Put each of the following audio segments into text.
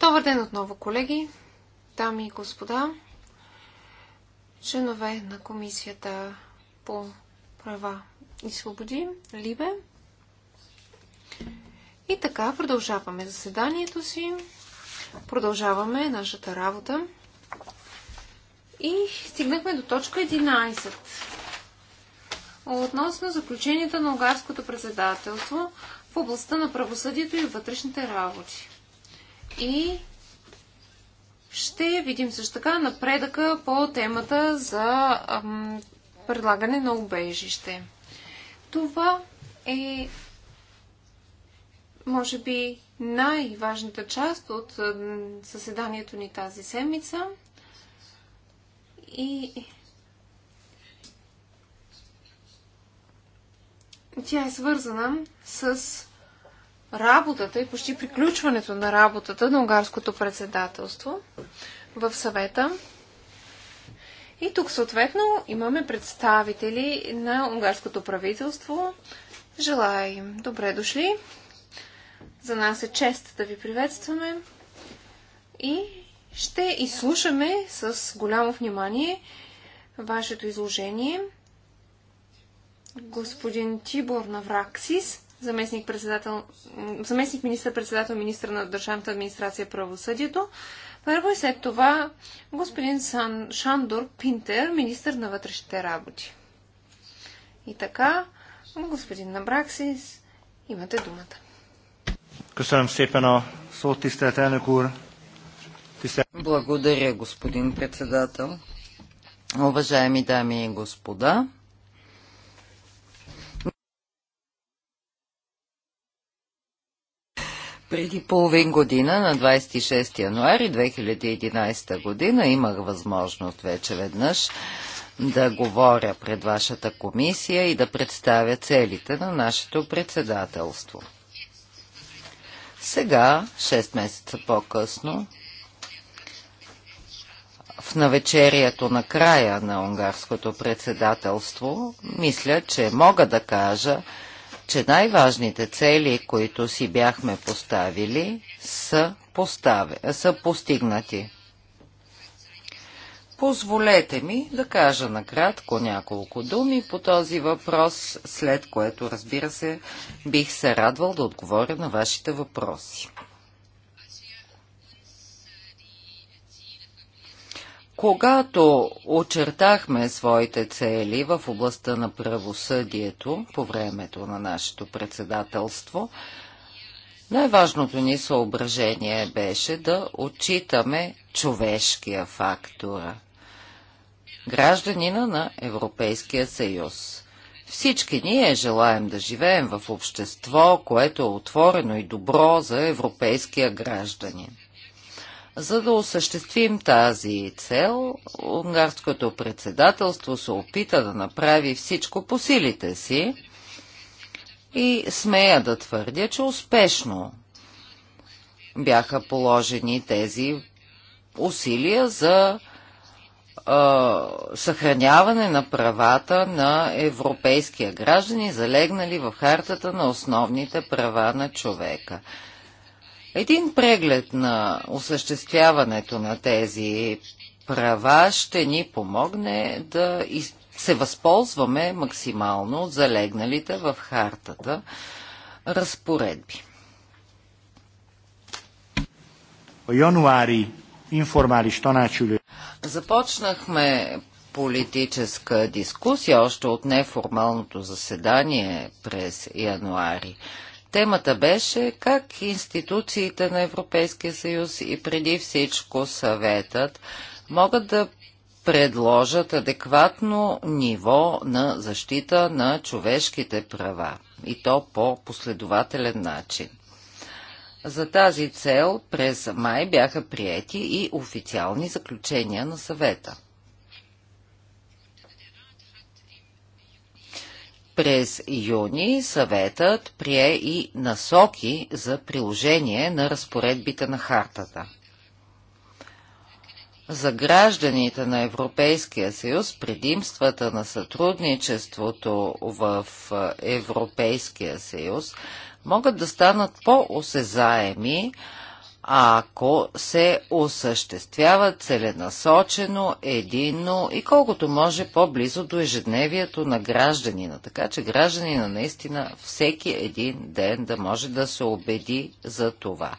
Добър ден отново, колеги, дами и господа, членове на Комисията по права и свободи, Либе. И така, продължаваме заседанието си, продължаваме нашата работа и стигнахме до точка 11 относно заключенията на унгарското председателство в областта на правосъдието и вътрешните работи. И ще видим също така напредъка по темата за ам, предлагане на убежище. Това е, може би, най-важната част от заседанието ни тази седмица. И Тя е свързана с работата и почти приключването на работата на унгарското председателство в съвета. И тук съответно имаме представители на унгарското правителство. Желая им добре дошли. За нас е чест да ви приветстваме и ще изслушаме с голямо внимание вашето изложение – господин Тибор Навраксис, заместник, председател, заместник министър-председател, министър на Държавната администрация и правосъдието. Първо и след това господин Сан, Шандор Пинтер, министър на вътрешните работи. И така, господин Набраксис, имате думата. Е Благодаря, господин председател. Уважаеми дами и господа, Преди половин година, на 26 януари 2011 година, имах възможност вече веднъж да говоря пред вашата комисия и да представя целите на нашето председателство. Сега, 6 месеца по-късно, в навечерието на края на унгарското председателство, мисля, че мога да кажа, че най-важните цели, които си бяхме поставили, са, постави, са постигнати. Позволете ми да кажа накратко няколко думи по този въпрос, след което, разбира се, бих се радвал да отговоря на вашите въпроси. Когато очертахме своите цели в областта на правосъдието по времето на нашето председателство, най-важното ни съображение беше да отчитаме човешкия фактор. Гражданина на Европейския съюз. Всички ние желаем да живеем в общество, което е отворено и добро за европейския гражданин. За да осъществим тази цел, унгарското председателство се опита да направи всичко по силите си и смея да твърдя, че успешно бяха положени тези усилия за съхраняване на правата на европейския граждани, залегнали в хартата на основните права на човека. Един преглед на осъществяването на тези права ще ни помогне да се възползваме максимално от залегналите в хартата разпоредби. Януари Започнахме политическа дискусия още от неформалното заседание през януари. Темата беше как институциите на Европейския съюз и преди всичко съветът могат да предложат адекватно ниво на защита на човешките права и то по последователен начин. За тази цел през май бяха приети и официални заключения на съвета. През юни съветът прие и насоки за приложение на разпоредбите на хартата. За гражданите на Европейския съюз предимствата на сътрудничеството в е, Европейския съюз могат да станат по-осезаеми, ако се осъществява целенасочено, единно и колкото може по-близо до ежедневието на гражданина. Така че гражданина наистина всеки един ден да може да се убеди за това.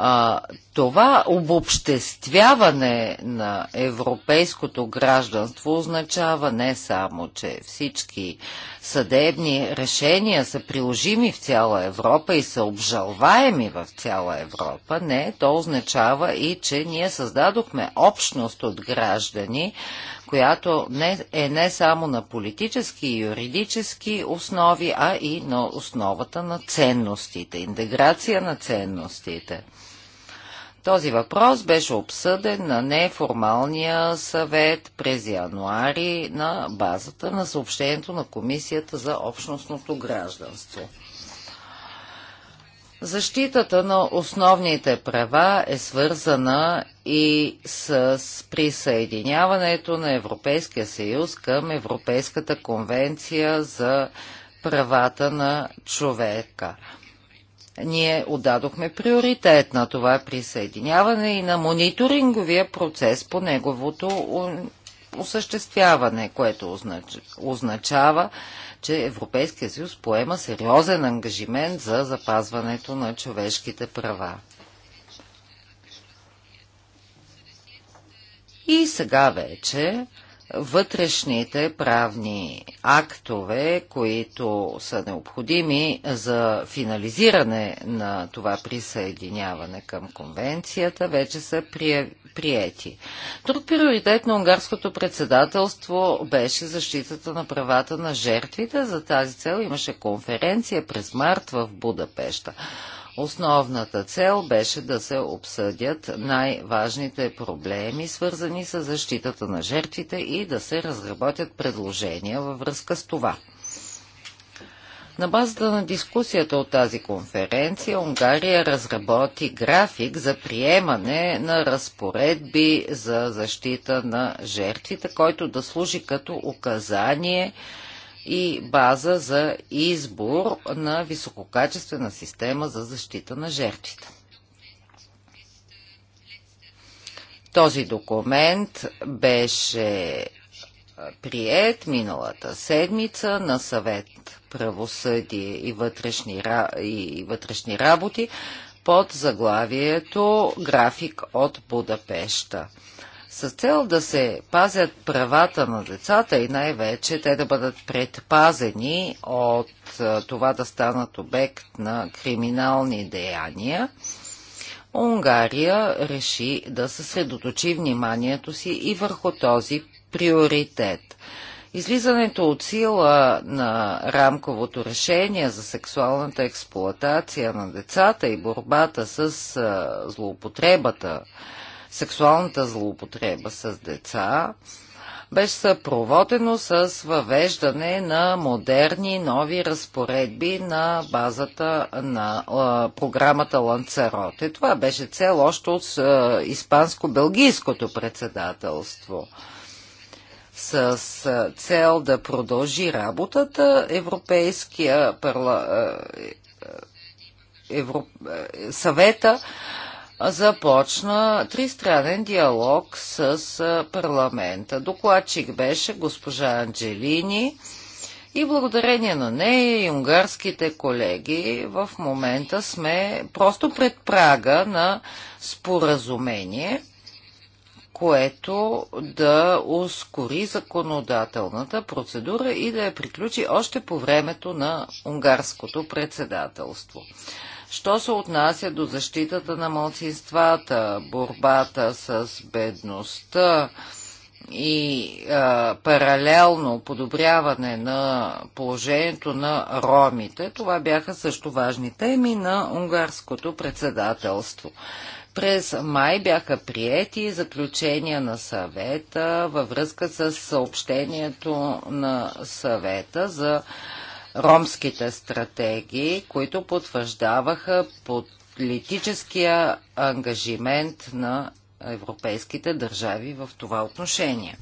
А, това обобществяване на европейското гражданство означава не само, че всички съдебни решения са приложими в цяла Европа и са обжалваеми в цяла Европа. Не, то означава и, че ние създадохме общност от граждани, която не, е не само на политически и юридически основи, а и на основата на ценностите, интеграция на ценностите. Този въпрос беше обсъден на неформалния съвет през януари на базата на съобщението на Комисията за общностното гражданство. Защитата на основните права е свързана и с присъединяването на Европейския съюз към Европейската конвенция за правата на човека ние отдадохме приоритет на това присъединяване и на мониторинговия процес по неговото осъществяване, което означава, че Европейския съюз поема сериозен ангажимент за запазването на човешките права. И сега вече вътрешните правни актове, които са необходими за финализиране на това присъединяване към конвенцията, вече са приети. Друг приоритет на унгарското председателство беше защитата на правата на жертвите. За тази цел имаше конференция през март в Будапешта. Основната цел беше да се обсъдят най-важните проблеми, свързани с защитата на жертвите и да се разработят предложения във връзка с това. На базата на дискусията от тази конференция Унгария разработи график за приемане на разпоредби за защита на жертвите, който да служи като указание и база за избор на висококачествена система за защита на жертвите. Този документ беше прият миналата седмица на съвет правосъдие и вътрешни, и вътрешни работи под заглавието График от Будапешта с цел да се пазят правата на децата и най-вече те да бъдат предпазени от това да станат обект на криминални деяния, Унгария реши да съсредоточи вниманието си и върху този приоритет. Излизането от сила на рамковото решение за сексуалната експлоатация на децата и борбата с злоупотребата сексуалната злоупотреба с деца, беше съпроводено с въвеждане на модерни нови разпоредби на базата на а, програмата И Това беше цел още от испанско-белгийското председателство. С а, цел да продължи работата, Европейския парла... Евро... съвета започна тристранен диалог с парламента. Докладчик беше госпожа Анджелини и благодарение на нея и унгарските колеги в момента сме просто пред прага на споразумение, което да ускори законодателната процедура и да я приключи още по времето на унгарското председателство. Що се отнася до защитата на младсинствата, борбата с бедността и а, паралелно подобряване на положението на ромите, това бяха също важни теми на унгарското председателство. През май бяха приети заключения на съвета във връзка с съобщението на съвета за ромските стратегии, които потвърждаваха политическия ангажимент на европейските държави в това отношение.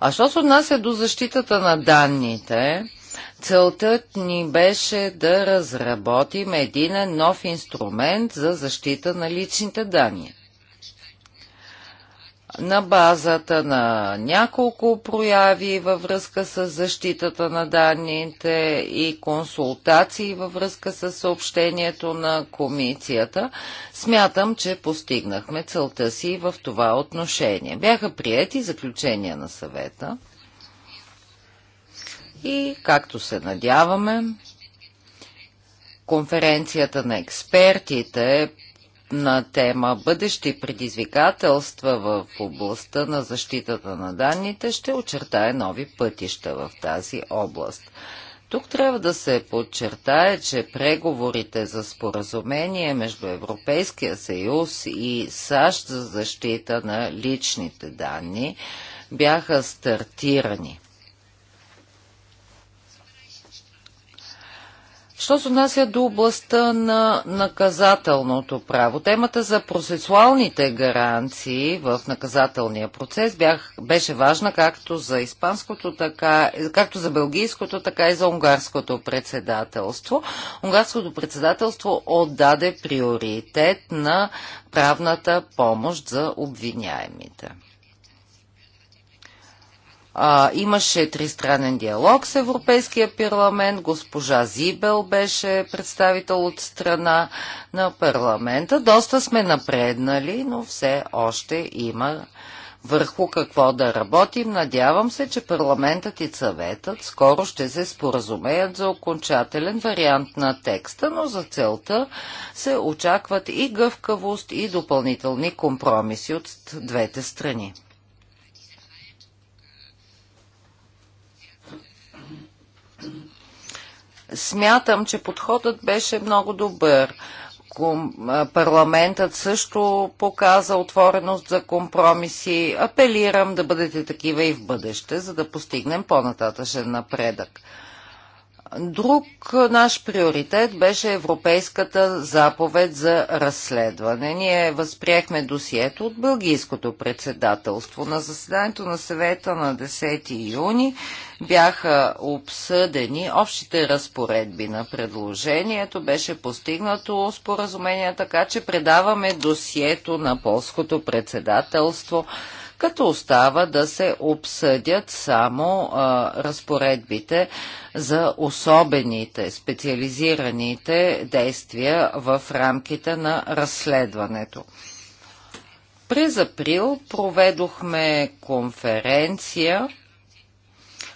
А що се отнася до защитата на данните, целта ни беше да разработим един нов инструмент за защита на личните данни на базата на няколко прояви във връзка с защитата на данните и консултации във връзка с съобщението на комисията, смятам, че постигнахме целта си в това отношение. Бяха приети заключения на съвета и, както се надяваме, конференцията на експертите на тема бъдещи предизвикателства в областта на защитата на данните ще очертае нови пътища в тази област. Тук трябва да се подчертае, че преговорите за споразумение между Европейския съюз и САЩ за защита на личните данни бяха стартирани. Що се отнася до областта на наказателното право? Темата за процесуалните гаранции в наказателния процес бях, беше важна както за испанското, така, както за белгийското, така и за унгарското председателство. Унгарското председателство отдаде приоритет на правната помощ за обвиняемите а, имаше тристранен диалог с Европейския парламент. Госпожа Зибел беше представител от страна на парламента. Доста сме напреднали, но все още има върху какво да работим. Надявам се, че парламентът и съветът скоро ще се споразумеят за окончателен вариант на текста, но за целта се очакват и гъвкавост, и допълнителни компромиси от двете страни. Смятам, че подходът беше много добър. Парламентът също показа отвореност за компромиси. Апелирам да бъдете такива и в бъдеще, за да постигнем по-нататъчен напредък. Друг наш приоритет беше Европейската заповед за разследване. Ние възприехме досието от Бългийското председателство. На заседанието на съвета на 10 юни бяха обсъдени общите разпоредби на предложението. Беше постигнато споразумение, така че предаваме досието на полското председателство като остава да се обсъдят само а, разпоредбите за особените, специализираните действия в рамките на разследването. През април проведохме конференция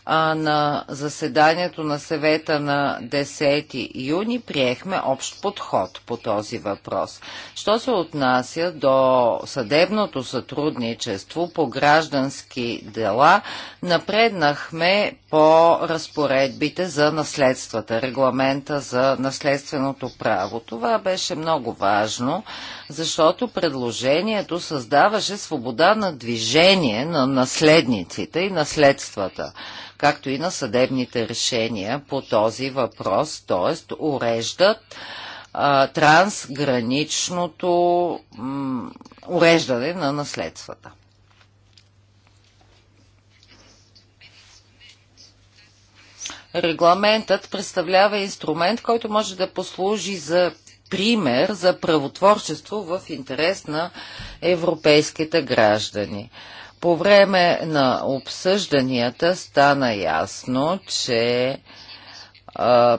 а, на заседанието на съвета на 10 юни приехме общ подход по този въпрос. Що се отнася до съдебното сътрудничество по граждански дела, напреднахме по разпоредбите за наследствата, регламента за наследственото право. Това беше много важно, защото предложението създаваше свобода на движение на наследниците и наследствата както и на съдебните решения по този въпрос, т.е. уреждат а, трансграничното м, уреждане на наследствата. Регламентът представлява инструмент, който може да послужи за пример за правотворчество в интерес на европейските граждани. По време на обсъжданията стана ясно, че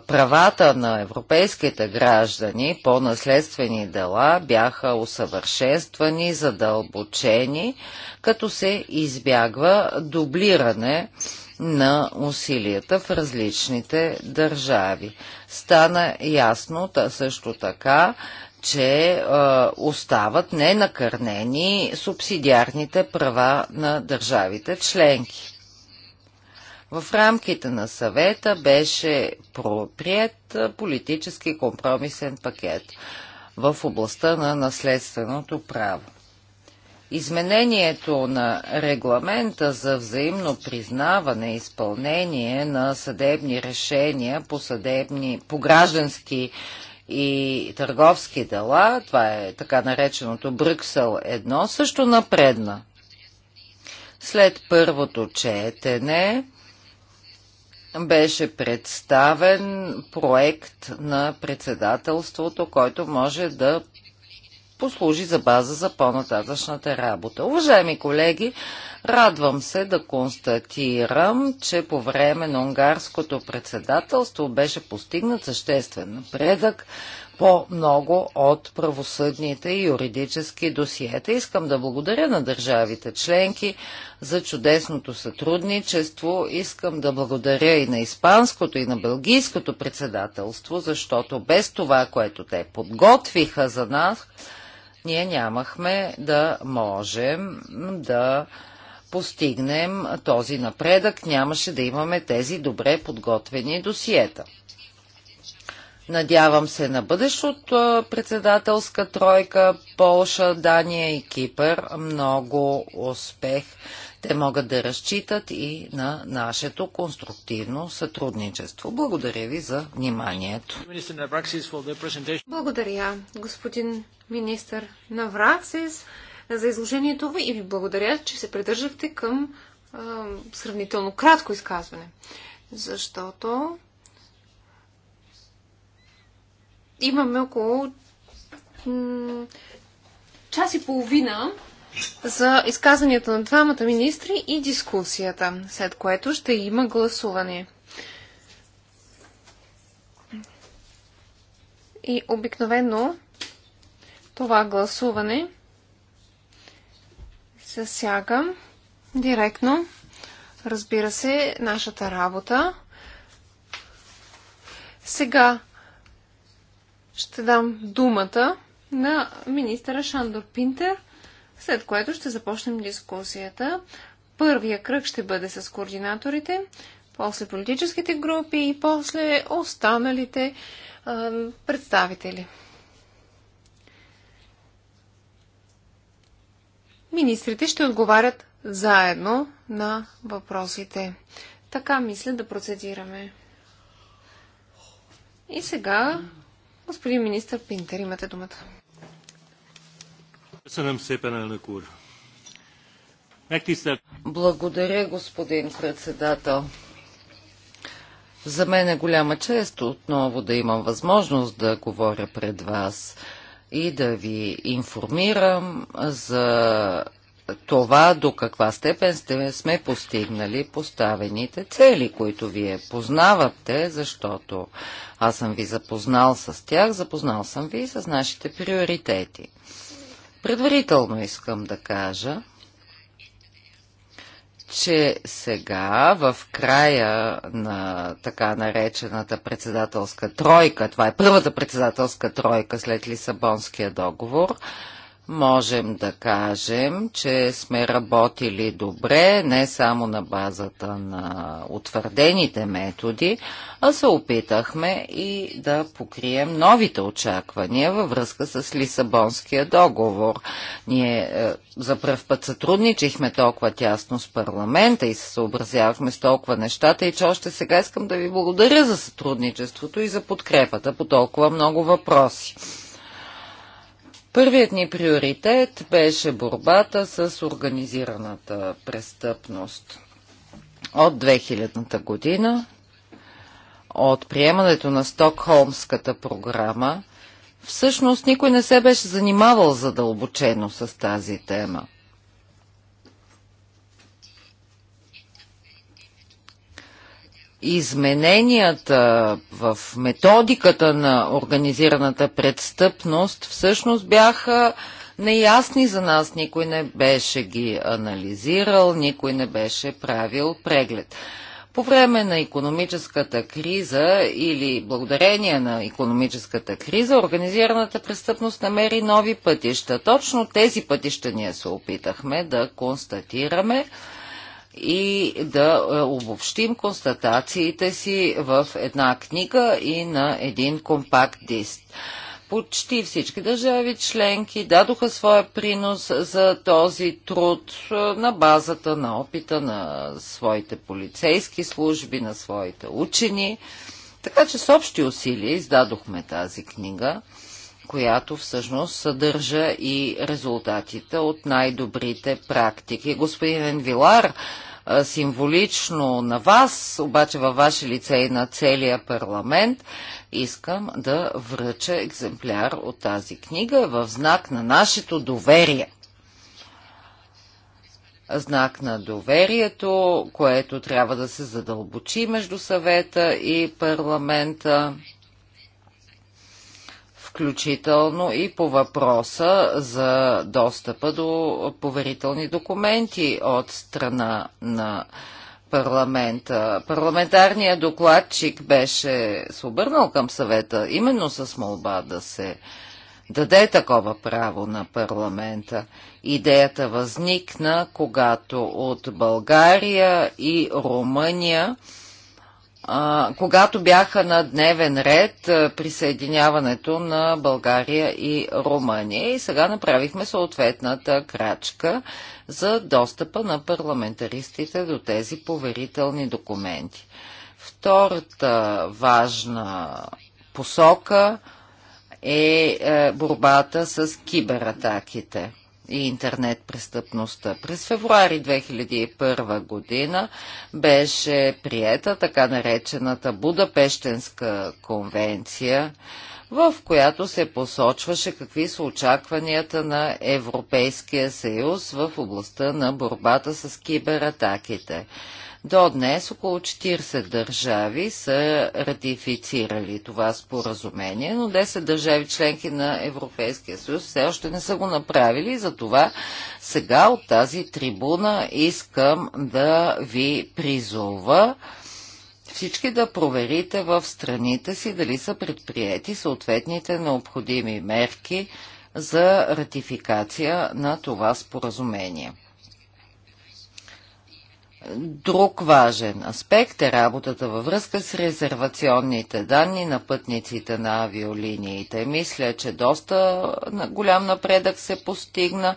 правата на европейските граждани по наследствени дела бяха усъвършенствани, задълбочени, като се избягва дублиране на усилията в различните държави. Стана ясно също така, че а, е, остават ненакърнени субсидиарните права на държавите членки. В рамките на съвета беше прият е, политически компромисен пакет в областта на наследственото право. Изменението на регламента за взаимно признаване и изпълнение на съдебни решения по, съдебни, по граждански и търговски дела, това е така нареченото Брюксел 1, също напредна. След първото четене беше представен проект на председателството, който може да послужи за база за по-нататъчната работа. Уважаеми колеги, радвам се да констатирам, че по време на унгарското председателство беше постигнат съществен напредък по много от правосъдните и юридически досиета. Искам да благодаря на държавите членки за чудесното сътрудничество. Искам да благодаря и на испанското и на бългийското председателство, защото без това, което те подготвиха за нас, ние нямахме да можем да постигнем този напредък, нямаше да имаме тези добре подготвени досиета. Надявам се на бъдещото председателска тройка Полша, Дания и Кипър много успех те могат да разчитат и на нашето конструктивно сътрудничество. Благодаря ви за вниманието. Благодаря, господин министър Навраксис, за изложението ви и ви благодаря, че се придържахте към а, сравнително кратко изказване. Защото имаме около час и половина за изказанията на двамата министри и дискусията, след което ще има гласуване. И обикновено това гласуване засяга директно, разбира се, нашата работа. Сега ще дам думата на министъра Шандор Пинтер след което ще започнем дискусията. Първия кръг ще бъде с координаторите, после политическите групи и после останалите а, представители. Министрите ще отговарят заедно на въпросите. Така мисля да процедираме. И сега, господин министър Пинтер, имате думата. Благодаря, господин председател. За мен е голяма чест отново да имам възможност да говоря пред вас и да ви информирам за това до каква степен сте, сме постигнали поставените цели, които вие познавате, защото аз съм ви запознал с тях, запознал съм ви и с нашите приоритети. Предварително искам да кажа, че сега, в края на така наречената председателска тройка, това е първата председателска тройка след Лисабонския договор, можем да кажем, че сме работили добре не само на базата на утвърдените методи, а се опитахме и да покрием новите очаквания във връзка с Лисабонския договор. Ние е, за пръв път сътрудничихме толкова тясно с парламента и се съобразявахме с толкова нещата и че още сега искам да ви благодаря за сътрудничеството и за подкрепата по толкова много въпроси. Първият ни приоритет беше борбата с организираната престъпност. От 2000-та година, от приемането на Стокхолмската програма, всъщност никой не се беше занимавал задълбочено с тази тема. измененията в методиката на организираната престъпност всъщност бяха неясни за нас. Никой не беше ги анализирал, никой не беше правил преглед. По време на економическата криза или благодарение на економическата криза, организираната престъпност намери нови пътища. Точно тези пътища ние се опитахме да констатираме и да е, обобщим констатациите си в една книга и на един компакт диск. Почти всички държави членки дадоха своя принос за този труд е, на базата на опита на своите полицейски служби, на своите учени. Така че с общи усилия издадохме тази книга, която всъщност съдържа и резултатите от най-добрите практики. Господин Вилар символично на вас, обаче във ваше лице и на целия парламент, искам да връча екземпляр от тази книга в знак на нашето доверие знак на доверието, което трябва да се задълбочи между съвета и парламента включително и по въпроса за достъпа до поверителни документи от страна на парламента. Парламентарният докладчик беше се обърнал към съвета именно с молба да се даде такова право на парламента. Идеята възникна, когато от България и Румъния когато бяха на дневен ред присъединяването на България и Румъния. И сега направихме съответната крачка за достъпа на парламентаристите до тези поверителни документи. Втората важна посока е, е борбата с кибератаките и интернет престъпността. През февруари 2001 година беше приета така наречената Будапештенска конвенция, в която се посочваше какви са очакванията на Европейския съюз в областта на борбата с кибератаките. До днес около 40 държави са ратифицирали това споразумение, но 10 държави членки на Европейския съюз все още не са го направили затова сега от тази трибуна искам да ви призова всички да проверите в страните си дали са предприяти съответните необходими мерки за ратификация на това споразумение. Друг важен аспект е работата във връзка с резервационните данни на пътниците на авиолиниите. Мисля, че доста голям напредък се постигна.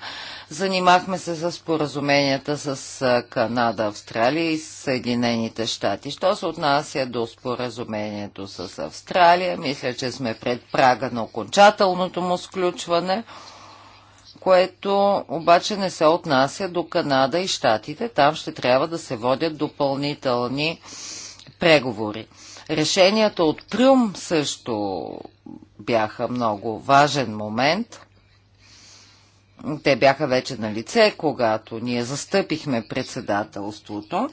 Занимахме се с споразуменията с Канада, Австралия и Съединените щати. Що се отнася до споразумението с Австралия, мисля, че сме пред прага на окончателното му сключване – което обаче не се отнася до Канада и Штатите. Там ще трябва да се водят допълнителни преговори. Решенията от Трюм също бяха много важен момент. Те бяха вече на лице, когато ние застъпихме председателството.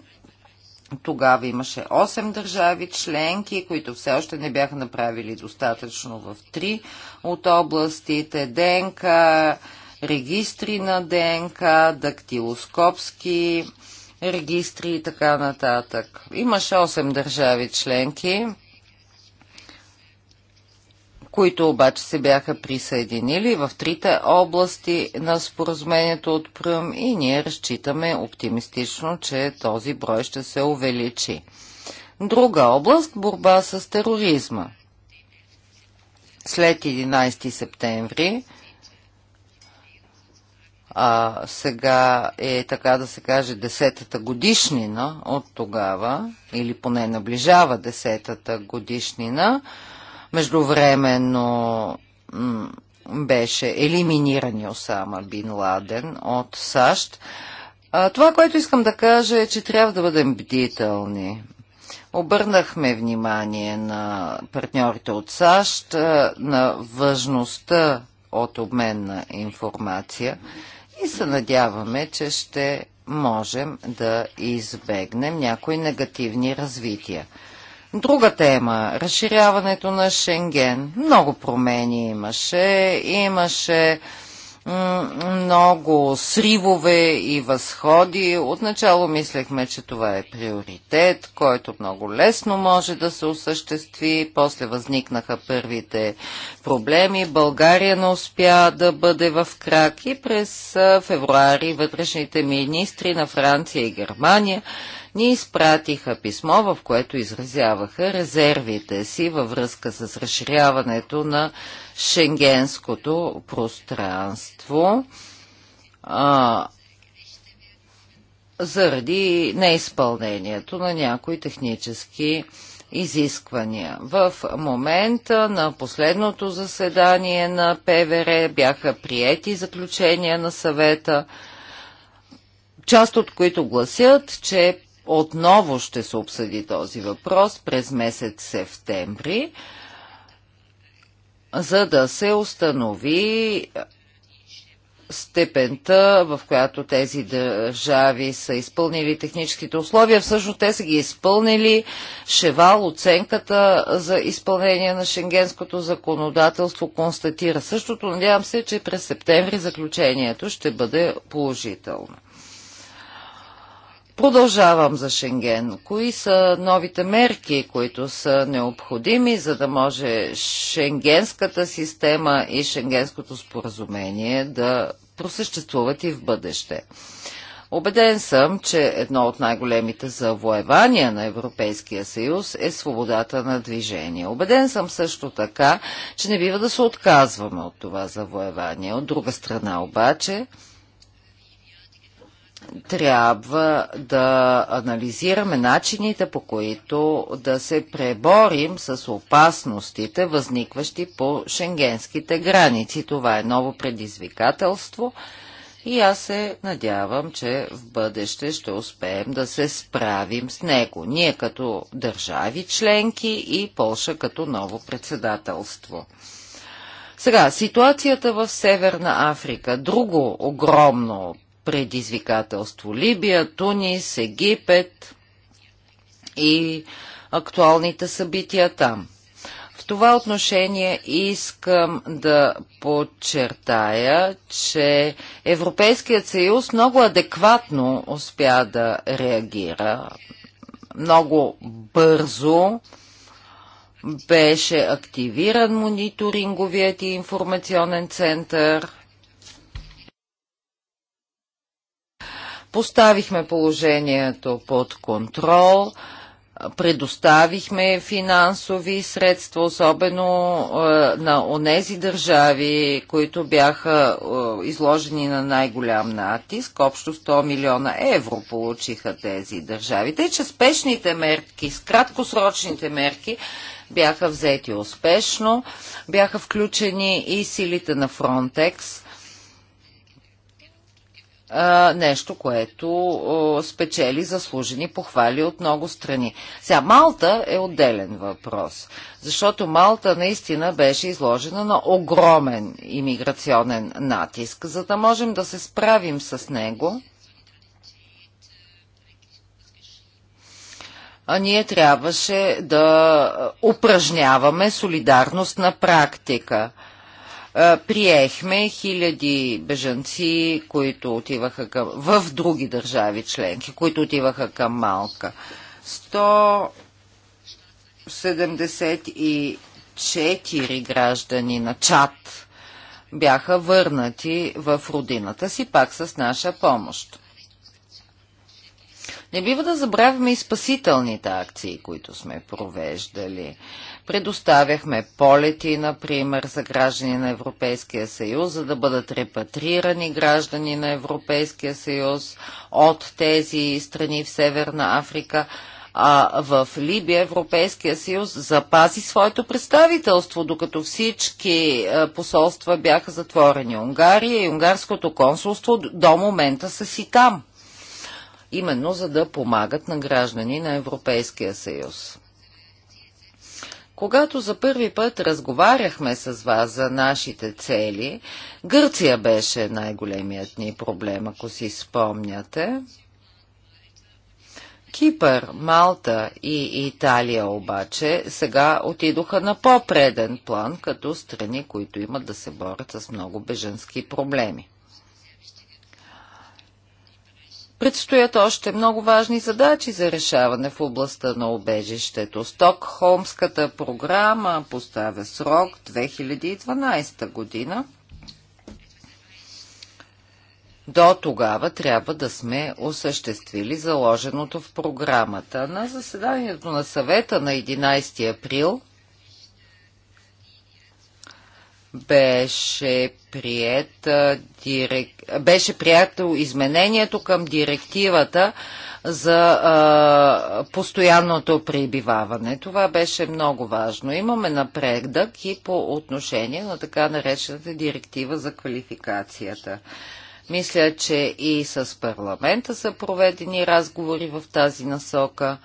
Тогава имаше 8 държави членки, които все още не бяха направили достатъчно в 3 от областите ДНК, регистри на ДНК, дактилоскопски регистри и така нататък. Имаше 8 държави членки, които обаче се бяха присъединили в трите области на споразумението от Пръм и ние разчитаме оптимистично, че този брой ще се увеличи. Друга област – борба с тероризма. След 11 септември – а, сега е, така да се каже, десетата годишнина от тогава, или поне наближава десетата годишнина. Междувременно беше елиминиран Осама Бин Ладен от САЩ. А, това, което искам да кажа е, че трябва да бъдем бдителни. Обърнахме внимание на партньорите от САЩ на важността от обмен на информация и се надяваме, че ще можем да избегнем някои негативни развития. Друга тема – разширяването на Шенген. Много промени имаше. Имаше много сривове и възходи. Отначало мислехме, че това е приоритет, който много лесно може да се осъществи. После възникнаха първите проблеми. България не успя да бъде в крак и през февруари вътрешните министри на Франция и Германия ни изпратиха писмо, в което изразяваха резервите си във връзка с разширяването на шенгенското пространство а, заради неизпълнението на някои технически изисквания. В момента на последното заседание на ПВР бяха приети заключения на съвета, част от които гласят, че отново ще се обсъди този въпрос през месец септември, за да се установи степента, в която тези държави са изпълнили техническите условия. Всъщност те са ги изпълнили. Шевал оценката за изпълнение на шенгенското законодателство констатира същото. Надявам се, че през септември заключението ще бъде положително. Продължавам за Шенген. Кои са новите мерки, които са необходими, за да може шенгенската система и шенгенското споразумение да просъществуват и в бъдеще? Обеден съм, че едно от най-големите завоевания на Европейския съюз е свободата на движение. Обеден съм също така, че не бива да се отказваме от това завоевание. От друга страна обаче, трябва да анализираме начините по които да се преборим с опасностите, възникващи по шенгенските граници. Това е ново предизвикателство и аз се надявам, че в бъдеще ще успеем да се справим с него. Ние като държави членки и Полша като ново председателство. Сега, ситуацията в Северна Африка. Друго огромно предизвикателство. Либия, Тунис, Египет и актуалните събития там. В това отношение искам да подчертая, че Европейският съюз много адекватно успя да реагира. Много бързо беше активиран мониторинговият и информационен център – Поставихме положението под контрол, предоставихме финансови средства, особено е, на онези държави, които бяха е, изложени на най-голям натиск. Общо 100 милиона евро получиха тези държави. Тъй, че спешните мерки, с краткосрочните мерки, бяха взети успешно, бяха включени и силите на Фронтекс – а, нещо, което а, спечели заслужени похвали от много страни. Сега, Малта е отделен въпрос, защото Малта наистина беше изложена на огромен имиграционен натиск. За да можем да се справим с него, а ние трябваше да упражняваме солидарност на практика – приехме хиляди бежанци, които отиваха към, в други държави членки, които отиваха към Малка. 174 граждани на Чад бяха върнати в родината си, пак с наша помощ. Не бива да забравяме и спасителните акции, които сме провеждали. Предоставяхме полети, например, за граждани на Европейския съюз, за да бъдат репатрирани граждани на Европейския съюз от тези страни в Северна Африка. А в Либия Европейския съюз запази своето представителство, докато всички е, посолства бяха затворени. Унгария и унгарското консулство до момента са си там, именно за да помагат на граждани на Европейския съюз. Когато за първи път разговаряхме с вас за нашите цели, Гърция беше най-големият ни проблем, ако си спомняте. Кипър, Малта и Италия обаче сега отидоха на по-преден план като страни, които имат да се борят с много беженски проблеми. Предстоят още много важни задачи за решаване в областта на обежището. Стокхолмската програма поставя срок 2012 година. До тогава трябва да сме осъществили заложеното в програмата. На заседанието на съвета на 11 април беше прият, дирек... беше прието изменението към директивата за а, постоянното прибиваване. Това беше много важно. Имаме напредък и по отношение на така наречената директива за квалификацията. Мисля, че и с парламента са проведени разговори в тази насока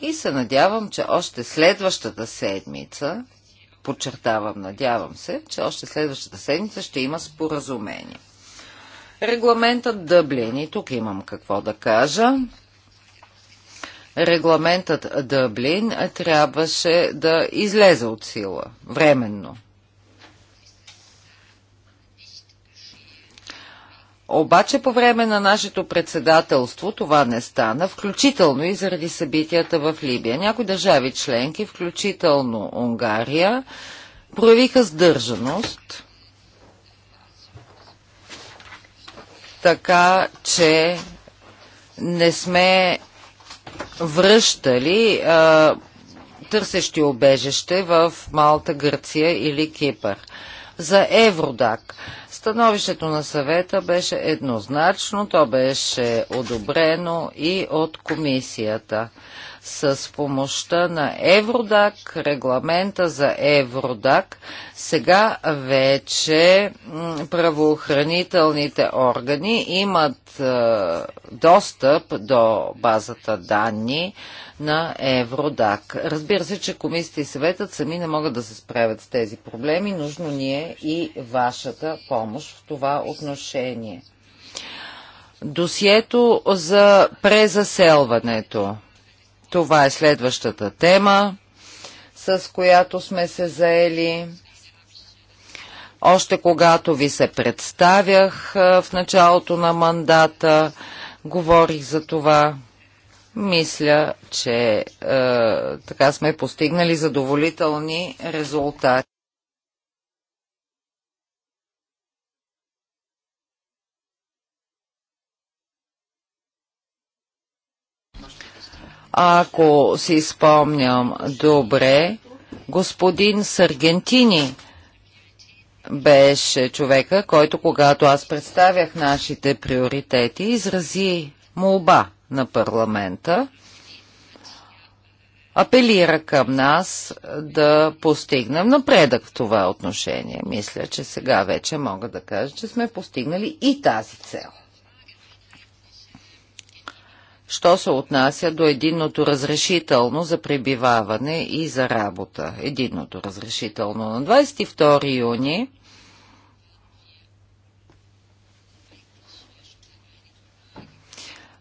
и се надявам, че още следващата седмица подчертавам, надявам се, че още следващата седмица ще има споразумение. Регламентът Дъблин, и тук имам какво да кажа. Регламентът Дъблин трябваше да излезе от сила временно. Обаче по време на нашето председателство това не стана, включително и заради събитията в Либия. Някои държави членки, включително Унгария, проявиха сдържаност, така че не сме връщали а, търсещи обежище в Малта, Гърция или Кипър. За Евродак. Становището на съвета беше еднозначно, то беше одобрено и от комисията с помощта на Евродак, регламента за Евродак. Сега вече правоохранителните органи имат е, достъп до базата данни на Евродак. Разбира се, че комисията и съветът сами не могат да се справят с тези проблеми. Нужно ни е и вашата помощ в това отношение. Досието за презаселването. Това е следващата тема, с която сме се заели. Още когато ви се представях в началото на мандата, говорих за това. Мисля, че е, така сме постигнали задоволителни резултати. Ако си спомням добре, господин Саргентини беше човека, който когато аз представях нашите приоритети, изрази молба на парламента, апелира към нас да постигнем напредък в това отношение. Мисля, че сега вече мога да кажа, че сме постигнали и тази цел що се отнася до единното разрешително за пребиваване и за работа. Единното разрешително на 22 юни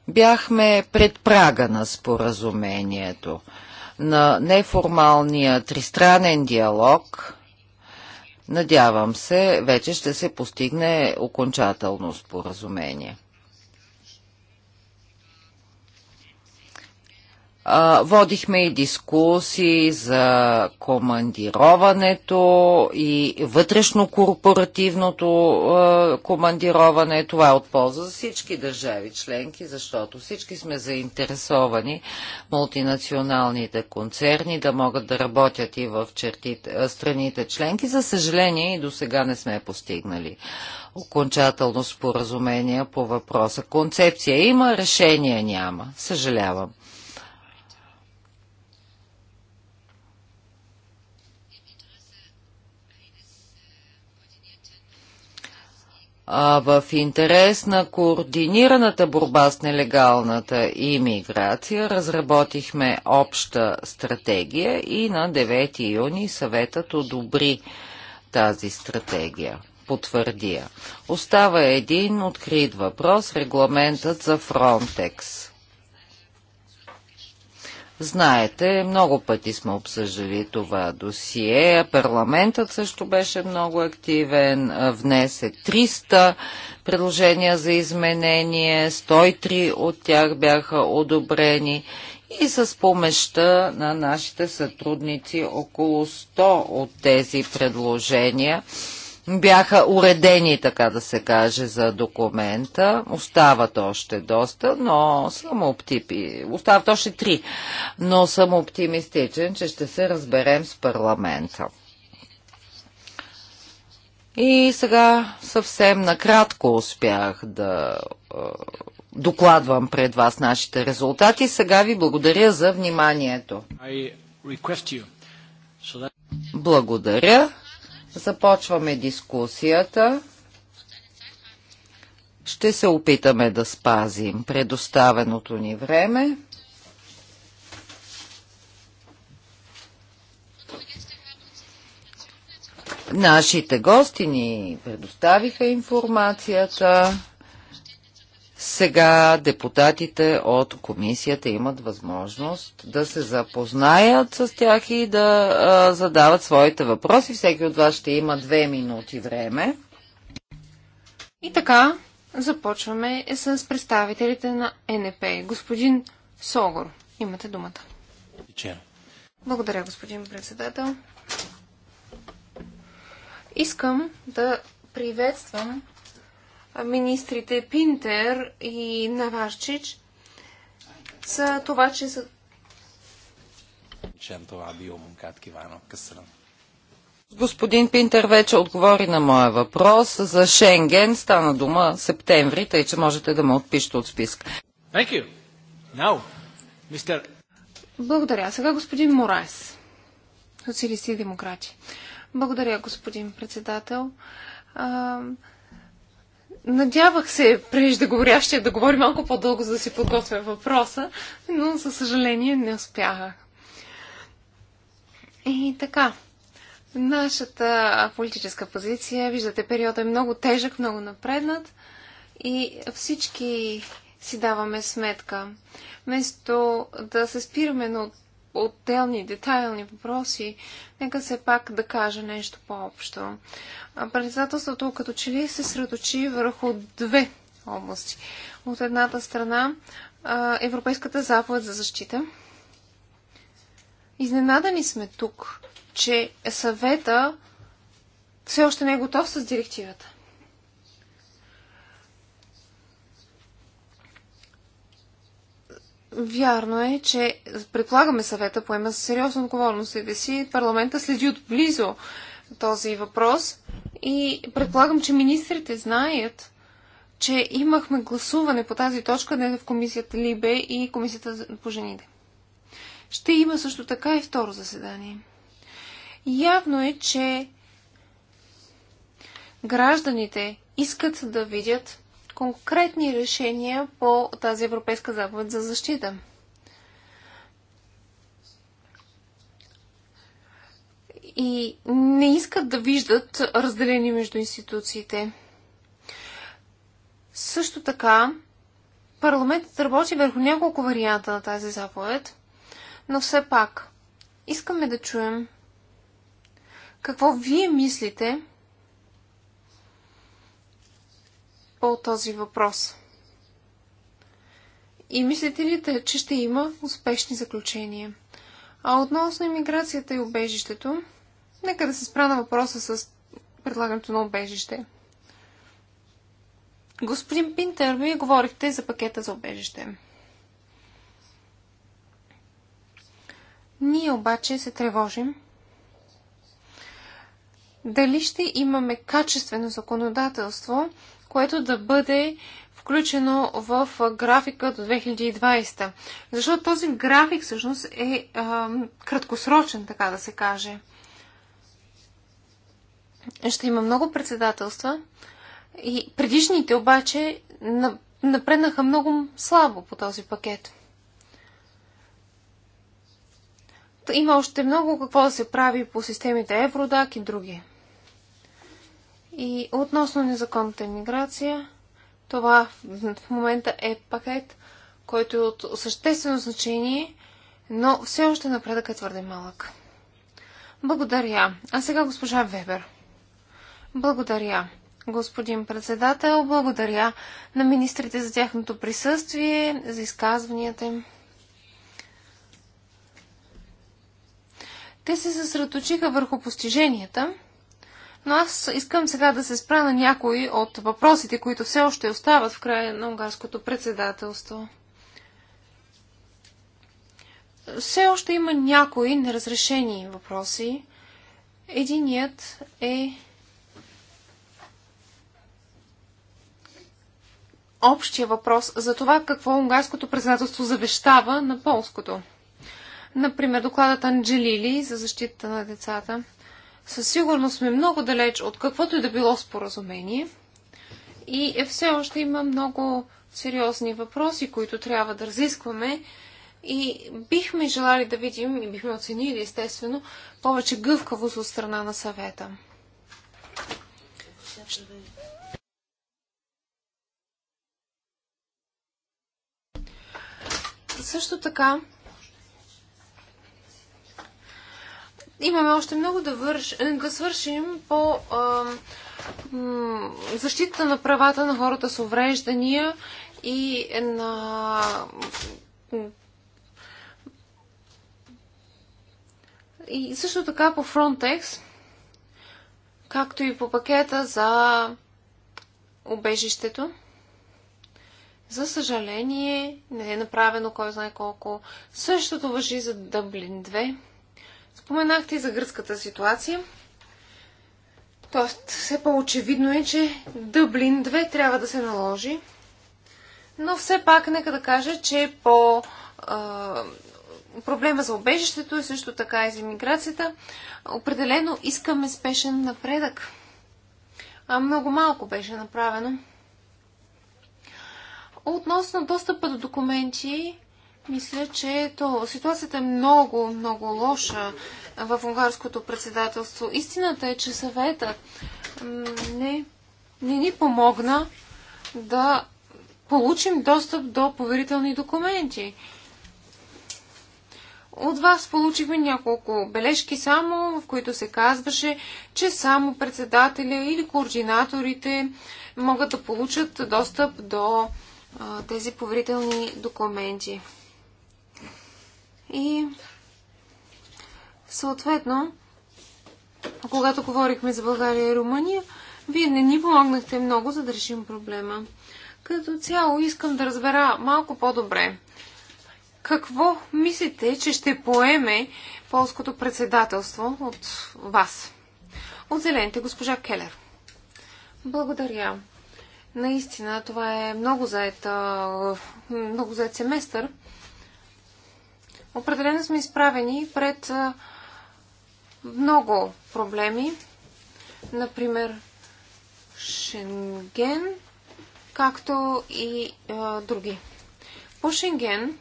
бяхме пред прага на споразумението, на неформалния тристранен диалог. Надявам се, вече ще се постигне окончателно споразумение. водихме и дискусии за командироването и вътрешно-корпоративното командироване. Това е от полза за всички държави членки, защото всички сме заинтересовани мултинационалните концерни да могат да работят и в чертите, страните членки. За съжаление и до сега не сме постигнали окончателно споразумение по въпроса. Концепция има, решение няма. Съжалявам. А в интерес на координираната борба с нелегалната имиграция разработихме обща стратегия и на 9 юни съветът одобри тази стратегия. Потвърдия. Остава един открит въпрос – регламентът за Фронтекс. Знаете, много пъти сме обсъждали това досие. Парламентът също беше много активен. Внесе 300 предложения за изменение, 103 от тях бяха одобрени и с помощта на нашите сътрудници около 100 от тези предложения бяха уредени, така да се каже, за документа. Остават още доста, но съм оптипи. Остават още три, но съм оптимистичен, че ще се разберем с парламента. И сега съвсем накратко успях да докладвам пред вас нашите резултати. Сега ви благодаря за вниманието. Благодаря. Започваме дискусията. Ще се опитаме да спазим предоставеното ни време. Нашите гости ни предоставиха информацията. Сега депутатите от комисията имат възможност да се запознаят с тях и да а, задават своите въпроси. Всеки от вас ще има две минути време. И така, започваме с представителите на НП. Господин Согор, имате думата. Благодаря, господин председател. Искам да приветствам министрите Пинтер и Наварчич за това, че са... Господин Пинтер вече отговори на моя въпрос за Шенген. Стана дума септември, тъй че можете да ме отпишете от списка. Благодаря. Сега господин Морайс, социалисти и демократи. Благодаря, господин председател. Надявах се преждеговорящия да говори малко по-дълго, за да си подготвя въпроса, но за съжаление не успяха. И така, нашата политическа позиция, виждате, периода е много тежък, много напреднат и всички си даваме сметка. Вместо да се спираме на отделни, детайлни въпроси, нека се пак да кажа нещо по-общо. Председателството като че ли се средочи върху две области. От едната страна Европейската заповед за защита. Изненадани сме тук, че съвета все още не е готов с директивата. Вярно е, че предполагаме съвета поема сериозно отговорностите си. Парламента следи отблизо този въпрос и предполагам, че министрите знаят, че имахме гласуване по тази точка днес в комисията Либе и комисията по жените. Ще има също така и второ заседание. Явно е, че гражданите искат да видят конкретни решения по тази Европейска заповед за защита. И не искат да виждат разделени между институциите. Също така, парламентът работи върху няколко варианта на тази заповед, но все пак искаме да чуем какво вие мислите по този въпрос? И мислите ли, че ще има успешни заключения? А относно иммиграцията и обежището, нека да се спра на въпроса с предлагането на обежище. Господин Пинтер, вие говорихте за пакета за обежище. Ние обаче се тревожим дали ще имаме качествено законодателство което да бъде включено в графика до 2020. Защото този график всъщност е а, краткосрочен, така да се каже. Ще има много председателства и предишните обаче напреднаха много слабо по този пакет. Има още много какво да се прави по системите Евродак и други. И относно незаконната иммиграция, това в момента е пакет, който е от съществено значение, но все още напредък е твърде малък. Благодаря. А сега госпожа Вебер. Благодаря, господин председател. Благодаря на министрите за тяхното присъствие, за изказванията им. Те се съсредоточиха върху постиженията – но аз искам сега да се спра на някои от въпросите, които все още остават в края на унгарското председателство. Все още има някои неразрешени въпроси. Единият е общия въпрос за това какво унгарското председателство завещава на полското. Например, докладът Анджелили за защита на децата – със сигурност сме много далеч от каквото и да било споразумение и е все още има много сериозни въпроси, които трябва да разискваме и бихме желали да видим и бихме оценили, естествено, повече гъвкавост от страна на съвета. Също така, имаме още много да, върш, е, да свършим по а, м, защита на правата на хората с увреждания и на и също така по Frontex, както и по пакета за убежището. За съжаление, не е направено кой знае колко. Същото въжи за Дъблин Споменахте и за гръцката ситуация. Тоест, все по-очевидно е, че Дъблин 2 трябва да се наложи. Но все пак, нека да кажа, че по а, проблема за обежището и също така и за миграцията, определено искаме спешен напредък. А много малко беше направено. Относно достъпа до документи, мисля, че то, ситуацията е много, много лоша в унгарското председателство. Истината е, че съветът не, не ни помогна да получим достъп до поверителни документи. От вас получихме няколко бележки само, в които се казваше, че само председателя или координаторите могат да получат достъп до а, тези поверителни документи. И съответно, когато говорихме за България и Румъния, вие не ни помогнахте много, за да решим проблема. Като цяло искам да разбера малко по-добре. Какво мислите, че ще поеме полското председателство от вас? От зелените, госпожа Келер. Благодаря. Наистина, това е много заед, много заед семестър. Определено сме изправени пред много проблеми. Например, Шенген, както и е, други. По Шенген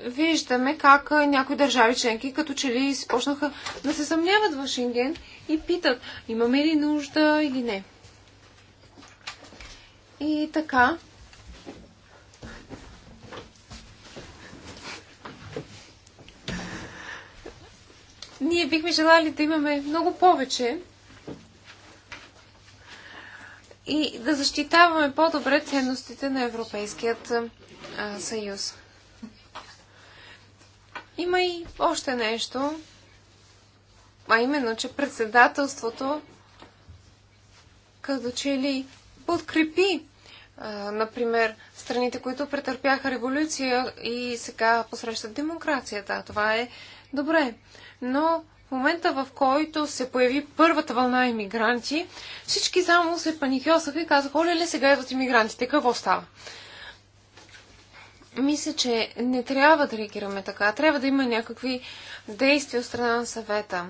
виждаме как някои държави членки като че ли започнаха да се съмняват в Шенген и питат имаме ли нужда или не. И така, Ние бихме желали да имаме много повече и да защитаваме по-добре ценностите на Европейският а, съюз. Има и още нещо, а именно, че председателството като че ли подкрепи, а, например, страните, които претърпяха революция и сега посрещат демокрацията. Това е добре но в момента в който се появи първата вълна иммигранти, всички само се паникьосаха и казаха, оле ли сега идват иммигрантите, какво става? Мисля, че не трябва да реагираме така. Трябва да има някакви действия от страна на съвета.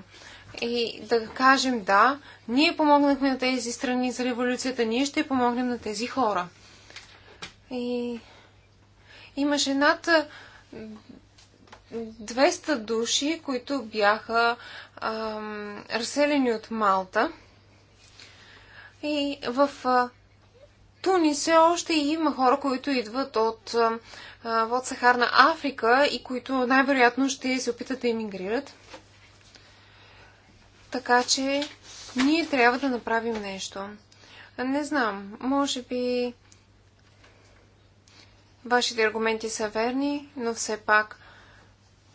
И да кажем, да, ние помогнахме на тези страни за революцията, ние ще помогнем на тези хора. И имаше над 200 души, които бяха ам, разселени от Малта. И в а, Тунис все още има хора, които идват от, от Сахарна Африка и които най-вероятно ще се опитат да емигрират. Така че ние трябва да направим нещо. Не знам, може би вашите аргументи са верни, но все пак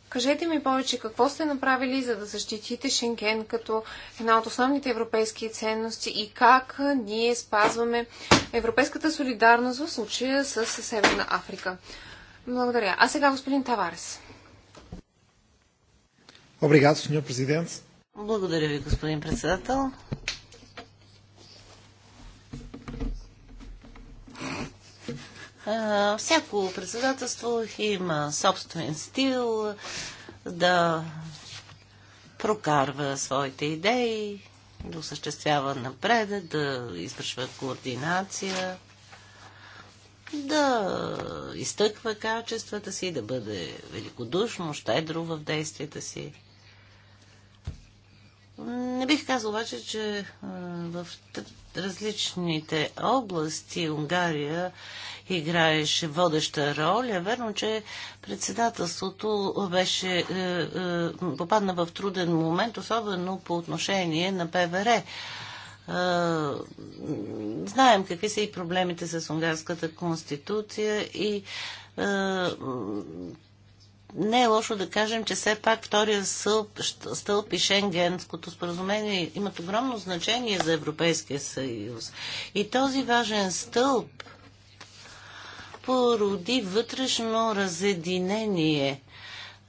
Кажете ми повече какво сте направили, за да защитите Шенген като една от основните европейски ценности и как ние спазваме европейската солидарност в случая с Северна Африка. Благодаря. А сега господин Таварес. Благодаря ви, господин председател. Всяко председателство има собствен стил да прокарва своите идеи, да осъществява напредък, да извършва координация, да изтъква качествата си, да бъде великодушно, щедро в действията си. Не бих казал обаче, че в различните области Унгария играеше водеща роля. Верно, че председателството беше, е, е, попадна в труден момент, особено по отношение на ПВР. Е, знаем какви са и проблемите с унгарската конституция и не е лошо да кажем, че все пак втория стълб, стълб и Шенгенското споразумение имат огромно значение за Европейския съюз. И този важен стълб породи вътрешно разединение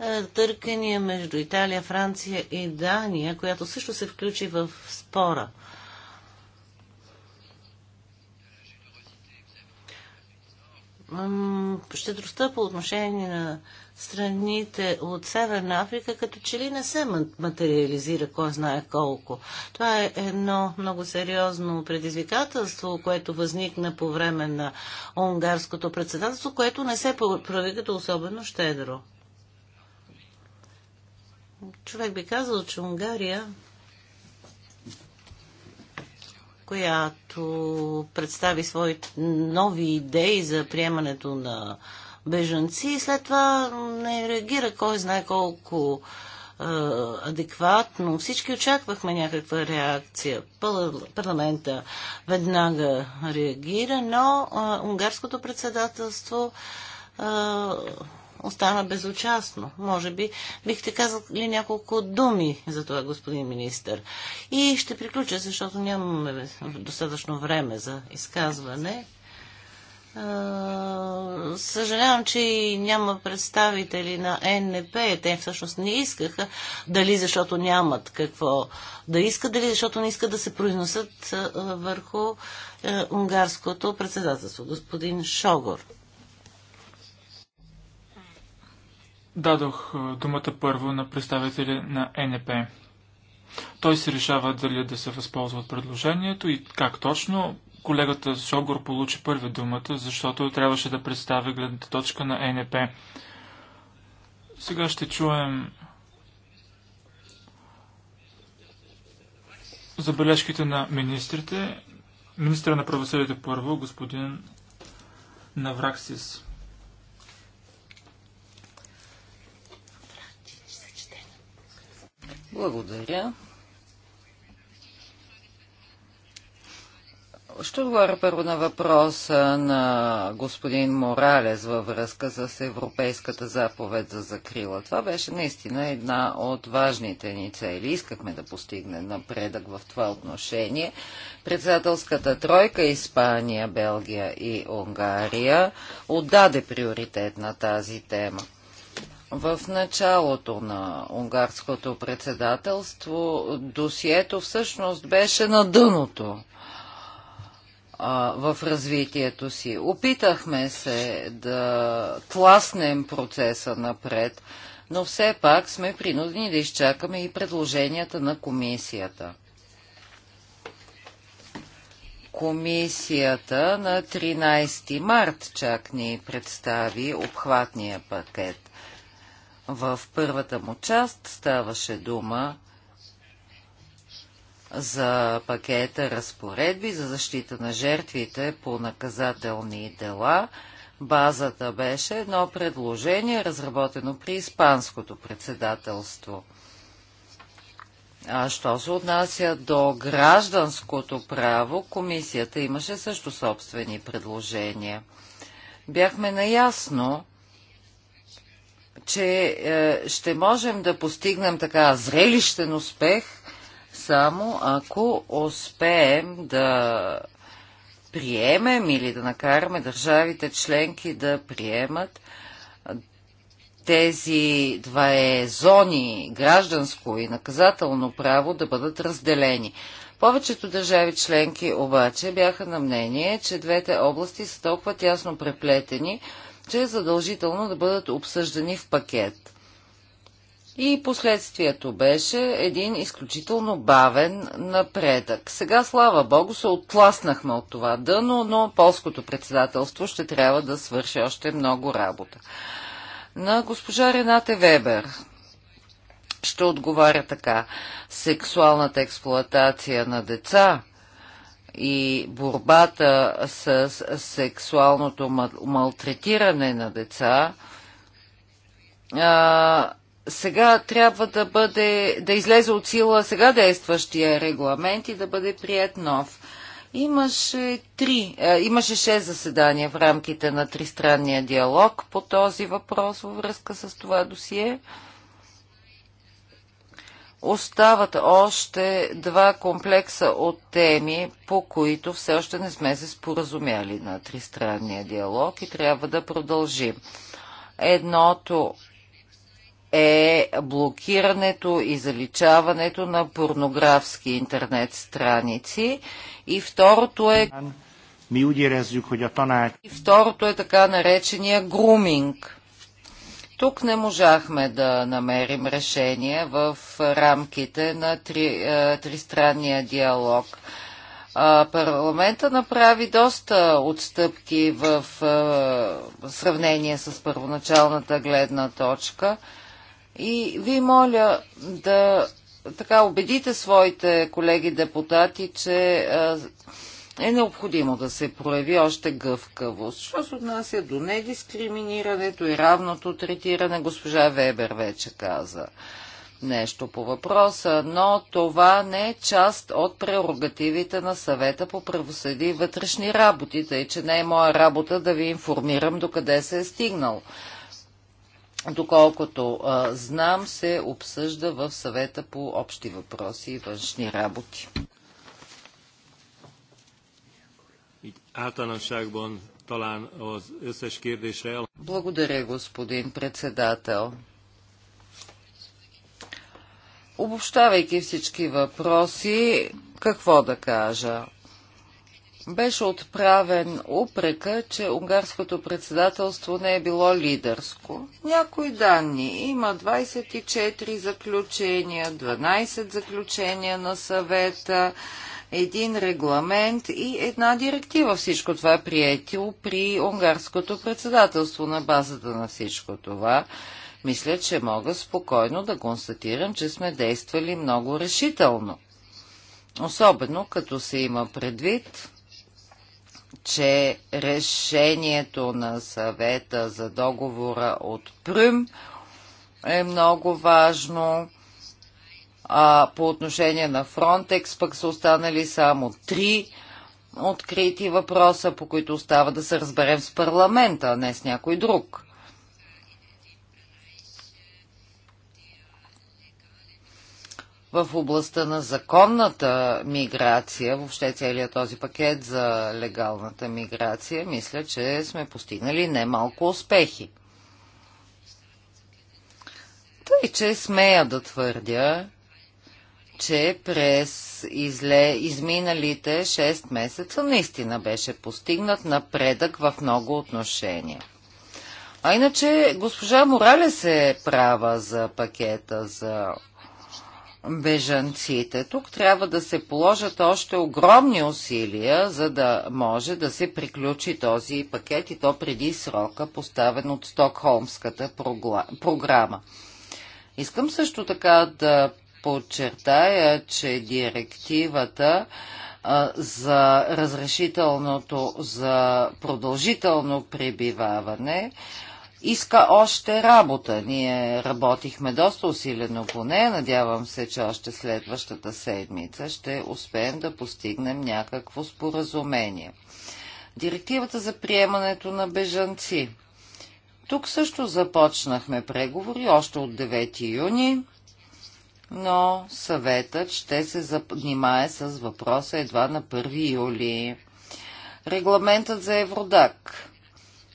е, търкания между Италия, Франция и Дания, която също се включи в спора. Щедростта по отношение на страните от Северна Африка като че ли не се материализира кой знае колко. Това е едно много сериозно предизвикателство, което възникна по време на унгарското председателство, което не се прави като особено щедро. Човек би казал, че Унгария която представи своите нови идеи за приемането на бежанци и след това не реагира кой знае колко е, адекватно. Всички очаквахме някаква реакция. Парламента веднага реагира, но е, унгарското председателство е, остана безучастно. Може би бихте казали няколко думи за това, господин министр. И ще приключа, защото нямаме достатъчно време за изказване. Съжалявам, че няма представители на НП. Те всъщност не искаха. Дали защото нямат какво да искат, дали защото не искат да се произносят върху унгарското председателство. Господин Шогор. Дадох думата първо на представители на НП. Той се решава дали да се възползва от предложението и как точно Колегата Согор получи първи думата, защото трябваше да представи гледната точка на е НП. Сега ще чуем забележките на министрите. Министра на правосъдието първо, господин Навраксис. Благодаря. Ще отговоря първо на въпроса на господин Моралес във връзка с Европейската заповед за закрила. Това беше наистина една от важните ни цели. Искахме да постигне напредък в това отношение. Председателската тройка Испания, Белгия и Унгария отдаде приоритет на тази тема. В началото на унгарското председателство досието всъщност беше на дъното – в развитието си. Опитахме се да тласнем процеса напред, но все пак сме принудени да изчакаме и предложенията на комисията. Комисията на 13 март чак ни представи обхватния пакет. В първата му част ставаше дума за пакета разпоредби за защита на жертвите по наказателни дела. Базата беше едно предложение, разработено при Испанското председателство. А що се отнася до гражданското право, комисията имаше също собствени предложения. Бяхме наясно, че е, ще можем да постигнем така зрелищен успех, само ако успеем да приемем или да накараме държавите членки да приемат тези е зони, гражданско и наказателно право, да бъдат разделени. Повечето държави членки обаче бяха на мнение, че двете области са толкова тясно преплетени, че е задължително да бъдат обсъждани в пакет. И последствието беше един изключително бавен напредък. Сега, слава Богу, се отласнахме от това дъно, но полското председателство ще трябва да свърши още много работа. На госпожа Рената Вебер ще отговаря така. Сексуалната експлоатация на деца и борбата с сексуалното малтретиране на деца а, сега трябва да, бъде, да излезе от сила сега действащия регламент и да бъде прият нов. Имаше, три, е, имаше шест заседания в рамките на тристранния диалог по този въпрос във връзка с това досие. Остават още два комплекса от теми, по които все още не сме се споразумяли на тристранния диалог и трябва да продължим. Едното е блокирането и заличаването на порнографски интернет страници. И второто е... И второто е така наречения груминг. Тук не можахме да намерим решение в рамките на три, е, тристранния диалог. Парламента направи доста отстъпки в е, сравнение с първоначалната гледна точка. И ви моля да така убедите своите колеги депутати, че е необходимо да се прояви още гъвкавост. Що се отнася до недискриминирането и равното третиране, госпожа Вебер вече каза нещо по въпроса, но това не е част от прерогативите на съвета по правосъди и вътрешни работи, тъй че не е моя работа да ви информирам докъде се е стигнал доколкото а, знам, се обсъжда в съвета по общи въпроси и външни работи. Благодаря, господин председател. Обобщавайки всички въпроси, какво да кажа? беше отправен упрека, че унгарското председателство не е било лидерско. Някои данни. Има 24 заключения, 12 заключения на съвета, един регламент и една директива. Всичко това е приятел при унгарското председателство на базата на всичко това. Мисля, че мога спокойно да констатирам, че сме действали много решително. Особено като се има предвид, че решението на съвета за договора от Прюм е много важно. А по отношение на Фронтекс пък са останали само три открити въпроса, по които остава да се разберем с парламента, а не с някой друг. в областта на законната миграция, въобще целият този пакет за легалната миграция, мисля, че сме постигнали немалко успехи. Тъй, че смея да твърдя, че през изле, изминалите 6 месеца наистина беше постигнат напредък в много отношения. А иначе госпожа Морале се права за пакета за бежанците. Тук трябва да се положат още огромни усилия, за да може да се приключи този пакет и то преди срока, поставен от Стокхолмската програма. Искам също така да подчертая, че директивата за разрешителното за продължително пребиваване иска още работа. Ние работихме доста усилено по нея. Надявам се, че още следващата седмица ще успеем да постигнем някакво споразумение. Директивата за приемането на бежанци. Тук също започнахме преговори още от 9 юни, но съветът ще се занимае с въпроса едва на 1 юли. Регламентът за Евродак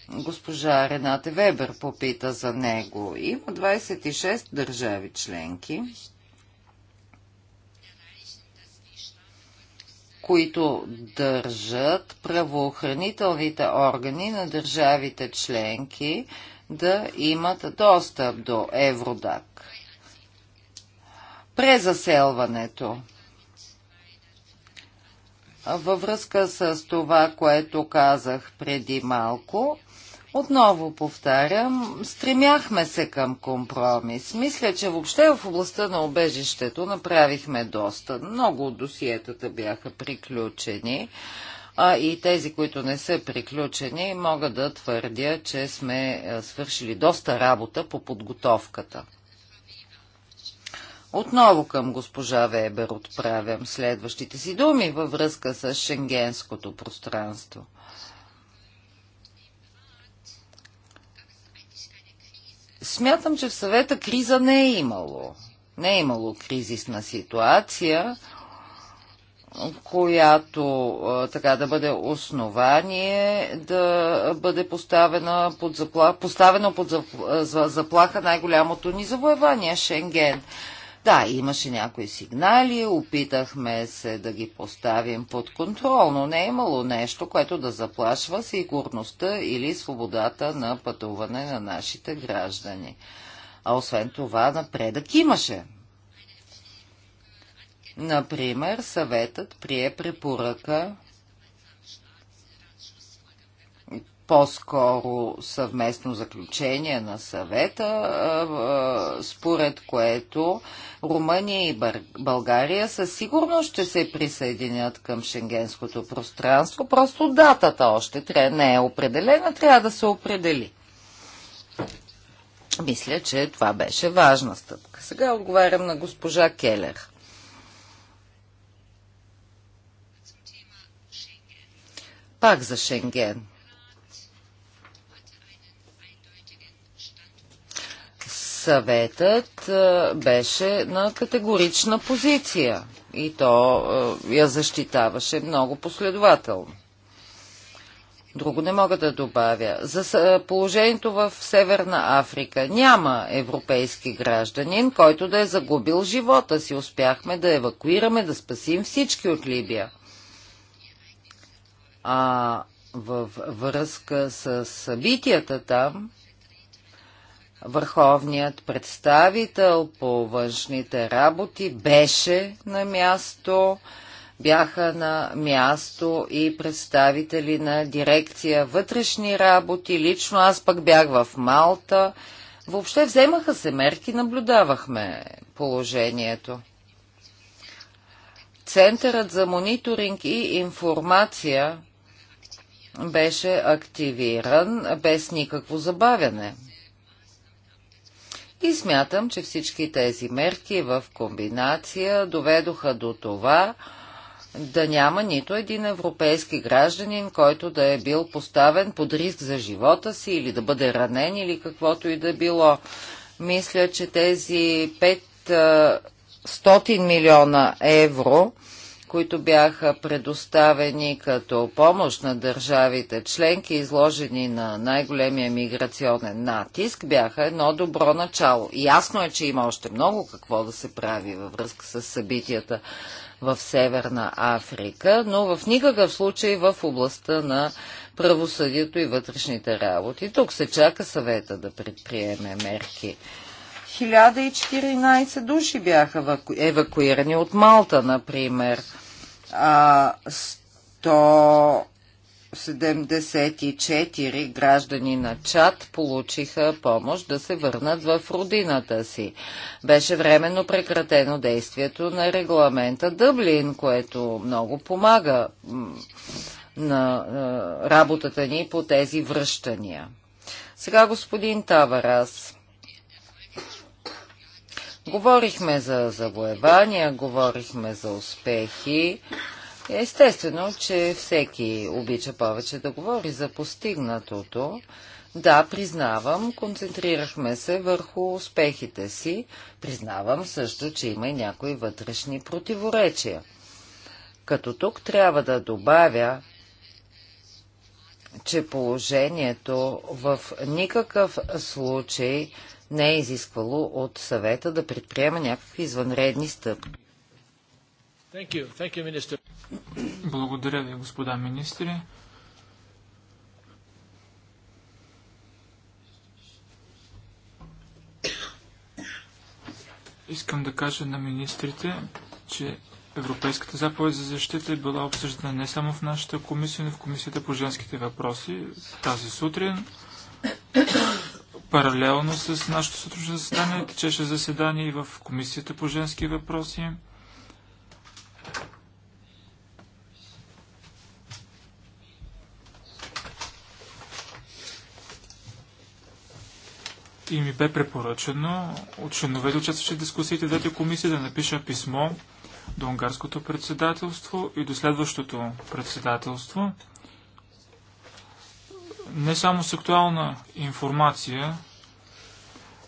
Госпожа Рената Вебер попита за него. Има 26 държави членки, които държат правоохранителните органи на държавите членки да имат достъп до Евродак. Презаселването във връзка с това, което казах преди малко, отново повтарям, стремяхме се към компромис. Мисля, че въобще в областта на обежището направихме доста. Много от досиетата бяха приключени, а и тези, които не са приключени, мога да твърдя, че сме свършили доста работа по подготовката. Отново към госпожа Вебер отправям следващите си думи във връзка с шенгенското пространство. Смятам, че в съвета криза не е имало. Не е имало кризисна ситуация, която така да бъде основание да бъде поставена под заплаха, поставено под заплаха най-голямото ни завоевание Шенген. Да, имаше някои сигнали, опитахме се да ги поставим под контрол, но не е имало нещо, което да заплашва сигурността или свободата на пътуване на нашите граждани. А освен това, напредък имаше. Например, съветът прие препоръка по-скоро съвместно заключение на съвета, според което Румъния и България със сигурност ще се присъединят към шенгенското пространство. Просто датата още не е определена, трябва да се определи. Мисля, че това беше важна стъпка. Сега отговарям на госпожа Келер. Пак за Шенген. съветът беше на категорична позиция и то я защитаваше много последователно. Друго не мога да добавя. За положението в Северна Африка няма европейски гражданин, който да е загубил живота си. Успяхме да евакуираме, да спасим всички от Либия. А във връзка с събитията там, Върховният представител по външните работи беше на място, бяха на място и представители на дирекция вътрешни работи. Лично аз пък бях в Малта. Въобще вземаха се мерки, наблюдавахме положението. Центърът за мониторинг и информация беше активиран без никакво забавяне. И смятам, че всички тези мерки в комбинация доведоха до това, да няма нито един европейски гражданин, който да е бил поставен под риск за живота си или да бъде ранен или каквото и да било. Мисля, че тези 500 милиона евро които бяха предоставени като помощ на държавите членки, изложени на най-големия миграционен натиск, бяха едно добро начало. Ясно е, че има още много какво да се прави във връзка с събитията в Северна Африка, но в никакъв случай в областта на правосъдието и вътрешните работи. Тук се чака съвета да предприеме мерки. 1014 души бяха евакуирани от Малта, например. А 174 граждани на Чад получиха помощ да се върнат в родината си. Беше временно прекратено действието на регламента Дъблин, което много помага на работата ни по тези връщания. Сега господин Таварас Говорихме за завоевания, говорихме за успехи. Естествено, че всеки обича повече да говори за постигнатото. Да, признавам, концентрирахме се върху успехите си. Признавам също, че има и някои вътрешни противоречия. Като тук трябва да добавя, че положението в никакъв случай не е изисквало от съвета да предприема някакви извънредни стъпки. Благодаря ви, господа министри. Искам да кажа на министрите, че Европейската заповед за защита е била обсъждана не само в нашата комисия, но и в комисията по женските въпроси тази сутрин. Паралелно с нашето сътрудничество заседание течеше заседание и в Комисията по женски въпроси. и ми бе препоръчено от да участващи в дискусиите, двете комисии да напиша писмо до унгарското председателство и до следващото председателство не само сексуална информация,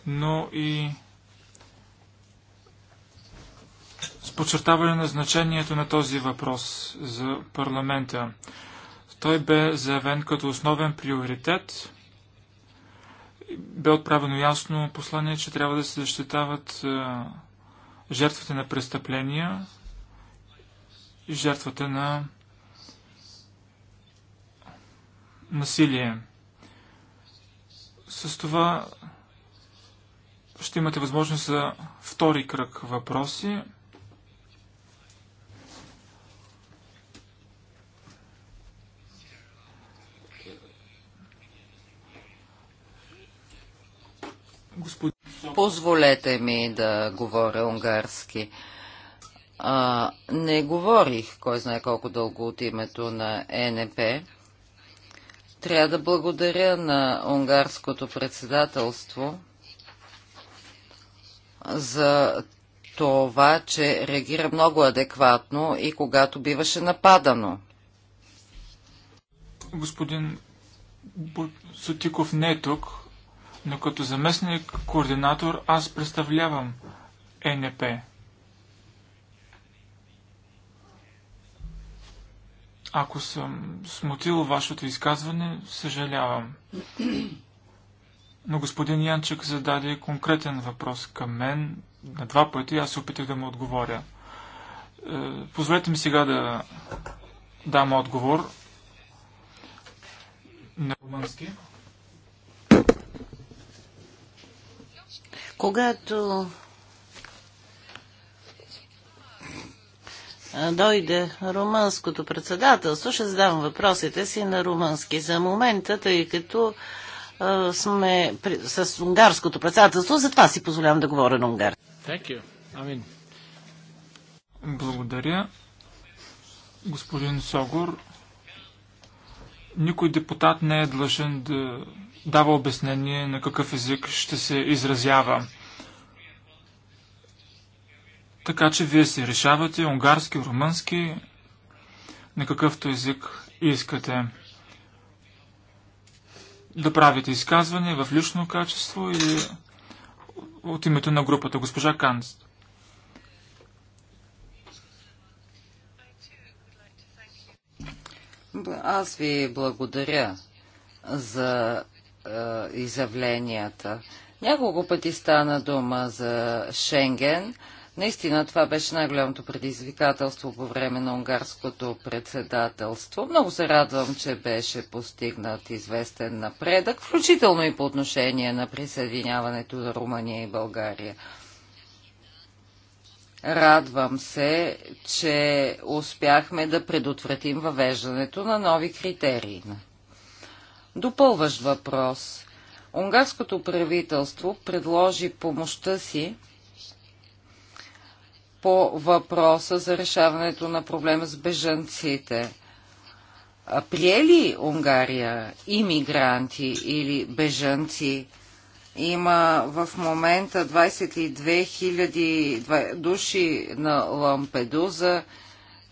но и с подчертаване на значението на този въпрос за парламента. Той бе заявен като основен приоритет. Бе отправено ясно послание, че трябва да се защитават жертвите на престъпления и жертвата на насилие. С това ще имате възможност за втори кръг въпроси. Господин... Позволете ми да говоря унгарски. А, не говорих, кой знае колко дълго от името на НП. Трябва да благодаря на унгарското председателство за това, че реагира много адекватно и когато биваше нападано. Господин Сотиков не е тук, но като заместник координатор аз представлявам ЕНП. Ако съм смутил вашето изказване, съжалявам. Но господин Янчек зададе конкретен въпрос към мен на два пъти аз се опитах да му отговоря. Е, позволете ми сега да дам отговор на румънски. Когато дойде румънското председателство, ще задавам въпросите си на румънски за момента, тъй като а, сме при, с унгарското председателство, затова си позволявам да говоря на унгар. I mean... Благодаря. Господин Согор, никой депутат не е длъжен да дава обяснение на какъв език ще се изразява. Така че вие си решавате унгарски, румънски, на какъвто език искате. Да правите изказване в лично качество или от името на групата. Госпожа Канст. Аз ви благодаря за е, изявленията. Няколко пъти стана дума за Шенген. Наистина това беше най-голямото предизвикателство по време на унгарското председателство. Много се радвам, че беше постигнат известен напредък, включително и по отношение на присъединяването за Румъния и България. Радвам се, че успяхме да предотвратим въвеждането на нови критерии. Допълващ въпрос. Унгарското правителство предложи помощта си по въпроса за решаването на проблема с бежанците. Прие ли Унгария иммигранти или бежанци? Има в момента 22 000 души на Лампедуза.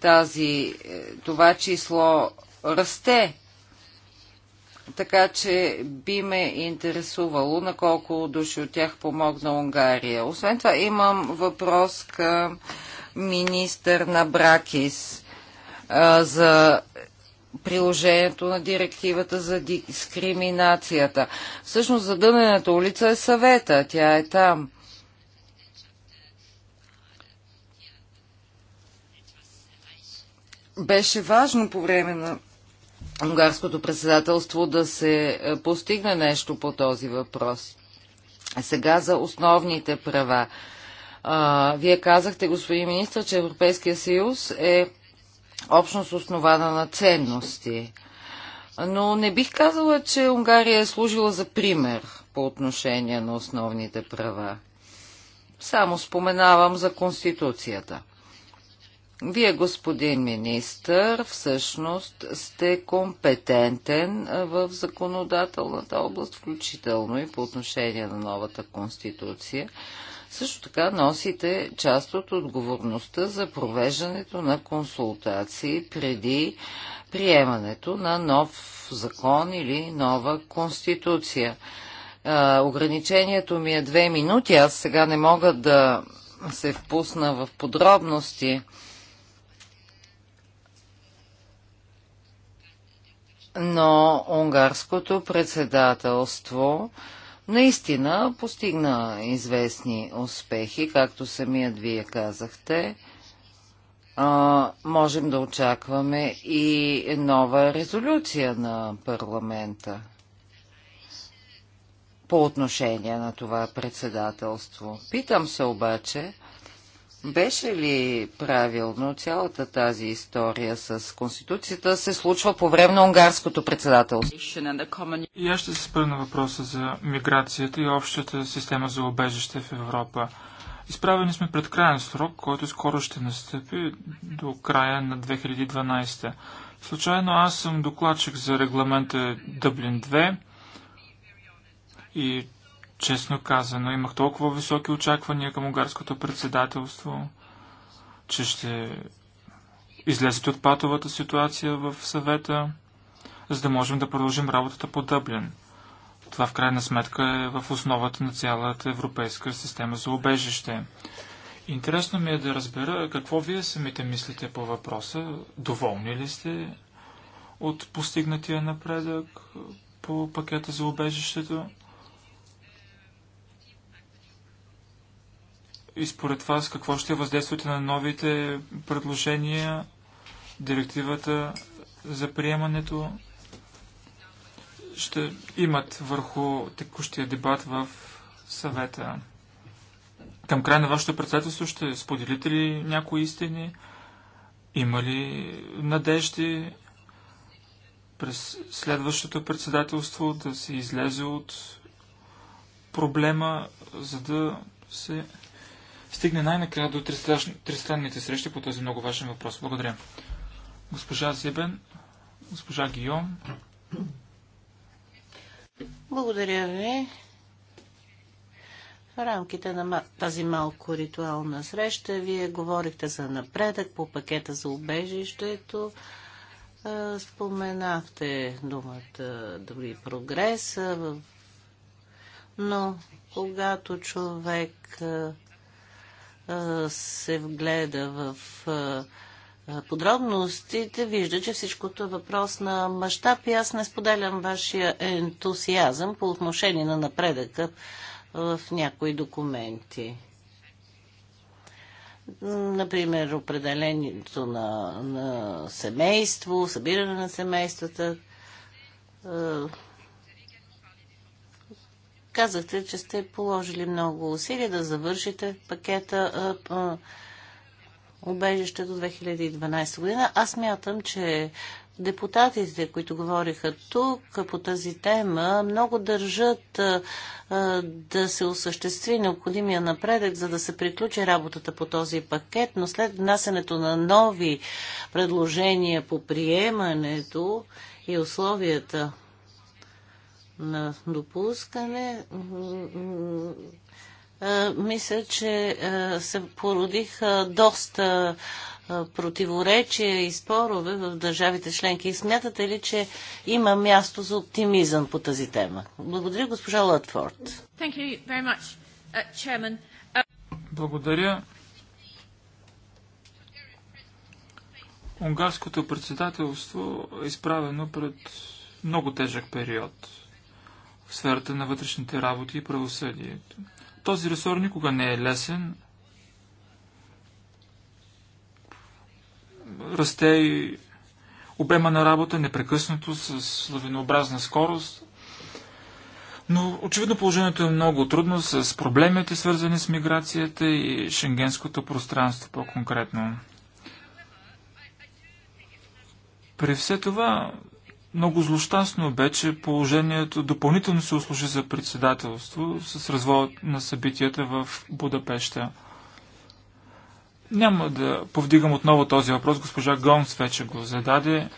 Тази, е, това число расте така че би ме интересувало на колко души от тях помогна Унгария. Освен това имам въпрос към министър на Бракис а, за приложението на директивата за дискриминацията. Всъщност задънената улица е съвета, тя е там. Беше важно по време на унгарското председателство да се е, постигне нещо по този въпрос. Сега за основните права. А, вие казахте, господин министр, че Европейския съюз е общност основана на ценности. Но не бих казала, че Унгария е служила за пример по отношение на основните права. Само споменавам за Конституцията. Вие, господин министър, всъщност сте компетентен в законодателната област, включително и по отношение на новата конституция. Също така носите част от отговорността за провеждането на консултации преди приемането на нов закон или нова конституция. А, ограничението ми е две минути. Аз сега не мога да се впусна в подробности. но унгарското председателство наистина постигна известни успехи, както самият вие казахте. А, можем да очакваме и нова резолюция на парламента по отношение на това председателство. Питам се обаче, беше ли правилно цялата тази история с Конституцията се случва по време на унгарското председателство? И аз ще се спра на въпроса за миграцията и общата система за обежище в Европа. Изправени сме пред крайен срок, който скоро ще настъпи до края на 2012. Случайно аз съм докладчик за регламента Дъблин 2 и Честно казано, имах толкова високи очаквания към унгарското председателство, че ще излезете от патовата ситуация в съвета, за да можем да продължим работата по Дъблин. Това в крайна сметка е в основата на цялата европейска система за обежище. Интересно ми е да разбера какво вие самите мислите по въпроса. Доволни ли сте от постигнатия напредък по пакета за обежището? И според вас, какво ще е на новите предложения, директивата за приемането ще имат върху текущия дебат в съвета? Към края на вашето председателство ще споделите ли някои истини? Има ли надежди през следващото председателство да се излезе от проблема, за да се стигне най-накрая до тристранните срещи по този много важен въпрос. Благодаря. Госпожа Зебен, госпожа Гийом. Благодаря ви. В рамките на тази малко ритуална среща вие говорихте за напредък по пакета за убежището. Споменахте думата дори прогрес, но когато човек се вгледа в подробностите, вижда, че всичкото е въпрос на мащаб и аз не споделям вашия ентусиазъм по отношение на напредъка в някои документи. Например, определението на, на семейство, събиране на семействата. Казахте, че сте положили много усилия да завършите пакета а, а, убежище до 2012 година. Аз мятам, че депутатите, които говориха тук по тази тема, много държат а, да се осъществи необходимия напредък, за да се приключи работата по този пакет, но след внасенето на нови предложения по приемането и условията на допускане, мисля, че се породиха доста противоречия и спорове в държавите членки. И смятате ли, че има място за оптимизъм по тази тема? Благодаря, госпожа Лътфорд. Uh, uh, Благодаря. Унгарското председателство е изправено пред много тежък период – в сферата на вътрешните работи и правосъдието. Този ресор никога не е лесен. Расте и обема на работа непрекъснато с лавинообразна скорост. Но очевидно положението е много трудно с проблемите, свързани с миграцията и шенгенското пространство по-конкретно. При все това много злощастно бе, че положението допълнително се услужи за председателство с развоя на събитията в Будапеща. Няма да повдигам отново този въпрос. Госпожа Гонс вече го зададе.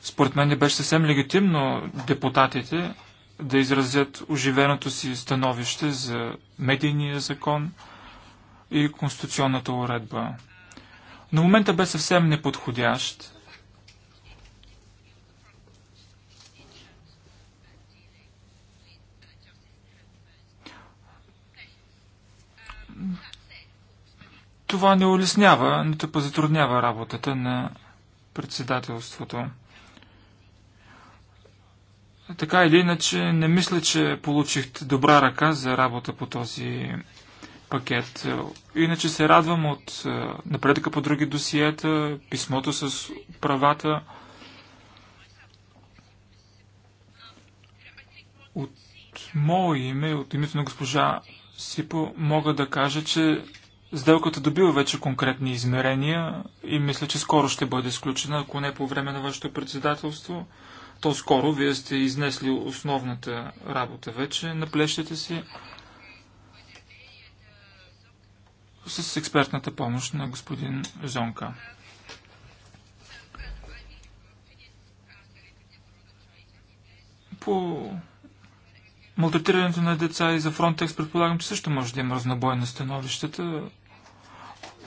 Според мен не беше съвсем легитимно депутатите да изразят оживеното си становище за медийния закон и конституционната уредба но момента бе съвсем неподходящ. Това не улеснява, нито па затруднява работата на председателството. Така или иначе, не мисля, че получих добра ръка за работа по този пакет. Иначе се радвам от е, напредъка по други досиета, писмото с правата. От мое име, от името на госпожа Сипо, мога да кажа, че сделката добива вече конкретни измерения и мисля, че скоро ще бъде изключена, ако не по време на вашето председателство. То скоро вие сте изнесли основната работа вече на плещите си. с експертната помощ на господин Зонка. По малтретирането на деца и за Фронтекс предполагам, че също може да има разнобой на становищата,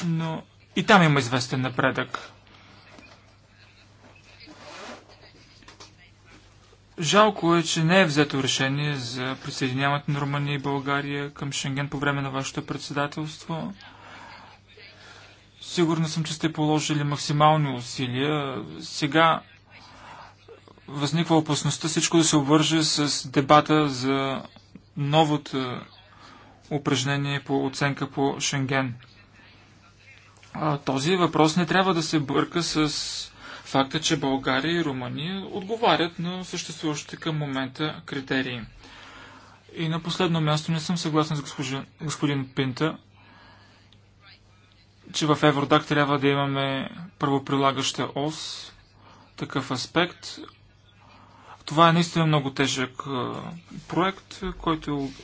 но и там има известен напредък. Жалко е, че не е взето решение за присъединяването на Румъния и България към Шенген по време на вашето председателство. Сигурна съм, че сте положили максимални усилия. Сега възниква опасността всичко да се обвърже с дебата за новото упражнение по оценка по Шенген. А, този въпрос не трябва да се бърка с факта, че България и Румъния отговарят на съществуващите към момента критерии. И на последно място не съм съгласен с господин Пинта че в Евродак трябва да имаме правоприлагаща ОС, такъв аспект. Това е наистина много тежък проект, който е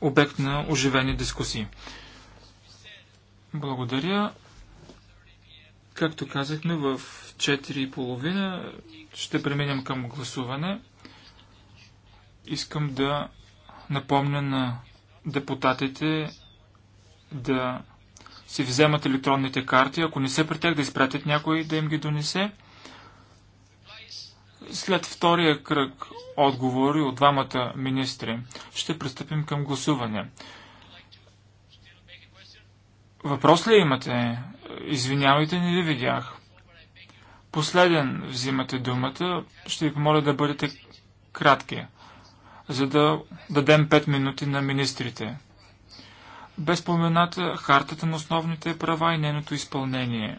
обект на оживени дискусии. Благодаря. Както казахме, в 4.30 ще преминем към гласуване. Искам да напомня на депутатите да си вземат електронните карти, ако не се при тях да изпратят някой да им ги донесе. След втория кръг отговори от двамата министри ще пристъпим към гласуване. Въпрос ли имате? Извинявайте, не ви видях. Последен взимате думата. Ще ви помоля да бъдете кратки, за да дадем 5 минути на министрите безпомената спомената хартата на основните права и нейното изпълнение.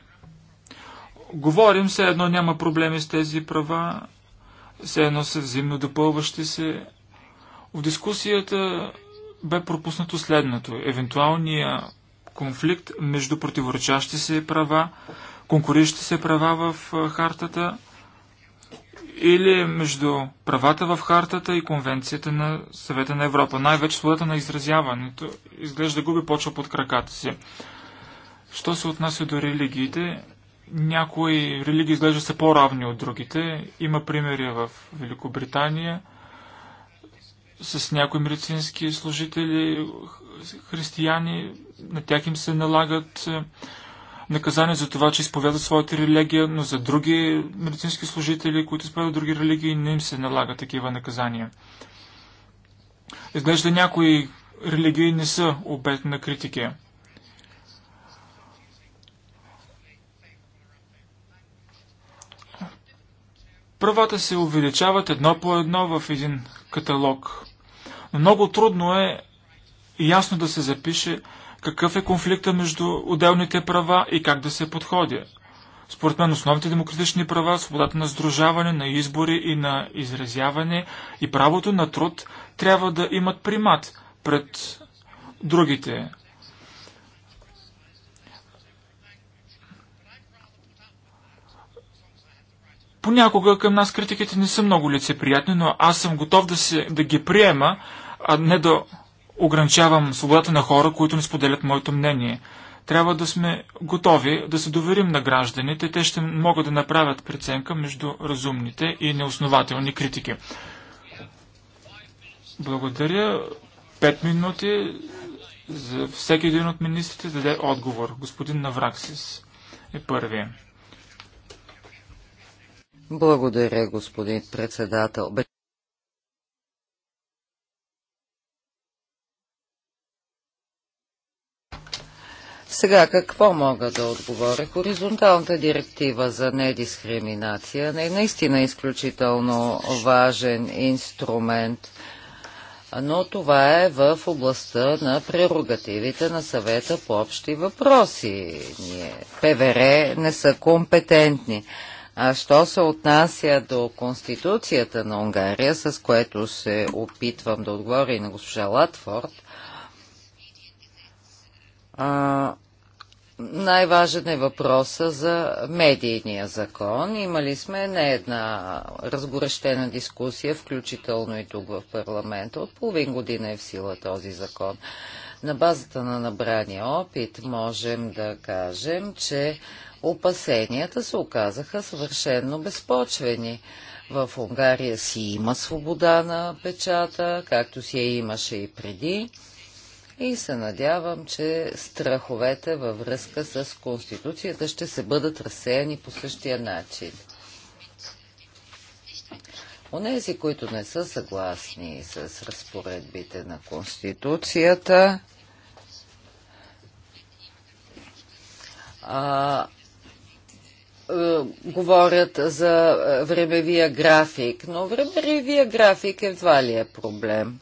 Говорим, все едно няма проблеми с тези права, все едно са взаимно допълващи се. В дискусията бе пропуснато следното. Евентуалния конфликт между противоречащи се права, конкуриращи се права в хартата – или е между правата в хартата и конвенцията на съвета на Европа. Най-вече свободата на изразяването изглежда губи почва под краката си. Що се отнася до религиите, някои религии изглежда са по-равни от другите. Има примери в Великобритания с някои медицински служители, християни, на тях им се налагат наказание за това, че изповядат своята религия, но за други медицински служители, които изповядат други религии, не им се налага такива наказания. Изглежда някои религии не са обект на критики. Правата се увеличават едно по едно в един каталог. Но Много трудно е ясно да се запише какъв е конфликта между отделните права и как да се подходи. Според мен основните демократични права, свободата на сдружаване, на избори и на изразяване и правото на труд трябва да имат примат пред другите. Понякога към нас критиките не са много лицеприятни, но аз съм готов да, се, да ги приема, а не да ограничавам свободата на хора, които не споделят моето мнение. Трябва да сме готови да се доверим на гражданите. Те ще могат да направят преценка между разумните и неоснователни критики. Благодаря. Пет минути за всеки един от министрите да даде отговор. Господин Навраксис е първият. Благодаря, господин председател. Сега какво мога да отговоря? Хоризонталната директива за недискриминация не е наистина изключително важен инструмент, но това е в областта на прерогативите на съвета по общи въпроси. Ние, ПВР не са компетентни. А що се отнася до Конституцията на Унгария, с което се опитвам да отговоря и на госпожа Латфорд, а, най-важен е въпроса за медийния закон. Имали сме не една разгорещена дискусия, включително и тук в парламента. От половин година е в сила този закон. На базата на набрания опит можем да кажем, че опасенията се оказаха съвършенно безпочвени. В Унгария си има свобода на печата, както си я имаше и преди и се надявам, че страховете във връзка с Конституцията ще се бъдат разсеяни по същия начин. Онези, които не са съгласни с разпоредбите на Конституцията, а, е, говорят за времевия график, но времевия график едва ли е проблем.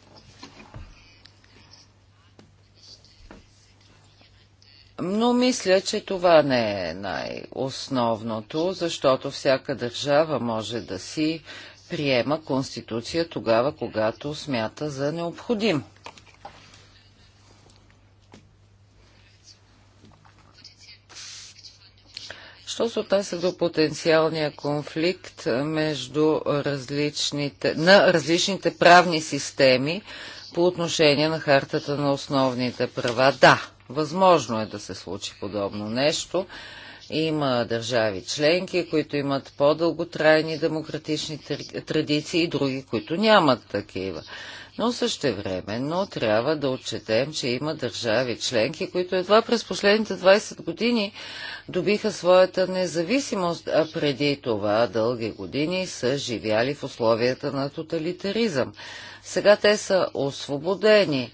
Но мисля, че това не е най-основното, защото всяка държава може да си приема конституция тогава, когато смята за необходим. Що се отнася до потенциалния конфликт между различните, на различните правни системи по отношение на хартата на основните права? Да, Възможно е да се случи подобно нещо. Има държави членки, които имат по-дълготрайни демократични традиции и други, които нямат такива. Но същевременно трябва да отчетем, че има държави членки, които едва през последните 20 години добиха своята независимост, а преди това дълги години са живяли в условията на тоталитаризъм. Сега те са освободени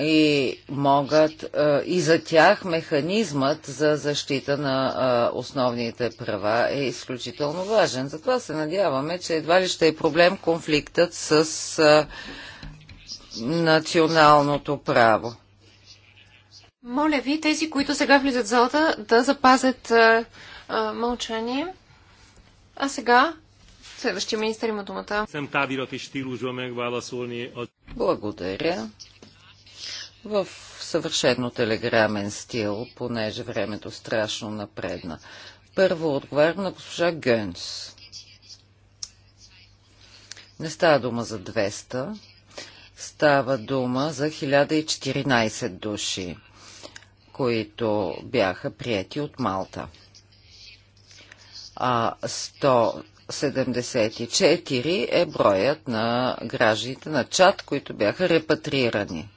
и могат и за тях механизмът за защита на основните права е изключително важен. Затова се надяваме, че едва ли ще е проблем конфликтът с националното право. Моля ви, тези, които сега влизат в залата, да запазят а, мълчание. А сега следващия министър има думата. Благодаря в съвършено телеграмен стил, понеже времето страшно напредна. Първо отговарям на госпожа Гънс. Не става дума за 200, става дума за 1014 души, които бяха прияти от Малта. А 174 е броят на гражданите на чат, които бяха репатрирани.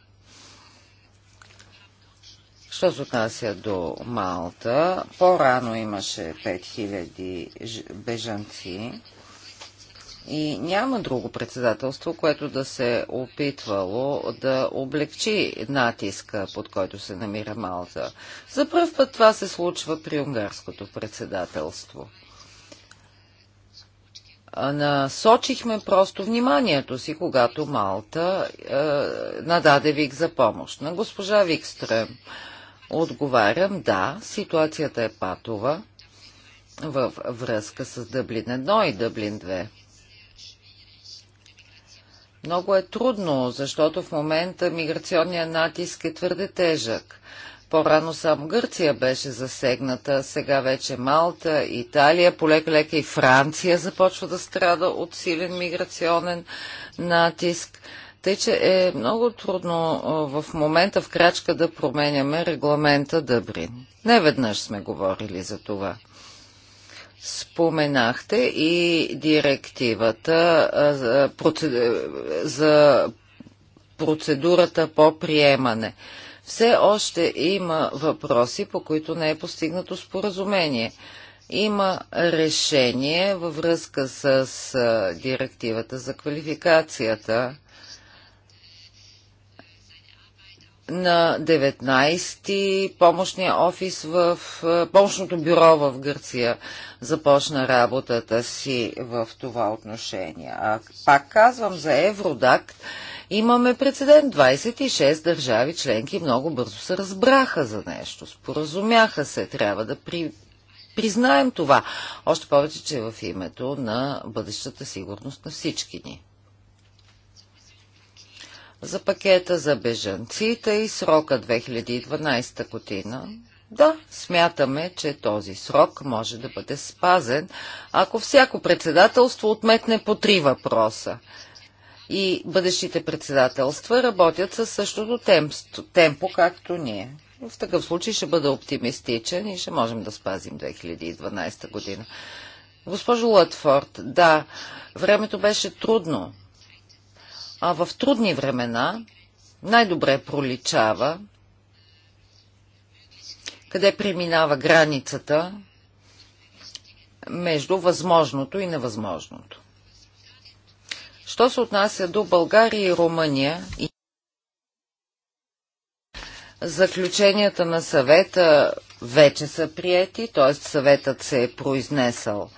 Що се отнася до Малта, по-рано имаше 5000 бежанци и няма друго председателство, което да се опитвало да облегчи натиска, под който се намира Малта. За първ път това се случва при унгарското председателство насочихме просто вниманието си, когато Малта е, нададе Вик за помощ на госпожа Викстрем. Е, Отговарям, да, ситуацията е патова във връзка с Дъблин 1 и Дъблин 2. Много е трудно, защото в момента миграционният натиск е твърде тежък. По-рано само Гърция беше засегната, сега вече Малта, Италия, полека-лека и Франция започва да страда от силен миграционен натиск. Тъй, че е много трудно в момента в крачка да променяме регламента Дъбрин. Не веднъж сме говорили за това. Споменахте и директивата за, за процедурата по приемане. Все още има въпроси, по които не е постигнато споразумение. Има решение във връзка с директивата за квалификацията на 19-ти помощния офис в е, помощното бюро в Гърция започна работата си в това отношение. А пак казвам за Евродакт, имаме прецедент. 26 държави членки много бързо се разбраха за нещо, споразумяха се, трябва да при... признаем това. Още повече, че в името на бъдещата сигурност на всички ни за пакета за бежанците и срока 2012 година. Да, смятаме, че този срок може да бъде спазен, ако всяко председателство отметне по три въпроса. И бъдещите председателства работят със същото темпо, както ние. В такъв случай ще бъда оптимистичен и ще можем да спазим 2012 година. Госпожо Латфорд, да, времето беше трудно, а в трудни времена най-добре проличава къде преминава границата между възможното и невъзможното. Що се отнася до България и Румъния, заключенията на съвета вече са приети, т.е. съветът се е произнесъл –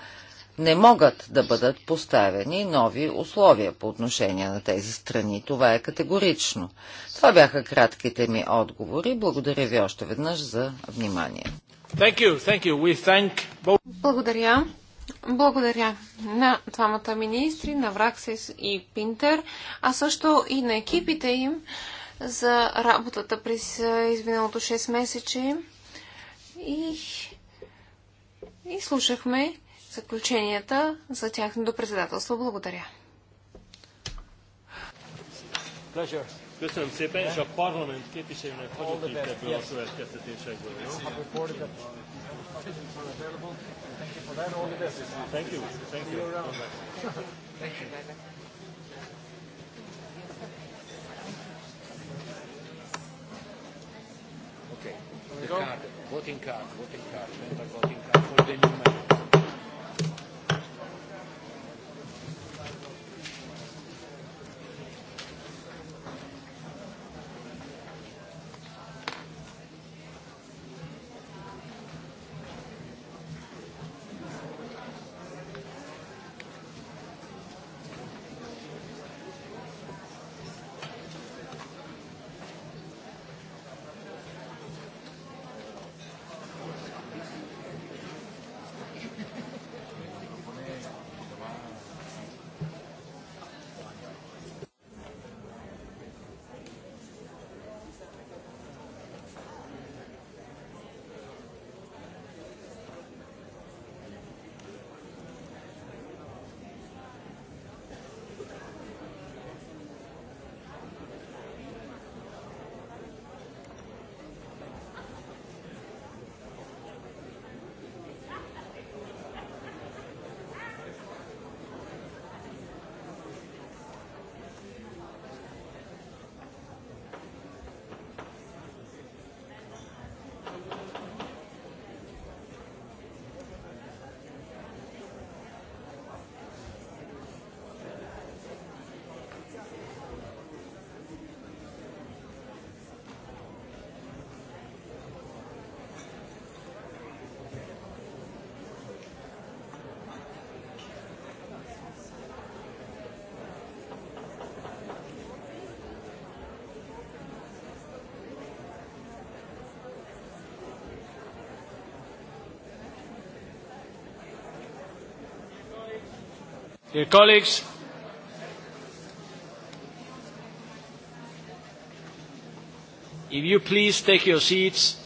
не могат да бъдат поставени нови условия по отношение на тези страни. Това е категорично. Това бяха кратките ми отговори. Благодаря ви още веднъж за внимание. Thank you, thank you. Thank Благодаря. Благодаря на двамата министри, на Враксис и Пинтер, а също и на екипите им за работата през е, изминалото 6 месече. И, и слушахме заключенията за тяхното председателство. Благодаря. Okay. Köszönöm szépen, és a Voting card, voting card, voting card for the new member. Dear colleagues, if you please take your seats,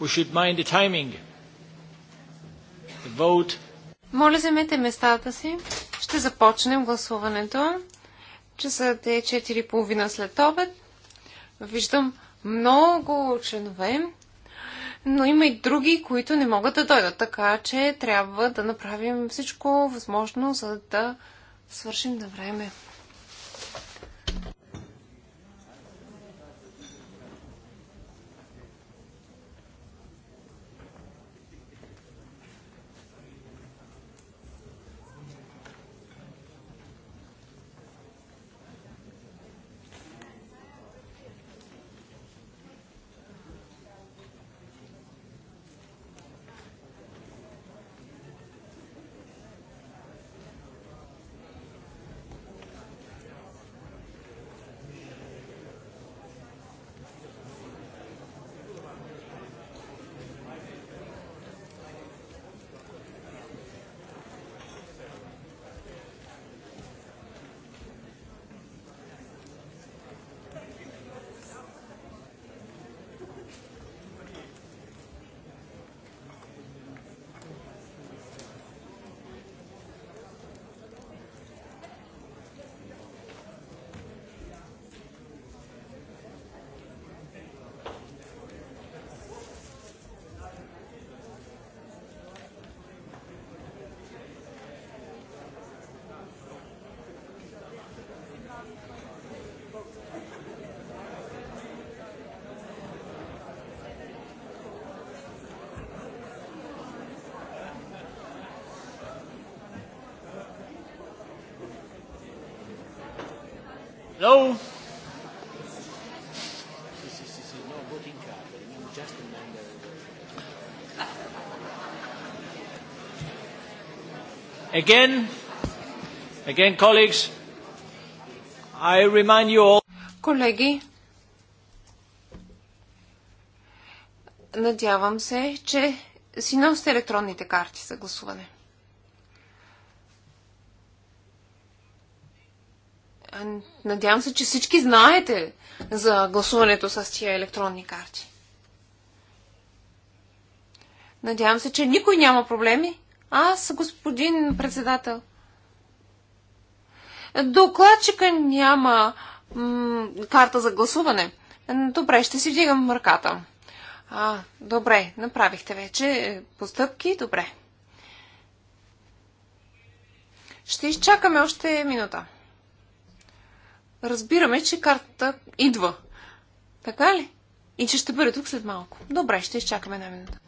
we should mind the timing. The vote. Моля, вземете местата си. Ще започнем гласуването. Часът е 4.30 след обед. Виждам много членове но има и други, които не могат да дойдат. Така че трябва да направим всичко възможно, за да свършим на време. Hello? Again, again, colleagues, I remind you all. Колеги, надявам се, че си носите електронните карти за гласуване. Надявам се, че всички знаете за гласуването с тия електронни карти. Надявам се, че никой няма проблеми. Аз, господин председател. Докладчика няма карта за гласуване. Добре, ще си вдигам ръката. А, добре, направихте вече постъпки, добре. Ще изчакаме още минута разбираме, че картата идва. Така ли? И че ще бъде тук след малко. Добре, ще изчакаме една минута.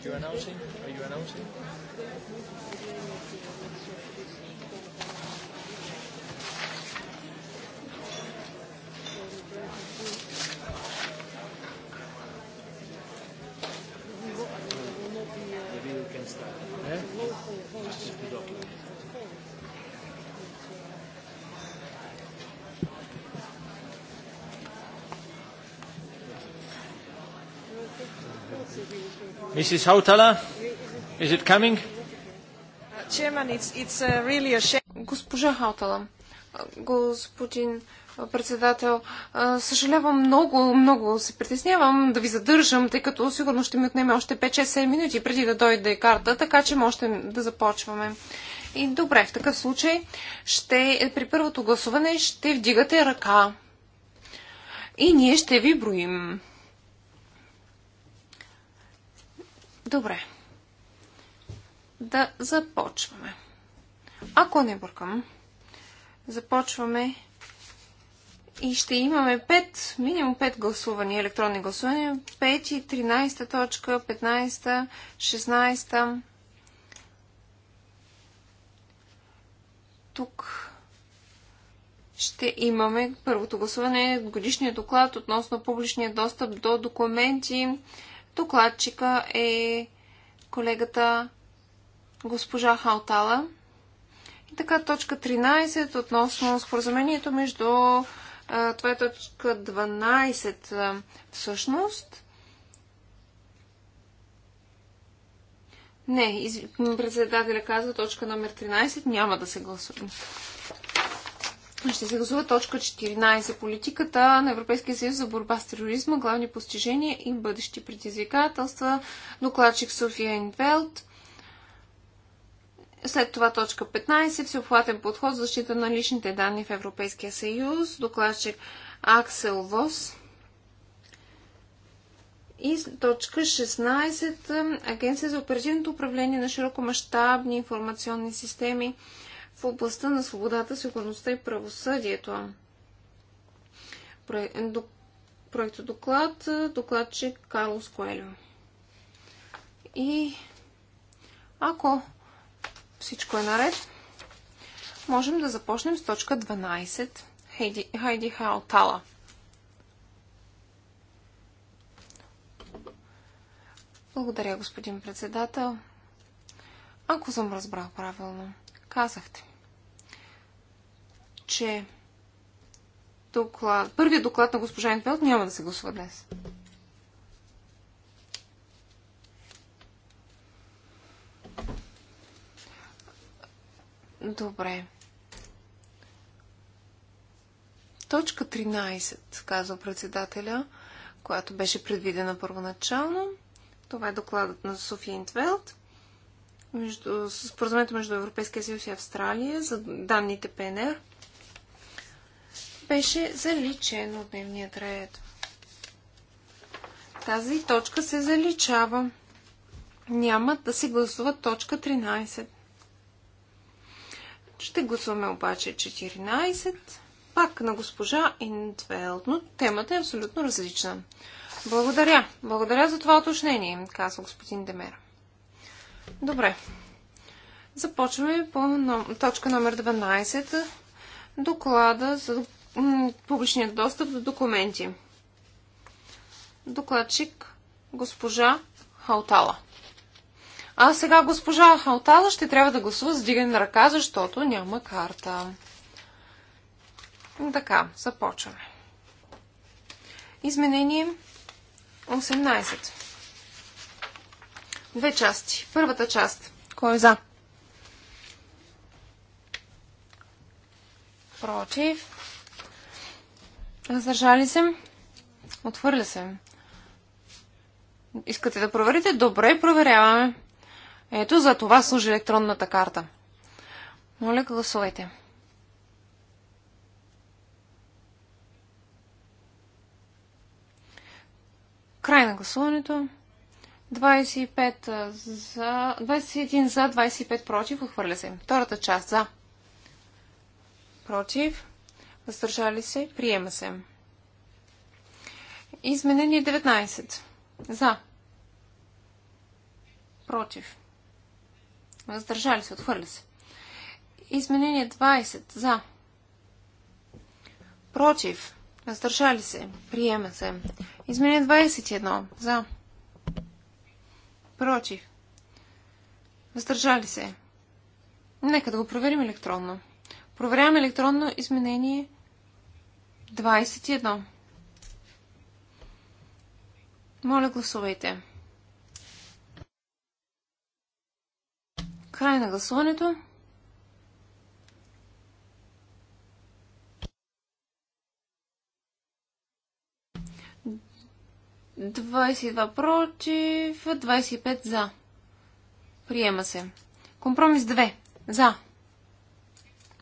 Are you announcing? Are you announcing? Mrs. Hautala, is it coming? Chairman, it's, it's uh, really a shame. Госпожа Хаутала, господин председател, съжалявам много, много се притеснявам да ви задържам, тъй като сигурно ще ми отнеме още 5-6-7 минути преди да дойде карта, така че можем да започваме. И добре, в такъв случай ще, при първото гласуване ще вдигате ръка. И ние ще ви броим. Добре. Да започваме. Ако не бъркам, започваме и ще имаме 5, минимум 5 гласувания, електронни гласувания. 5 и 13 точка, 15, 16. Тук ще имаме първото гласуване, годишния доклад относно публичния достъп до документи, Докладчика е колегата госпожа Халтала. И така, точка 13 относно споразумението между... Това е точка 12 всъщност. Не, председателя казва точка номер 13 няма да се гласува. Ще се гласува точка 14. Политиката на Европейския съюз за борба с тероризма, главни постижения и бъдещи предизвикателства. Докладчик София Инвелт. След това точка 15. Всеобхватен подход за защита на личните данни в Европейския съюз. Докладчик Аксел Вос. И точка 16. Агенция за оперативното управление на широкомащабни информационни системи в областта на свободата, сигурността и правосъдието. Проекто доклад, докладчик Карлос Коелю. И ако всичко е наред, можем да започнем с точка 12. Хайди Хаотала. Благодаря, господин председател. Ако съм разбрал правилно, казахте, че доклад, първият доклад на госпожа Енфелд няма да се гласува днес. Добре. Точка 13, казва председателя, която беше предвидена първоначално. Това е докладът на София Интвелд. Между, споразумението между Европейския съюз и Австралия за данните ПНР – беше заличен от дневния ред. Тази точка се заличава. Няма да се гласува точка 13. Ще гласуваме обаче 14. Пак на госпожа Индвелд, но темата е абсолютно различна. Благодаря. Благодаря за това уточнение, казва господин Демер. Добре. Започваме по точка номер 12. Доклада за публичният достъп до документи. Докладчик госпожа Халтала. А сега госпожа Халтала ще трябва да гласува с дигане на ръка, защото няма карта. Така, започваме. Изменение 18. Две части. Първата част. Кой е за? Против. Въздържали се? Отвърля се. Искате да проверите? Добре, проверяваме. Ето за това служи електронната карта. Моля, гласувайте. Край на гласуването. 25 за... 21 за, 25 против. Отхвърля се. Втората част за. Против. Въздържали се. Приема се. Изменение 19. За. Против. Въздържали се. Отхвърля се. Изменение 20. За. Против. Въздържали се. Приема се. Изменение 21. За. Против. Въздържали се. Нека да го проверим електронно. Проверяваме електронно изменение 21. 21. Моля, гласувайте. Край на гласуването. Двадесет два против, 25 за. Приема се. Компромис 2. За.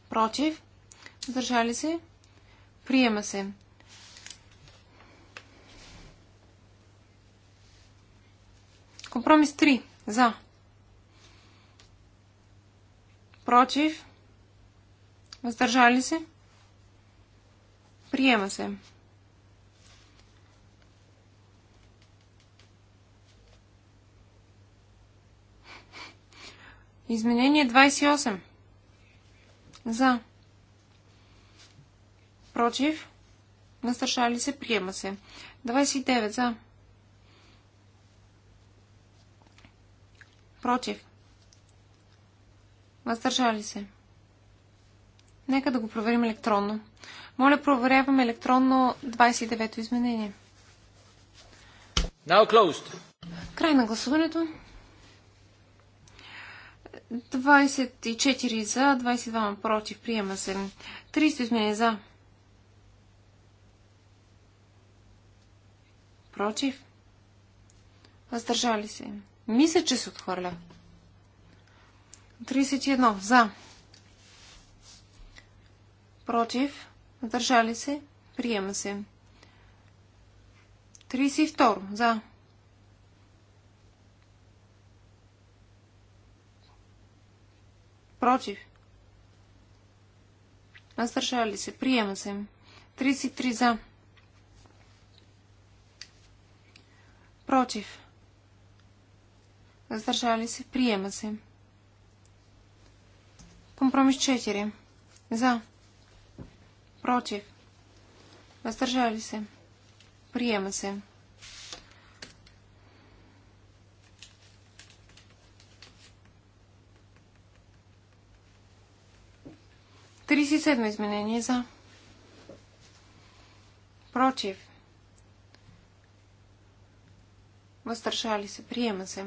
Против. Въздържали се. Приема се. Компромис 3. За. Против. Въздържали се. Приема се. Изменение 28. За. Против. Въздържали се. Приема се. 29 за. Против. Въздържали се. Нека да го проверим електронно. Моля, проверяваме електронно 29-то изменение. Now closed. Край на гласуването. 24 за, 22 против. Приема се. 30 изменение за. Против? Въздържали се. Мисля, че се отхвърля. 31. За. Против. Въздържали се. Приема се. 32. За. Против. Въздържали се. Приема се. 33. За. Против. Въздържали се. Приема се. Компромис 4. За. Против. Въздържали се. Приема се. Тридесет седмо изменение за. Против. въздържали се, приема се.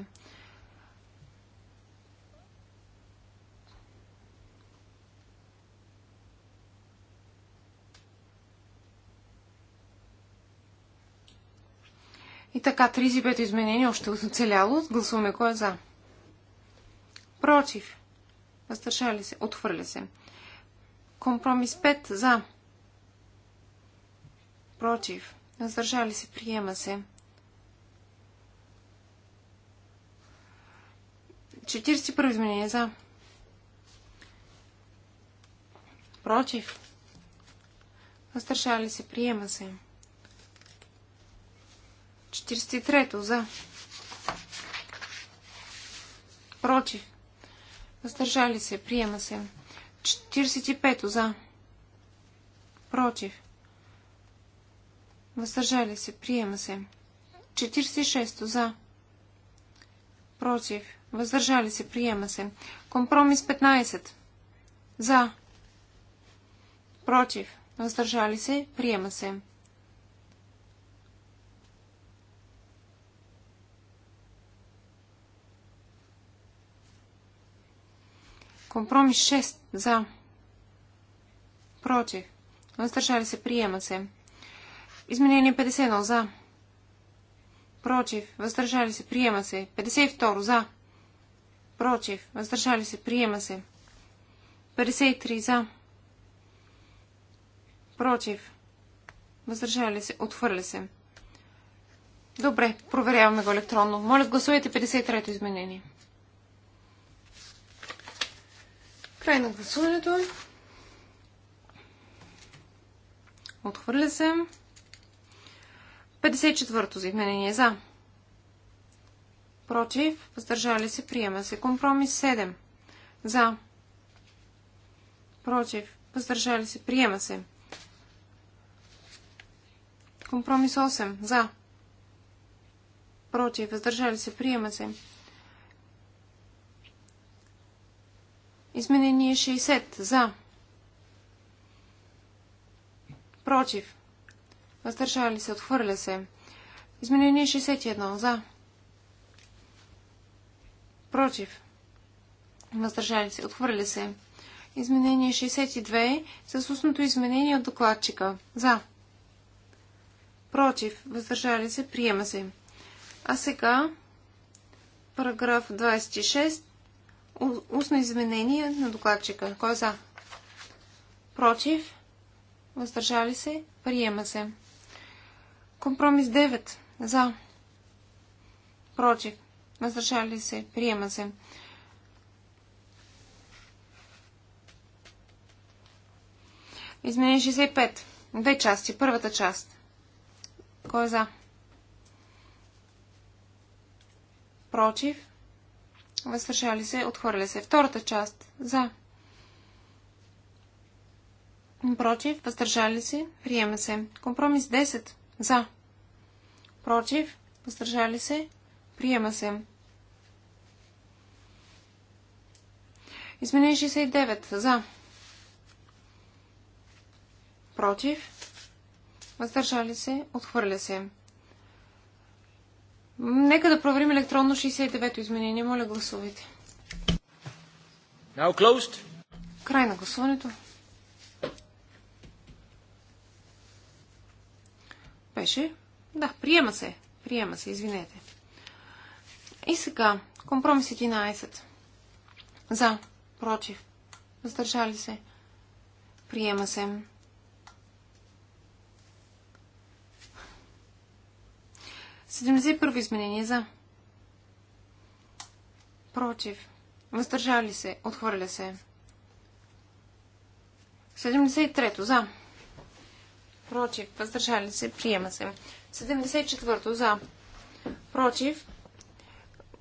И така, 35 изменения още оцеляло. Гласуваме кой е за. Против. Въздържали се. Отхвърля се. Компромис 5 за. Против. Въздържали се. Приема се. 41 изменение за. Против. Въздържали се. Приема се. 43-то за. Против. Въздържали се. Приема се. 45-то за. Против. Въздържали се. Приема се. 46-то за. Против. Въздържали се. Приема се. Компромис 15. За. Против. Въздържали се. Приема се. Компромис 6. За. Против. Въздържали се. Приема се. Изменение 51. За. Против. Въздържали се. Приема се. 52. За против, въздържали се, приема се. 53 за, против, въздържали се, отхвърля се. Добре, проверяваме го електронно. Моля, гласувайте 53-то изменение. Край на гласуването. Отхвърля се. 54-то за изменение за против, въздържали се, приема се. Компромис 7 за, против, въздържали се, приема се. Компромис 8 за, против, въздържали се, приема се. Изменение 60 за, против, въздържали се, отхвърля се. Изменение 61 за, Против. Въздържали се. Отхвърля се. Изменение 62 с устното изменение от докладчика. За. Против. Въздържали се. Приема се. А сега параграф 26. Устно изменение на докладчика. Кой е за? Против. Въздържали се. Приема се. Компромис 9. За. Против въздържали се, приема се. Изменение 65. Две части. Първата част. Кой е за? Против. Въздържали се, отхвърля се. Втората част. За. Против. Въздържали се, приема се. Компромис 10. За. Против. Въздържали се, приема се. Изменение 69. За. Против. Въздържали се. Отхвърля се. Нека да проверим електронно 69-то изменение. Моля, гласувайте. Now closed. Край на гласуването. Беше. Да, приема се. Приема се, извинете. И сега, компромис 11. За против, въздържали се, приема се. Седемдесет първо изменение за. Против. Въздържали се. Отхвърля се. 73-то за. Против. Въздържали се. Приема се. 74-то за. Против.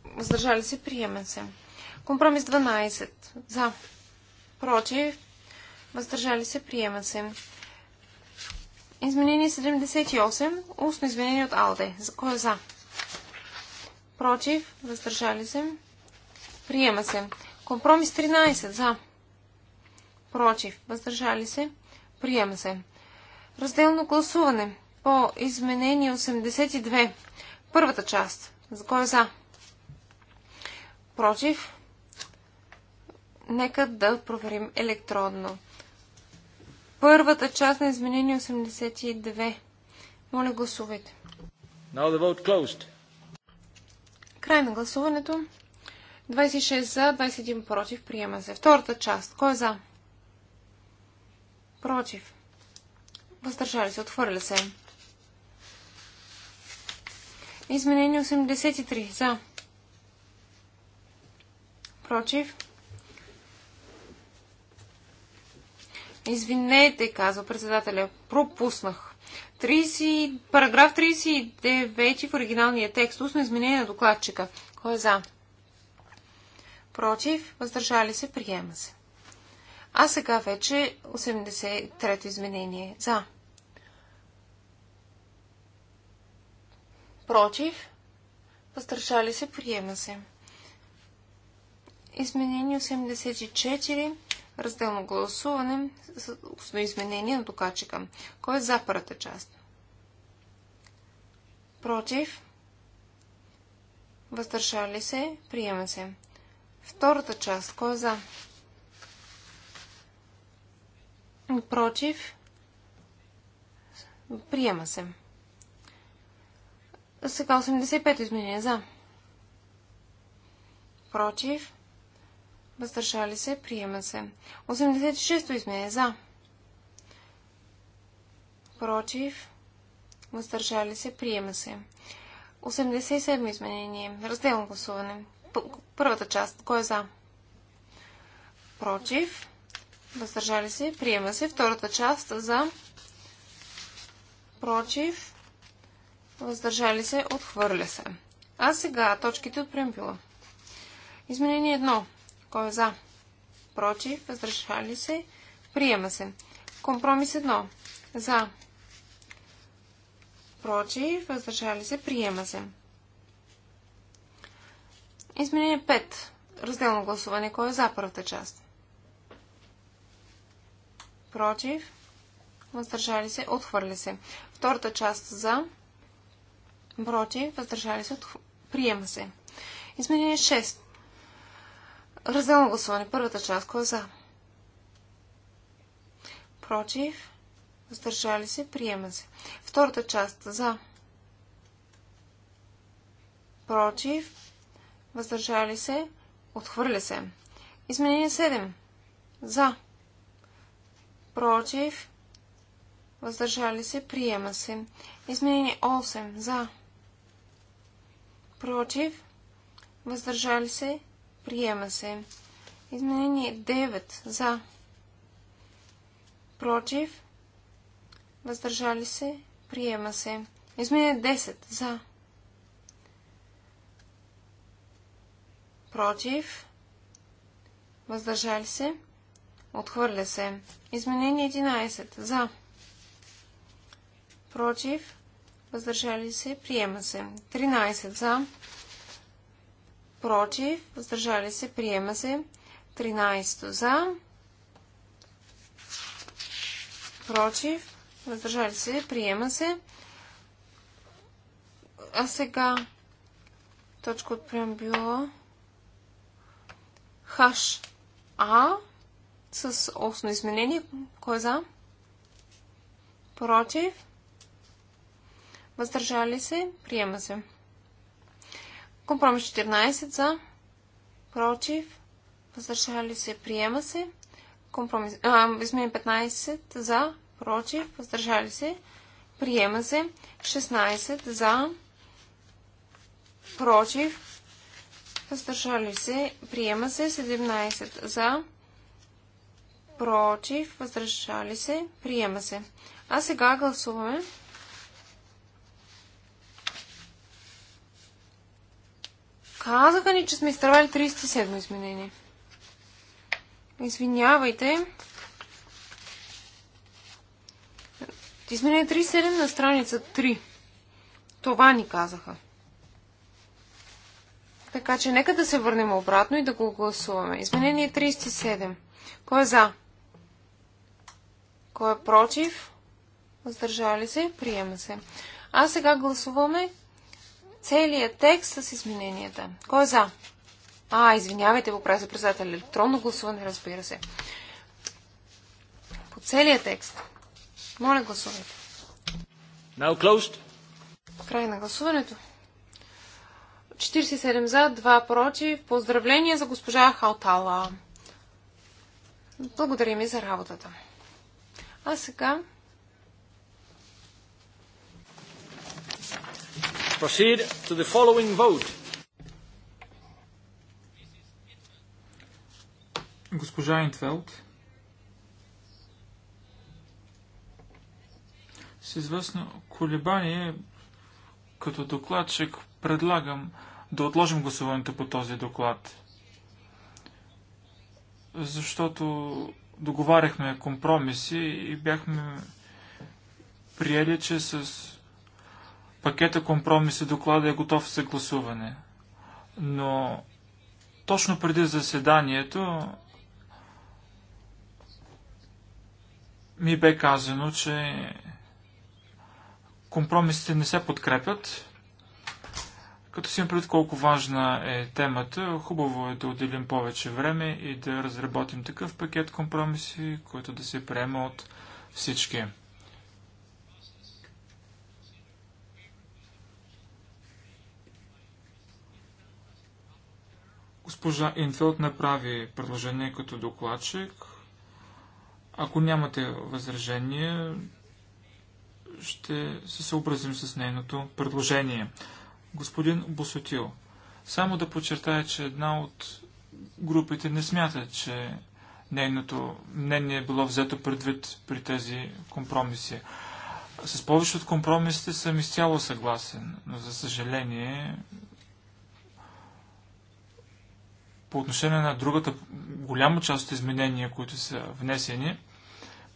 Въздържали се. Приема се. Компромис 12. За. Против. Въздържали се. Приема се. Изменение 78. Устно изменение от Алде. За кой е за? Против. Въздържали се. Приема се. Компромис 13. За. Против. Въздържали се. Приема се. Разделно гласуване по изменение 82. Първата част. За кой е за? Против. Нека да проверим електронно. Първата част на изменение 82. Моля, гласувайте. Now the vote closed. Край на гласуването. 26 за, 21 против. Приема се. Втората част. Кой е за? Против. Въздържали се. Отхвърля се. Изменение 83. За. Против. Извинете, казва председателя, пропуснах. 30, параграф 39 в оригиналния текст. Устно изменение на докладчика. Кой е за? Против, въздържали се, приема се. А сега вече 83-то изменение. За. Против, въздържали се, приема се. Изменение 84 Разделно гласуване с изменение на докачика. Кой е за първата част? Против? Въздържали се? Приема се. Втората част. Кой е за? Против? Приема се. Сега 85 изменение. за. Против? въздържали се, приема се. 86-то изменение за, против, въздържали се, приема се. 87-то изменение, разделно гласуване. Първата част, кой е за? Против, въздържали се, приема се. Втората част за, против, въздържали се, отхвърля се. А сега точките от премпила. Изменение 1. Кой е за? Против. Въздържали се. Приема се. Компромис 1. За. Против. Въздържали се. Приема се. Изменение 5. Разделно гласуване. Кой е за първата част? Против. Въздържали се. Отхвърли се. Втората част за. Против. Въздържали се. Отх... Приема се. Изменение 6. Разделно гласуване. Първата част. Кой е за? Против. Въздържали се. Приема се. Втората част. За. Против. Въздържали се. Отхвърля се. Изменение 7. За. Против. Въздържали се. Приема се. Изменение 8. За. Против. Въздържали се. Приема се. Изменение 9 за. Против. Въздържали се. Приема се. Изменение 10 за. Против. Въздържали се. Отхвърля се. Изменение 11 за. Против. Въздържали се. Приема се. 13 за против, въздържали се, приема се. 13 за, против, въздържали се, приема се. А сега точка от преамбюла хаш А с осно изменение. Кой е за? Против. Въздържали се. Приема се. Компромис 14 за, против, въздържали се, приема се. Компромис, а, измени 15 за, против, въздържали се, приема се. 16 за, против, въздържали се, приема се. 17 за, против, въздържали се, приема се. А сега гласуваме Казаха ни, че сме изтървали 37 изменение. Извинявайте. Изменение 37 на страница 3. Това ни казаха. Така че нека да се върнем обратно и да го гласуваме. Изменение 37. Кой е за? Кой е против? Въздържали се? Приема се. А сега гласуваме целият текст с измененията. Кой е за? А, извинявайте, поправя за е председател. Електронно гласуване, разбира се. По целия текст. Моля, гласувайте. Now closed. Край на гласуването. 47 за, 2 против. Поздравления за госпожа Халтала. Благодарим и за работата. А сега proceed to the following vote. Госпожа Интфелд. С известно колебание, като докладчик, предлагам да отложим гласуването по този доклад. Защото договаряхме компромиси и бяхме приели, че с Пакета компромиси доклада е готов за гласуване. Но точно преди заседанието ми бе казано, че компромисите не се подкрепят. Като си пред колко важна е темата, хубаво е да отделим повече време и да разработим такъв пакет компромиси, който да се приема от всички. Госпожа Инфелд направи предложение като докладчик. Ако нямате възражение, ще се съобразим с нейното предложение. Господин Босотил, само да подчертая, че една от групите не смята, че нейното мнение е било взето предвид при тези компромиси. С повече от компромисите съм изцяло съгласен, но за съжаление по отношение на другата голяма част от изменения, които са внесени,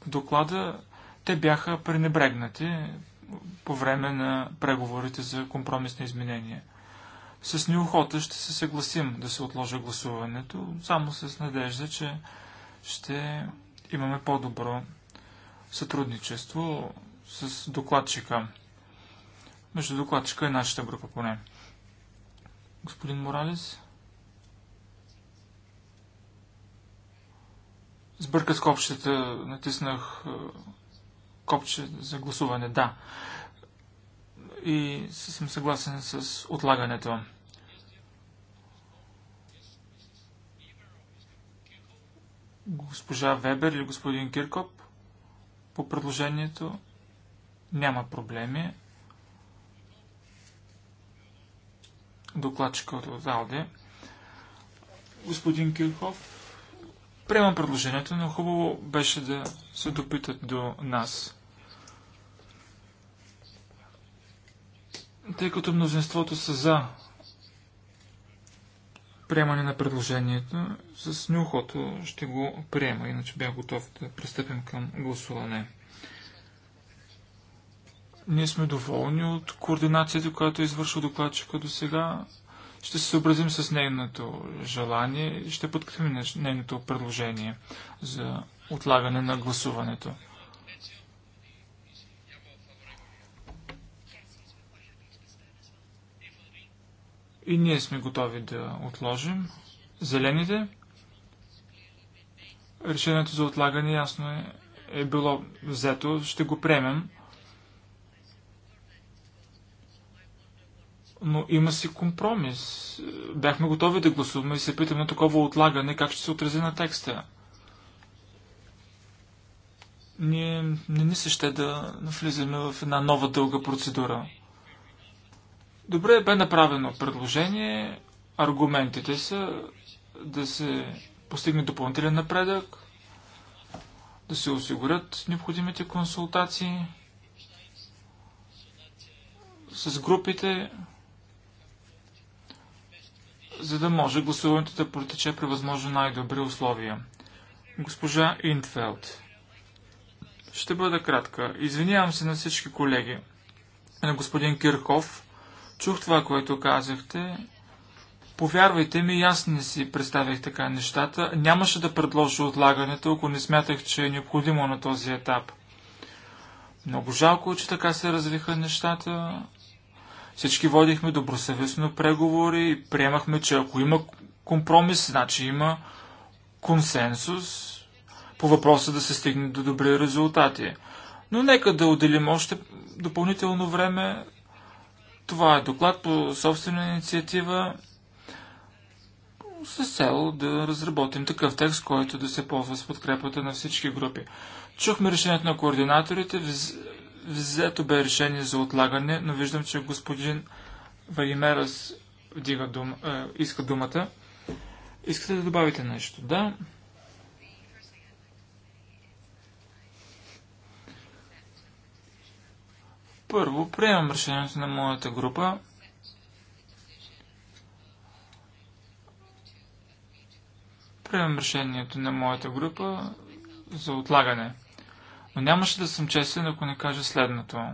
доклада те бяха пренебрегнати по време на преговорите за компромисни изменения. С неохота ще се съгласим да се отложи гласуването, само с надежда, че ще имаме по-добро сътрудничество с докладчика. Между докладчика и нашата група поне. Господин Моралес? Сбърка с копчета, натиснах е, копче за гласуване, да. И съм съгласен с отлагането. Госпожа Вебер или господин Киркоп по предложението няма проблеми. Докладчика от Алде. Господин Кирхов, Приемам предложението, но хубаво беше да се допитат до нас. Тъй като мнозинството са за приемане на предложението, с нюхото ще го приема, иначе бях готов да пристъпим към гласуване. Ние сме доволни от координацията, която е извършил докладчика до сега ще се съобразим с нейното желание и ще подкрепим нейното предложение за отлагане на гласуването. И ние сме готови да отложим. Зелените. Решението за отлагане ясно е, е било взето. Ще го приемем. но има си компромис. Бяхме готови да гласуваме и се питаме такова отлагане, как ще се отрази на текста. Ние не ни се ще да навлизаме в една нова дълга процедура. Добре, бе направено предложение, аргументите са да се постигне допълнителен напредък, да се осигурят необходимите консултации с групите, за да може гласуването да протече при възможно най-добри условия. Госпожа Интфелд. Ще бъда кратка. Извинявам се на всички колеги. На господин Кирхов. Чух това, което казахте. Повярвайте ми, аз не си представях така нещата. Нямаше да предложа отлагането, ако не смятах, че е необходимо на този етап. Много жалко, че така се развиха нещата. Всички водихме добросъвестно преговори и приемахме, че ако има компромис, значи има консенсус по въпроса да се стигне до добри резултати. Но нека да отделим още допълнително време. Това е доклад по собствена инициатива с цел да разработим такъв текст, който да се ползва с подкрепата на всички групи. Чухме решението на координаторите, Взето бе решение за отлагане, но виждам, че господин Валимерас вдига е, иска думата. Искате да добавите нещо? Да. Първо, приемам решението на моята група. Приемам решението на моята група за отлагане. Но нямаше да съм честен, ако не кажа следното.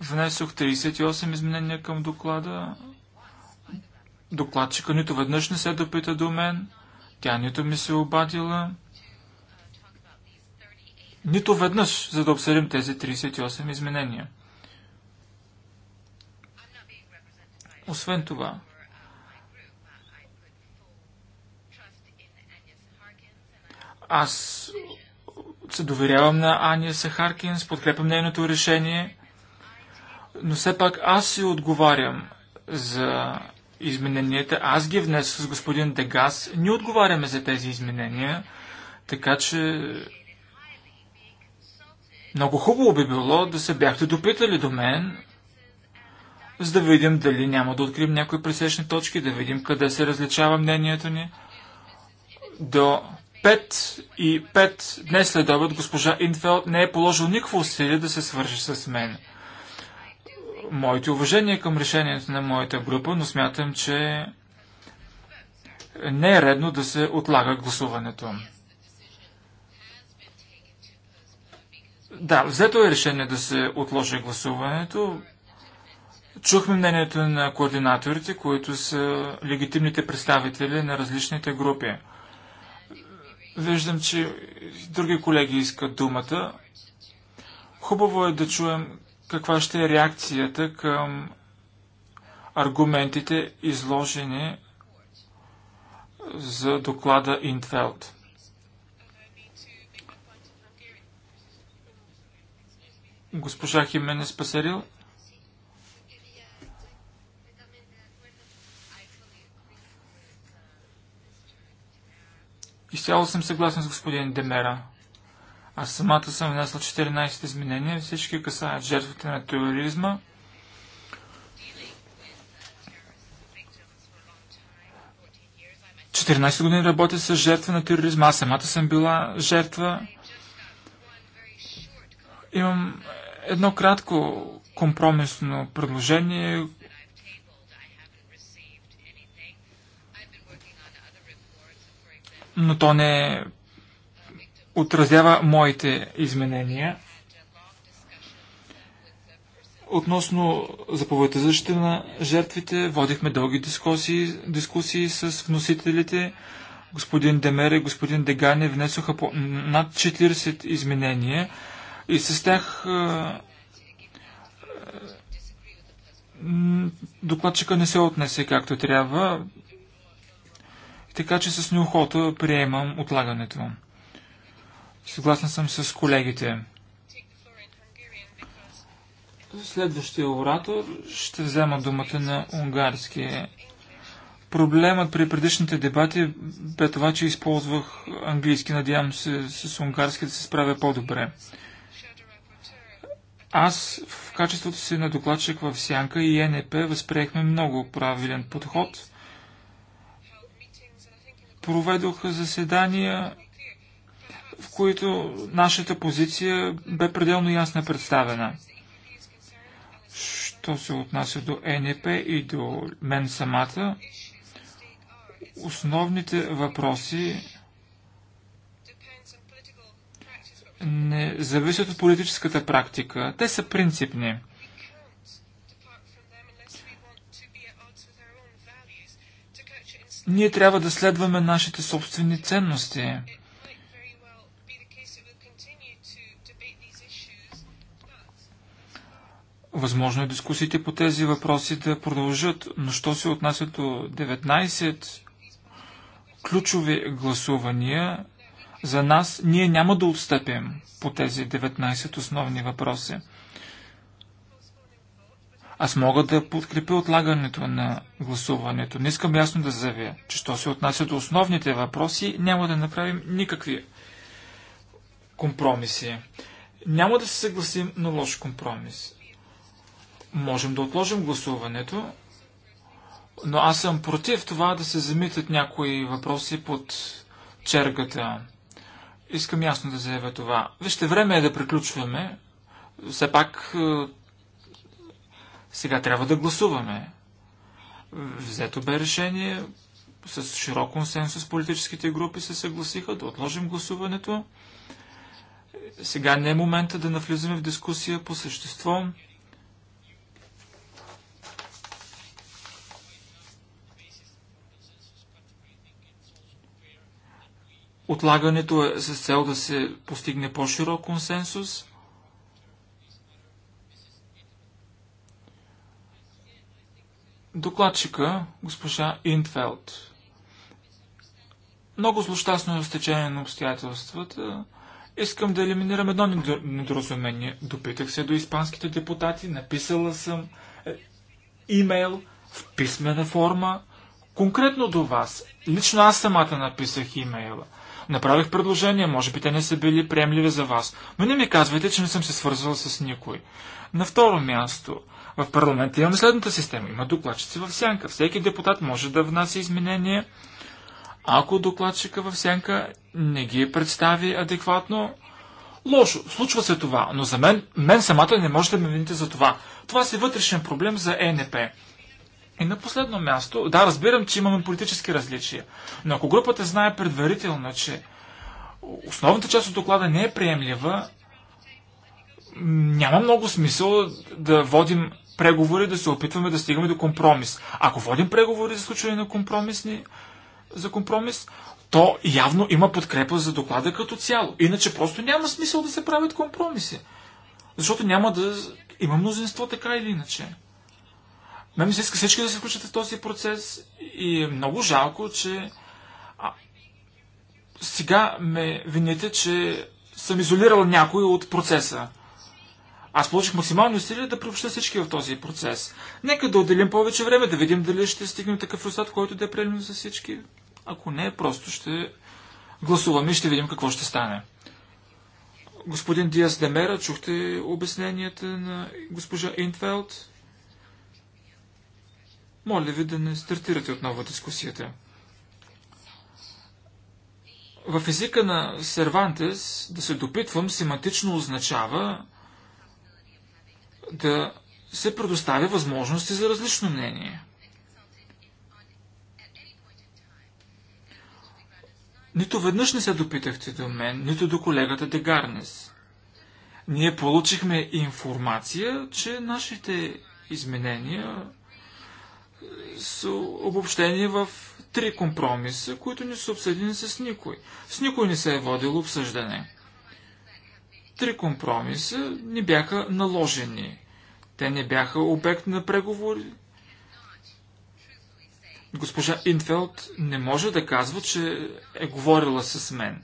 Внесох 38 изменения към доклада. Докладчика нито веднъж не се допита до мен. Тя нито ми се обадила. Нито веднъж, за да обсъдим тези 38 изменения. Освен това, аз се доверявам на Ания Сахаркинс, подкрепям нейното решение, но все пак аз си отговарям за измененията. Аз ги внесох с господин Дегас. Ние отговаряме за тези изменения, така че много хубаво би било да се бяхте допитали до мен, за да видим дали няма да открием някои пресечни точки, да видим къде се различава мнението ни. До 5 и 5 днес след обед госпожа Инфелд не е положил никакво усилие да се свържи с мен. Моите уважения към решението на моята група, но смятам, че не е редно да се отлага гласуването. Да, взето е решение да се отложи гласуването. Чухме мнението на координаторите, които са легитимните представители на различните групи. Виждам, че други колеги искат думата. Хубаво е да чуем каква ще е реакцията към аргументите, изложени за доклада Интфелд. Госпожа Хименес Пасерил, Изцяло съм съгласен с господин Демера. Аз самата съм внесла 14 изменения, всички касаят жертвите на тероризма. Четиринайсет години работя с жертва на тероризма. Аз самата съм била жертва. Имам едно кратко компромисно предложение, но то не отразява моите изменения. Относно заповедта за защита на жертвите, водихме дълги дискусии, дискусии с вносителите. Господин Демер и господин Дегане внесоха по над 40 изменения и с тях докладчика не се отнесе както трябва. Така че с неохота приемам отлагането. Съгласен съм с колегите. Следващия оратор ще взема думата на унгарски. Проблемът при предишните дебати бе това, че използвах английски. Надявам се с унгарски да се справя по-добре. Аз в качеството си на докладчик в Сянка и ЕНП е възприехме много правилен подход – проведоха заседания, в които нашата позиция бе пределно ясна представена. Що се отнася до НП и до мен самата, основните въпроси не зависят от политическата практика. Те са принципни. Ние трябва да следваме нашите собствени ценности. Възможно е дискусиите по тези въпроси да продължат, но що се отнася до 19 ключови гласувания, за нас ние няма да отстъпим по тези 19 основни въпроси. Аз мога да подкрепя отлагането на гласуването. Не искам ясно да заявя, че що се отнася до основните въпроси, няма да направим никакви компромиси. Няма да се съгласим на лош компромис. Можем да отложим гласуването, но аз съм против това да се замитат някои въпроси под чергата. Искам ясно да заявя това. Вижте, време е да приключваме. Все пак е, сега трябва да гласуваме. Взето бе решение, с широк консенсус политическите групи се съгласиха да отложим гласуването. Сега не е момента да навлизаме в дискусия по същество. Отлагането е с цел да се постигне по-широк консенсус – Докладчика, госпожа Интфелд. Много злощастно е стечение на обстоятелствата. Искам да елиминирам едно недоразумение. Допитах се до испанските депутати, написала съм е, имейл в писмена форма, конкретно до вас. Лично аз самата написах имейла. Направих предложения, може би те не са били приемливи за вас, но не ми казвайте, че не съм се свързвал с никой. На второ място, в парламента имаме следната система. Има докладчици в сянка. Всеки депутат може да внася изменения. Ако докладчика в сянка не ги представи адекватно, лошо. Случва се това, но за мен, мен самата не може да ме вините за това. Това си вътрешен проблем за ЕНП. И на последно място, да, разбирам, че имаме политически различия, но ако групата знае предварително, че основната част от доклада не е приемлива, няма много смисъл да водим преговори да се опитваме да стигаме до компромис. Ако водим преговори за случване на компромисни, за компромис, то явно има подкрепа за доклада като цяло. Иначе просто няма смисъл да се правят компромиси. Защото няма да има мнозинство така или иначе. Мен ми се иска всички да се включат в този процес и е много жалко, че а, сега ме вините, че съм изолирал някой от процеса. Аз получих максимални усилия да приобща всички в този процес. Нека да отделим повече време, да видим дали ще стигнем такъв резултат, който да е приемен за всички. Ако не, просто ще гласуваме и ще видим какво ще стане. Господин Диас Демера, чухте обясненията на госпожа Инфелд. Моля ви да не стартирате отново дискусията. В езика на Сервантес да се допитвам семантично означава да се предоставя възможности за различно мнение. Нито веднъж не се допитахте до мен, нито до колегата Дегарнес. Ние получихме информация, че нашите изменения са обобщени в три компромиса, които не са обсъдени с никой. С никой не се е водило обсъждане. Три компромиса не бяха наложени. Те не бяха обект на преговори. Госпожа Инфелд не може да казва, че е говорила с мен.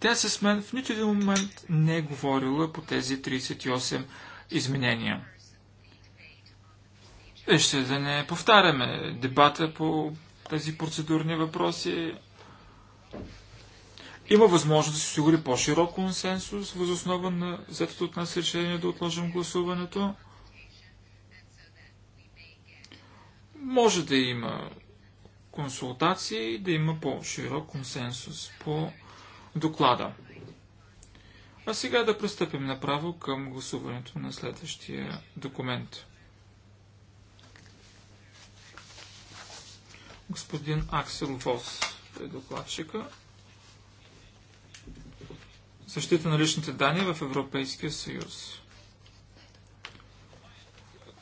Тя с мен в нито един момент не е говорила по тези 38 изменения. И е, ще да не повтаряме дебата по тези процедурни въпроси. Има възможност да се осигури по-широк консенсус, основа на взетото от нас решение да отложим гласуването. Може да има консултации, да има по-широк консенсус по доклада. А сега да пристъпим направо към гласуването на следващия документ. Господин Аксел Вос е докладчика защита на личните данни в Европейския съюз.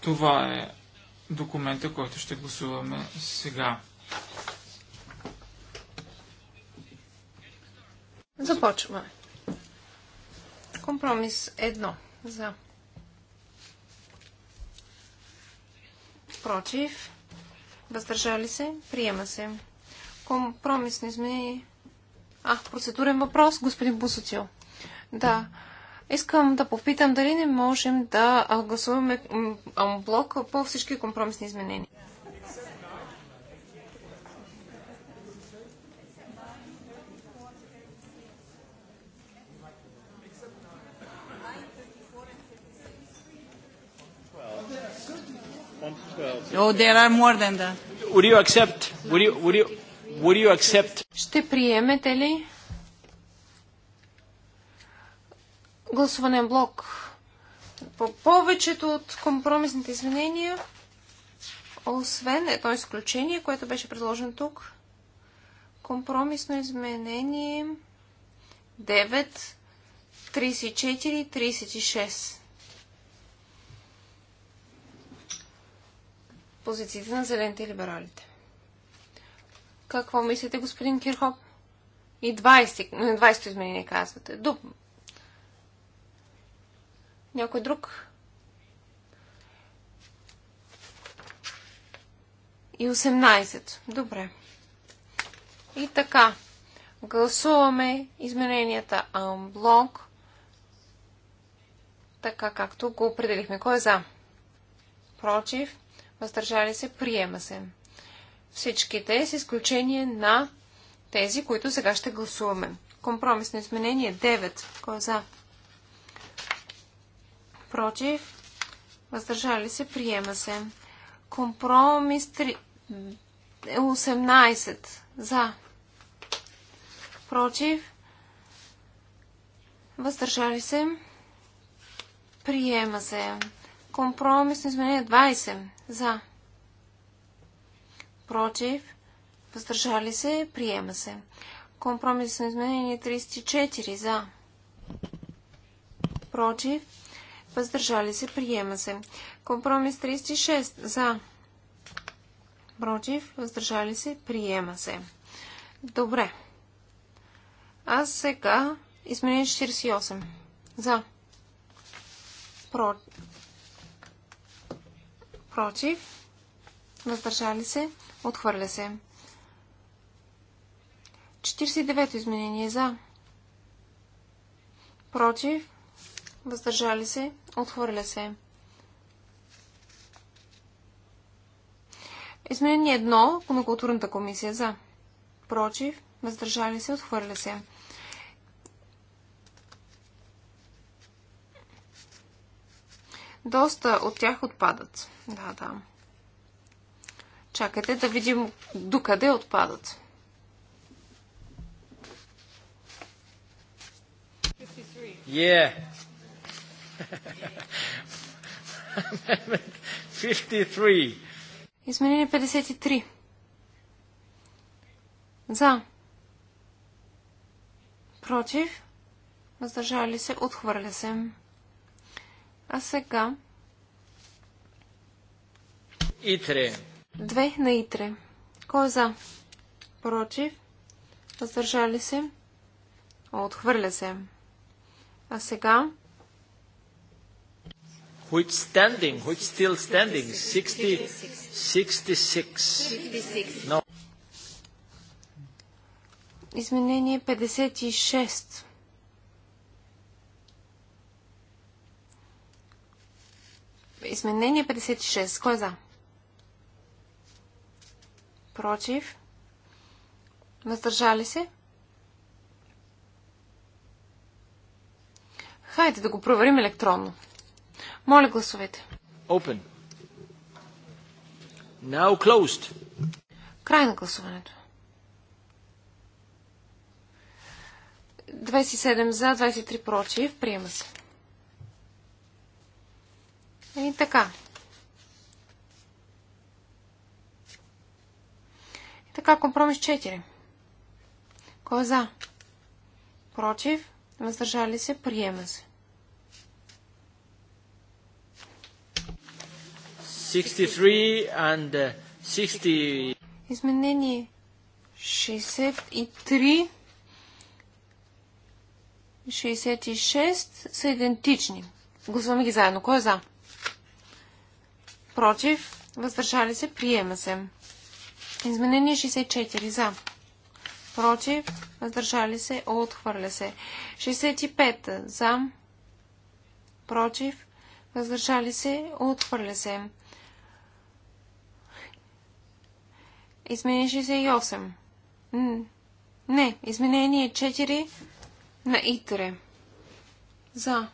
Това е документа, който ще гласуваме сега. Започваме. Компромис едно. За. Против. Въздържали се. Приема се. Компромис не сме. А, процедурен въпрос, господин Бусотил. Да. Искам да попитам дали не можем да гласуваме блок по всички компромисни изменения. Oh, there are more than that. Would you accept? Would you, would you, would you accept? Ще приемете ли? гласуване блок по повечето от компромисните изменения, освен едно изключение, което беше предложено тук. Компромисно изменение 9, 34 36. Позициите на зелените и либералите. Какво мислите, господин Кирхоп? И 20, 20 изменение казвате. Дуб, някой друг? И 18. Добре. И така. Гласуваме измененията Unblock. Така както го определихме. Кой е за? Против. Въздържали се. Приема се. Всичките с изключение на тези, които сега ще гласуваме. Компромисно изменение 9. Кой е за? против, въздържали се, приема се. Компромис 3... 18 е, за, против, въздържали се, приема се. на изменение 20 за, против, въздържали се, приема се. на изменение 34 за, против, въздържали се, приема се. Компромис 36 за, против, въздържали се, приема се. Добре. А сега изменение 48. За. Про... Против. Въздържали се. Отхвърля се. 49 изменение за. Против въздържали се, отхвърля се. Изменение едно на комисия за. Против, въздържали се, отхвърля се. Доста от тях отпадат. Да, да. Чакайте да видим докъде отпадат. Yeah. Изменение 53. За. Против. Въздържали се. Отхвърля се. А сега. Итре. Две на Итре. Кой е за? Против. Въздържали се. Отхвърля се. А сега which standing, which still standing, 60, 66. No. Изменение 56. Изменение 56. Кой е за? Против? Въздържали се? Хайде да го проверим електронно. Моля, гласовете. Open. Now closed. Край на гласуването. 27 за, 23 против. Приема се. И така. И така, компромис 4. Кой е за? Против? Въздържали се? Приема се. 63 and 60. Uh, Изменение 63 и 66 са идентични. Гласуваме ги заедно. Кой е за? Против. Въздържали се. Приема се. Изменение 64 за. Против. Въздържали се. Отхвърля се. 65 за. Против. Въздържали се. Отхвърля се. Изменение 68. Не, изменение 4 на ИТРЕ. За,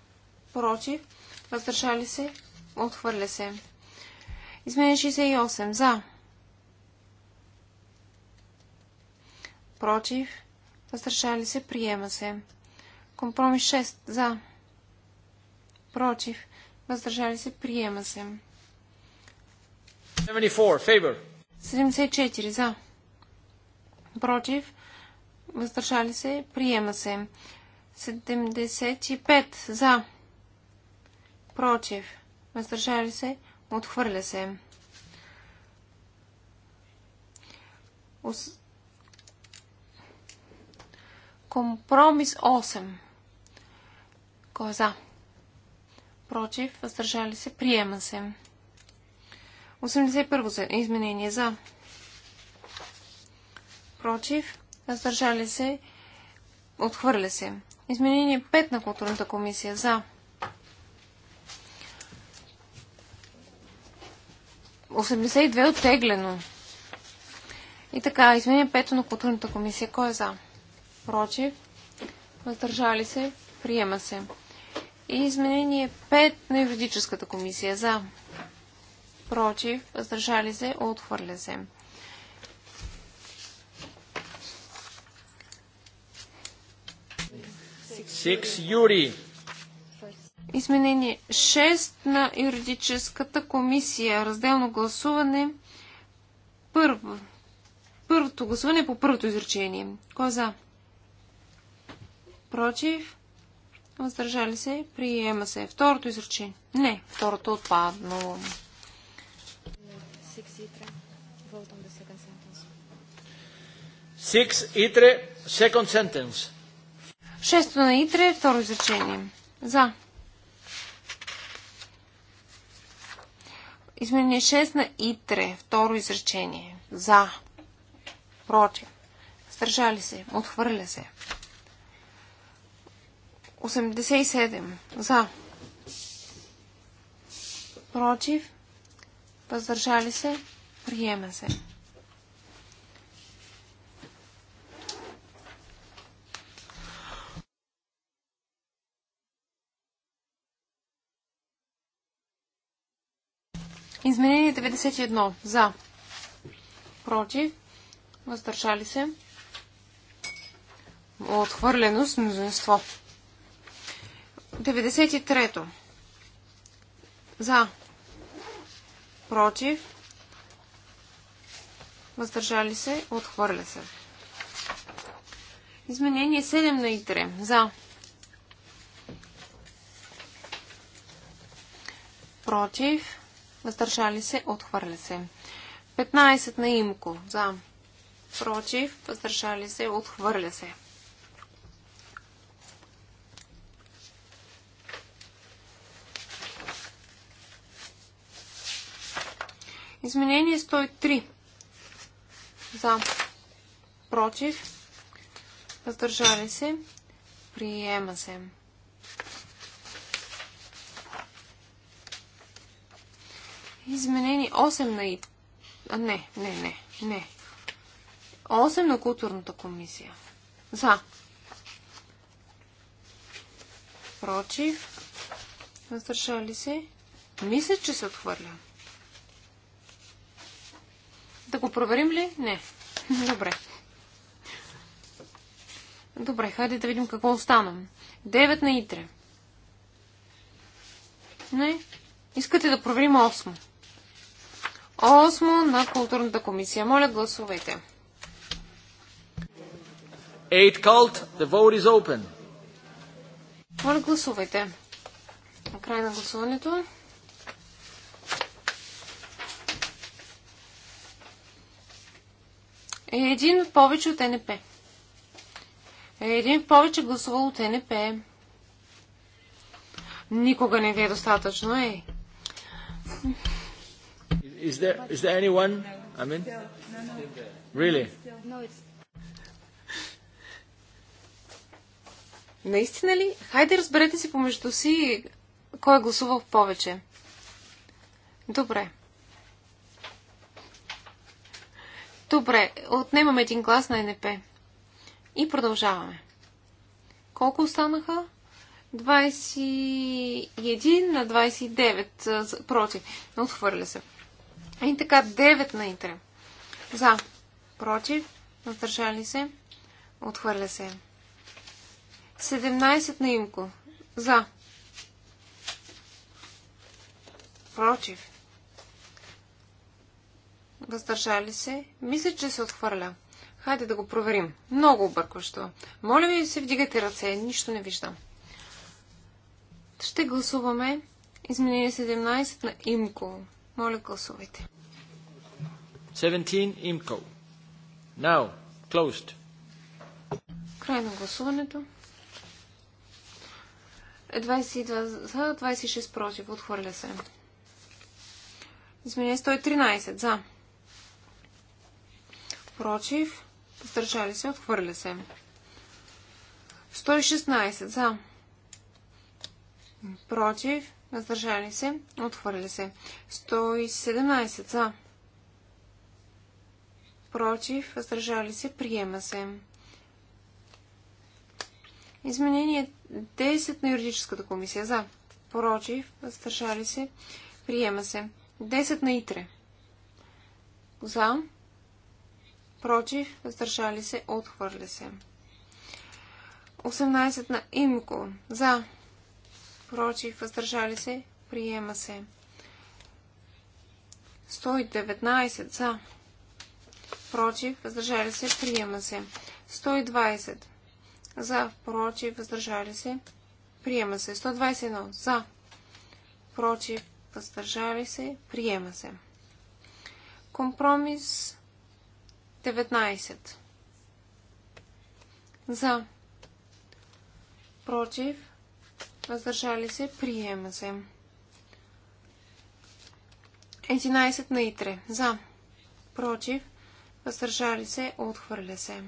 против, въздържали се, отхвърля се. Изменение 68. За, против, въздържали се, приема се. Компромис 6. За, против, въздържали се, приема се. 74. Favor. 74 за. Против. Въздържали се. Приема се. 75 за. Против. Въздържали се. Отхвърля се. 8. Компромис 8. Коза. Е за? Против. Въздържали се. Приема се. 81 изменение за. Против. Въздържали се. Отхвърля се. Изменение 5 на културната комисия за. 82 оттеглено. И така, изменение 5 на културната комисия. Кой е за? Против. Въздържали се. Приема се. И изменение 5 на юридическата комисия за против, въздържали се, отхвърля се. Six Юри. Изменение 6 на юридическата комисия. Разделно гласуване. Първо. Първото гласуване е по първото изречение. Кой е за? Против? Въздържали се? Приема се. Второто изречение. Не, второто отпаднало. Six Итре, Шесто на Итре, второ изречение. За. Изменение 6 на Итре, второ изречение. За. Против. Стържали се. Отхвърля се. 87. За. Против. Въздържали се. Приема се. Изменение 91. За. Против. Въздържали се. Отхвърлено с мнозинство. 93. За. Против. Въздържали се. Отхвърля се. Изменение 7 на ИТРЕ. За. Против въздържали се, отхвърля се. 15 на имко, за, против, въздържали се, отхвърля се. Изменение 103. За. Против. Въздържали се. Приема се. Изменени 8 на А, не, не, не, не. 8 на културната комисия. За. Против. Насършали се. Мисля, че се отхвърля. Да го проверим ли? Не. Добре. Добре, хайде да видим какво останам. 9 на итре. Не. Искате да проверим 8. 8 на културната комисия. Моля, гласувайте. 8 cult. The vote is open. Моля, гласувайте. Край на гласуването. един повече от НП. един повече гласувал от НП. Никога не ви е достатъчно, ей. Is there, is there anyone? I mean? Really? Наистина ли? Хайде разберете си помежду си кой е гласувал повече. Добре. Добре, отнемаме един глас на НП. И продължаваме. Колко останаха? 21 на 29 против. Отхвърля се. И така, 9 на Итре. За. Против. Въздържали се. Отхвърля се. 17 на Имко. За. Против. Въздържали се. Мисля, че се отхвърля. Хайде да го проверим. Много объркващо. Моля ви се вдигате ръце. Нищо не виждам. Ще гласуваме изменение 17 на Имко. Моля, гласувайте. 17 имко. Now, closed. Край на гласуването. 22 е, за, 26 против. Отхвърля се. Изменение 113 за. Против. Въздържали се. Отхвърля се. 116 за. Против. Въздържали се. Отхвърли се. 117 за. Против. Въздържали се. Приема се. Изменение 10 на юридическата комисия. За. Против. Въздържали се. Приема се. 10 на ИТРЕ. За. Против. Въздържали се. Отхвърля се. 18 на ИМКО. За против, въздържали се, приема се. 119 за, против, въздържали се, приема се. 120 за, против, въздържали се, приема се. 121 за, против, въздържали се, приема се. Компромис 19 за, против, въздържали се, приема се. 11 на ИТРЕ. За. Против. Въздържали се. Отхвърля се.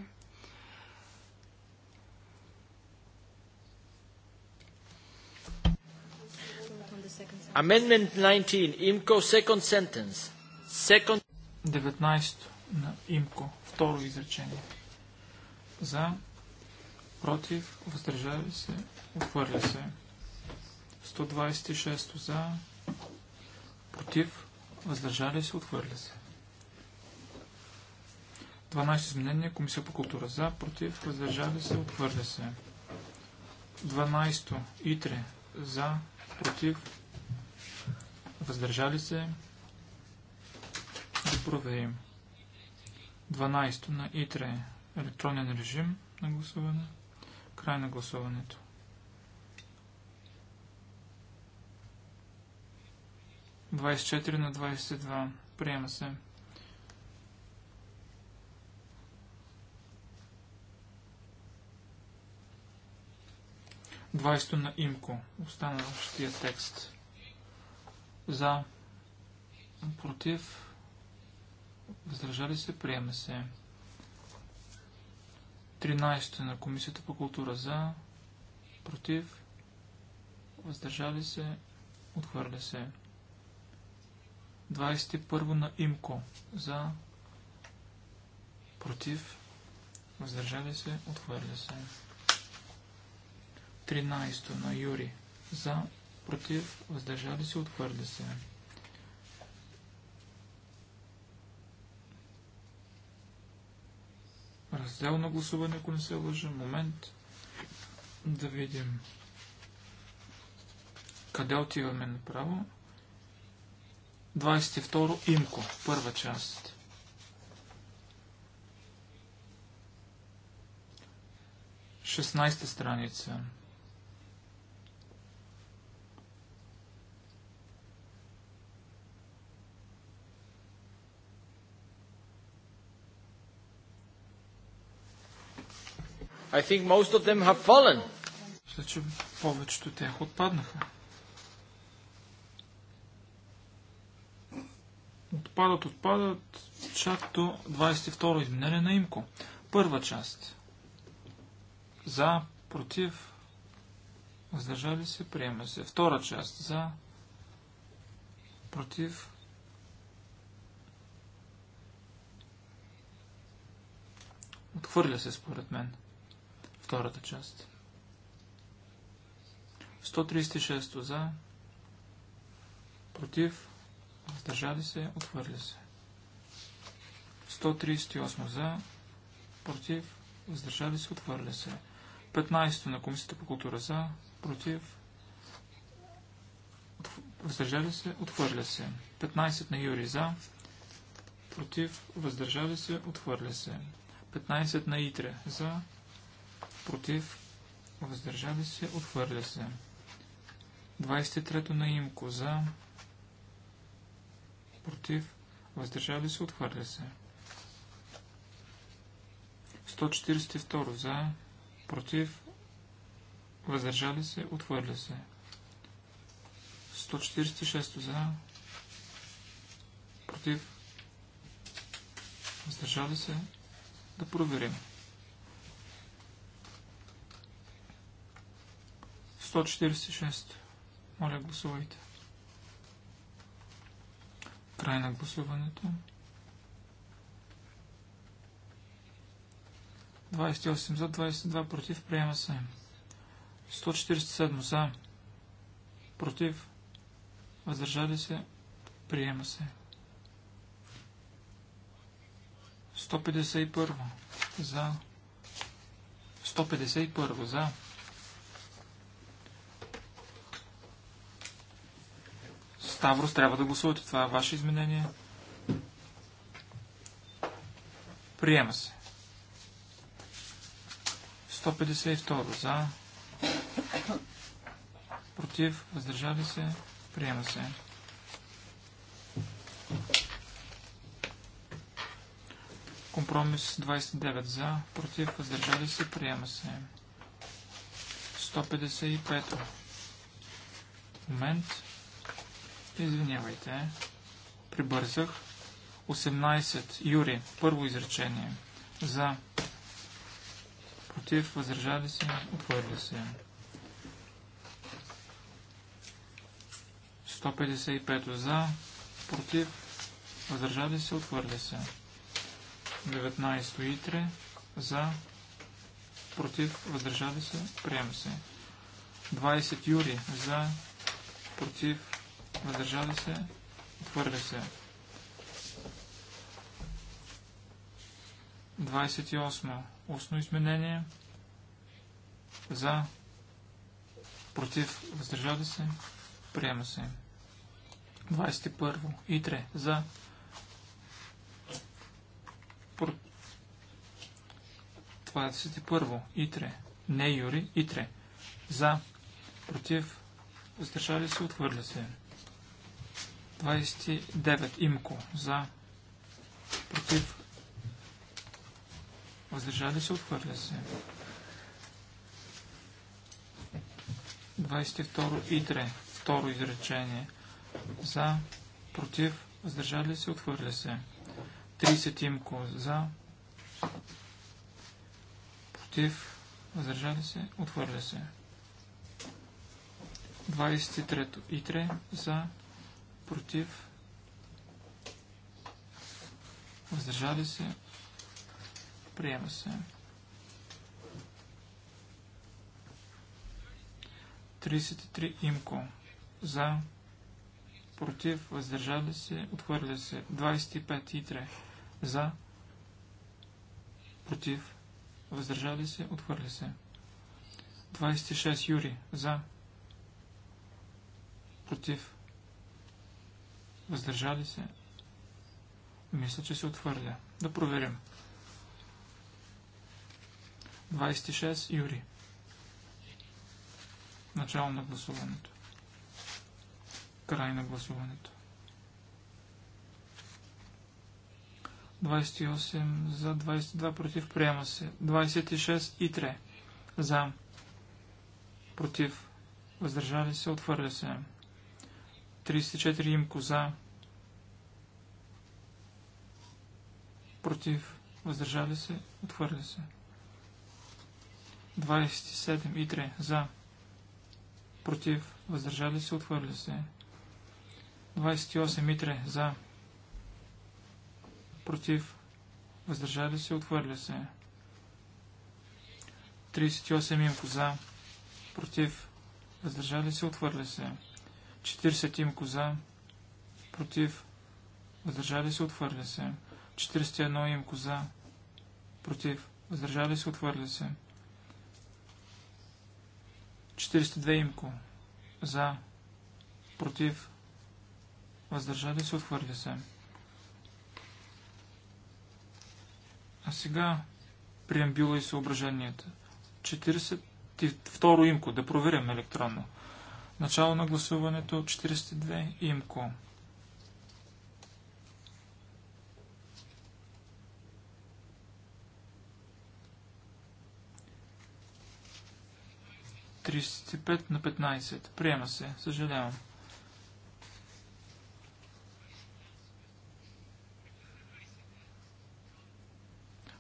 Amendment 19. IMCO second sentence. Second... 19 на ИМКО. Второ изречение. За. Против. Въздържали се. Отхвърля се. 126 за, против, въздържали се, отхвърля се. 12 изменения, Комисия по култура за, против, въздържали се, отхвърля се. 12 ИТРЕ за, против, въздържали се, да проверим. 12 на ИТРЕ електронен режим на гласуване, край на гласуването. 24 на 22. Приема се. Двайсто на имко. Останалщия текст. За. Против. Въздържали се. Приема се. 13 на Комисията по култура. За. Против. Въздържали се. Отхвърля се. 21 на Имко. За. Против. Въздържали се. Отхвърля се. 13 на Юри. За. Против. Въздържали се. Отхвърля се. Раздел на гласуване, ако не се лъжа. Момент. Да видим. Къде отиваме направо? 22 имко, първа част. Шестнайста страница. I think most of them have fallen. Мисля, че повечето тях отпаднаха. Отпадат, отпадат, чак до 22 изменение на имко. Първа част. За, против, въздържали се, приема се. Втора част. За, против, Отхвърля се според мен. Втората част. 136 за. Против въздържали се, отхвърля се. 138 за, против, въздържали се, отхвърля се. 15 на Комисията по култура за, против, въздържали се, отхвърля се. 15 на Юри за, против, въздържали се, отхвърля се. 15 на Итре за, против, въздържали се, отхвърля се. 23 на Имко за, против, въздържали се, отхвърля се. 142 за, против, въздържали се, отхвърля се. 146 за, против, въздържали се, да проверим. 146. Моля, гласувайте. 146. Край на гласуването. 28 за, 22 против, приема се. 147 за, против, въздържали се, приема се. 151 за, 151 за, Ставрос, трябва да гласувате. Това е ваше изменение. Приема се. 152 за. Против, въздържали се. Приема се. Компромис 29 за. Против, въздържали се. Приема се. 155. Момент. Извинявайте, прибързах. 18. Юри. Първо изречение. За. Против. Възражали се. Отвърли се. 155. За. Против. Въздържали се. отвърли се. 19. Итре. За. Против. Въздържали се. Приема се. 20. Юри. За. Против въздържали се, отхвърля се. 28. Устно изменение. За. Против. Въздържали се. Приема се. 21. Итре. За. Про... 21. Итре. Не Юри. Итре. За. Против. Въздържали се. Отхвърля се. 29. Имко. За. Против. Въздържали се. Отхвърля се. 22. Идре. Второ изречение. За. Против. Въздържали се. Отхвърля се. 30. Имко. За. Против. Въздържали се. Отхвърля се. 23. Идре. За против, въздържали се, приема се. 33 имко за, против, въздържали се, отхвърля се. 25 итре за, против, въздържали се, отхвърля се. 26 юри за, против, Въздържали се. Мисля, че се отвърля. Да проверим. 26 Юри. Начало на гласуването. Край на гласуването. 28 за 22 против. Приема се. 26 и 3. За. Против. Въздържали се. Отвърля се. 34 им коза. Против. Въздържали се. Отхвърля се. 27 и 3 за. Против. Въздържали се. отвърли се. 28 и 3 за. Против. Въздържали се. отвърли се. 38 им коза. Против. Въздържали се. отвърли се. 40 имко за, против, въздържали се, отвърли се. 41 имко за, против, въздържали се, отвърли се. 42 имко за, против, въздържали се, отвърли се. А сега приембило и съображенията. 42 имко, да проверим електронно. 42 Начало на гласуването 42 имко. на 15. Приема се. Съжалявам.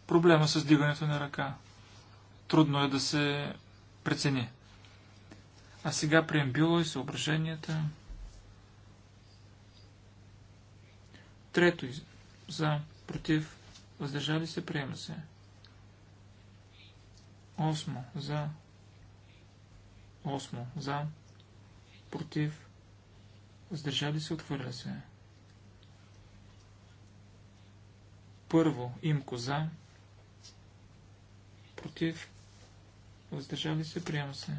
Проблема с дигането на ръка. Трудно е да се прецени. А сега преембила и съображенията. Трето за, против, въздържали се, приема се. Осмо за, осмо за, против, въздържали се, отхвърля се. Първо, имко за, против, въздържали се, приема се.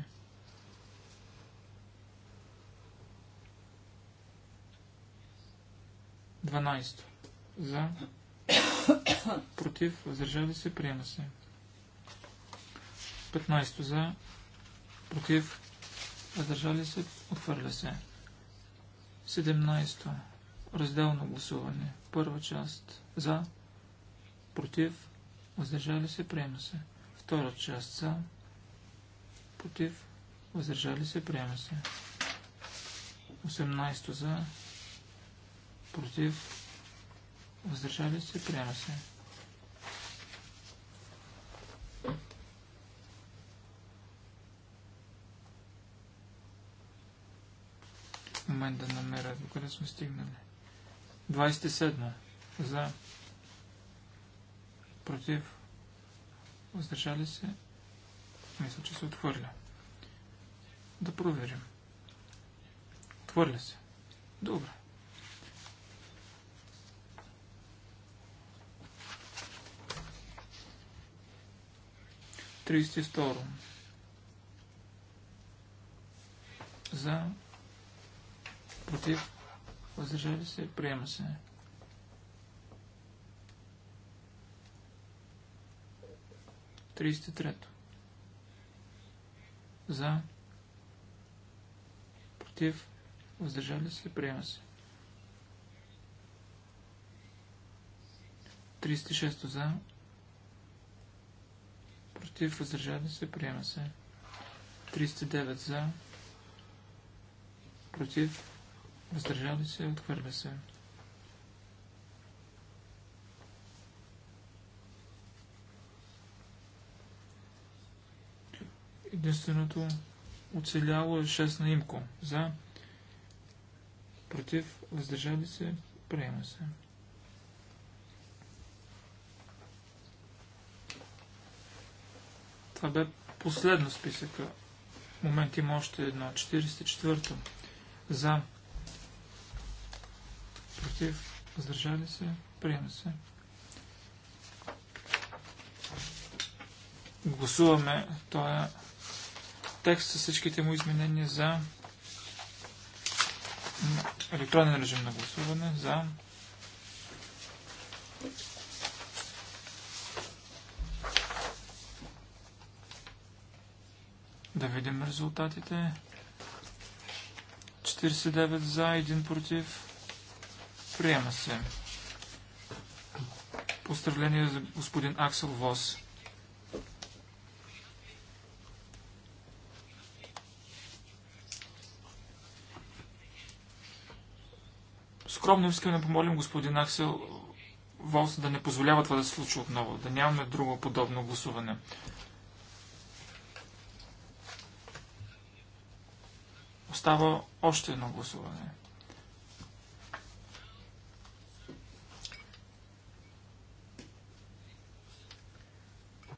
12. За. Против. Въздържали се. Приема се. 15. За. Против. Въздържали се. Отвърля се. 17. Разделно гласуване. Първа част. За. Против. Въздържали се. Приема се. Втора част. За. Против. Въздържали се. Приема се. 18. За против, въздържали се, приема се. Момент да намеря до къде сме стигнали. 27. За. Против. Въздържали се. Мисля, че се отхвърля. Да проверим. Отхвърля се. Добре. 32. За. Против. Въздържали се. Приема се. Тридесет трето. За. Против. Въздържали се. Приема се. 36 за против, въздържали се, приема се. 309 за, против, въздържали се, отхвърля се. Единственото оцеляло е 6 на имко. За, против, въздържали се, приема се. Това бе последно списъка. В момент има още едно. 44-то. За. Против. Въздържали се. Приема се. Гласуваме този е текст с всичките му изменения за електронен режим на гласуване. За. Да видим резултатите. 49 за, 1 против. Приема се. Поздравление за господин Аксел Вос. Скромно искам да помолим господин Аксел Волс да не позволява това да се случи отново, да нямаме друго подобно гласуване. Остава още едно гласуване.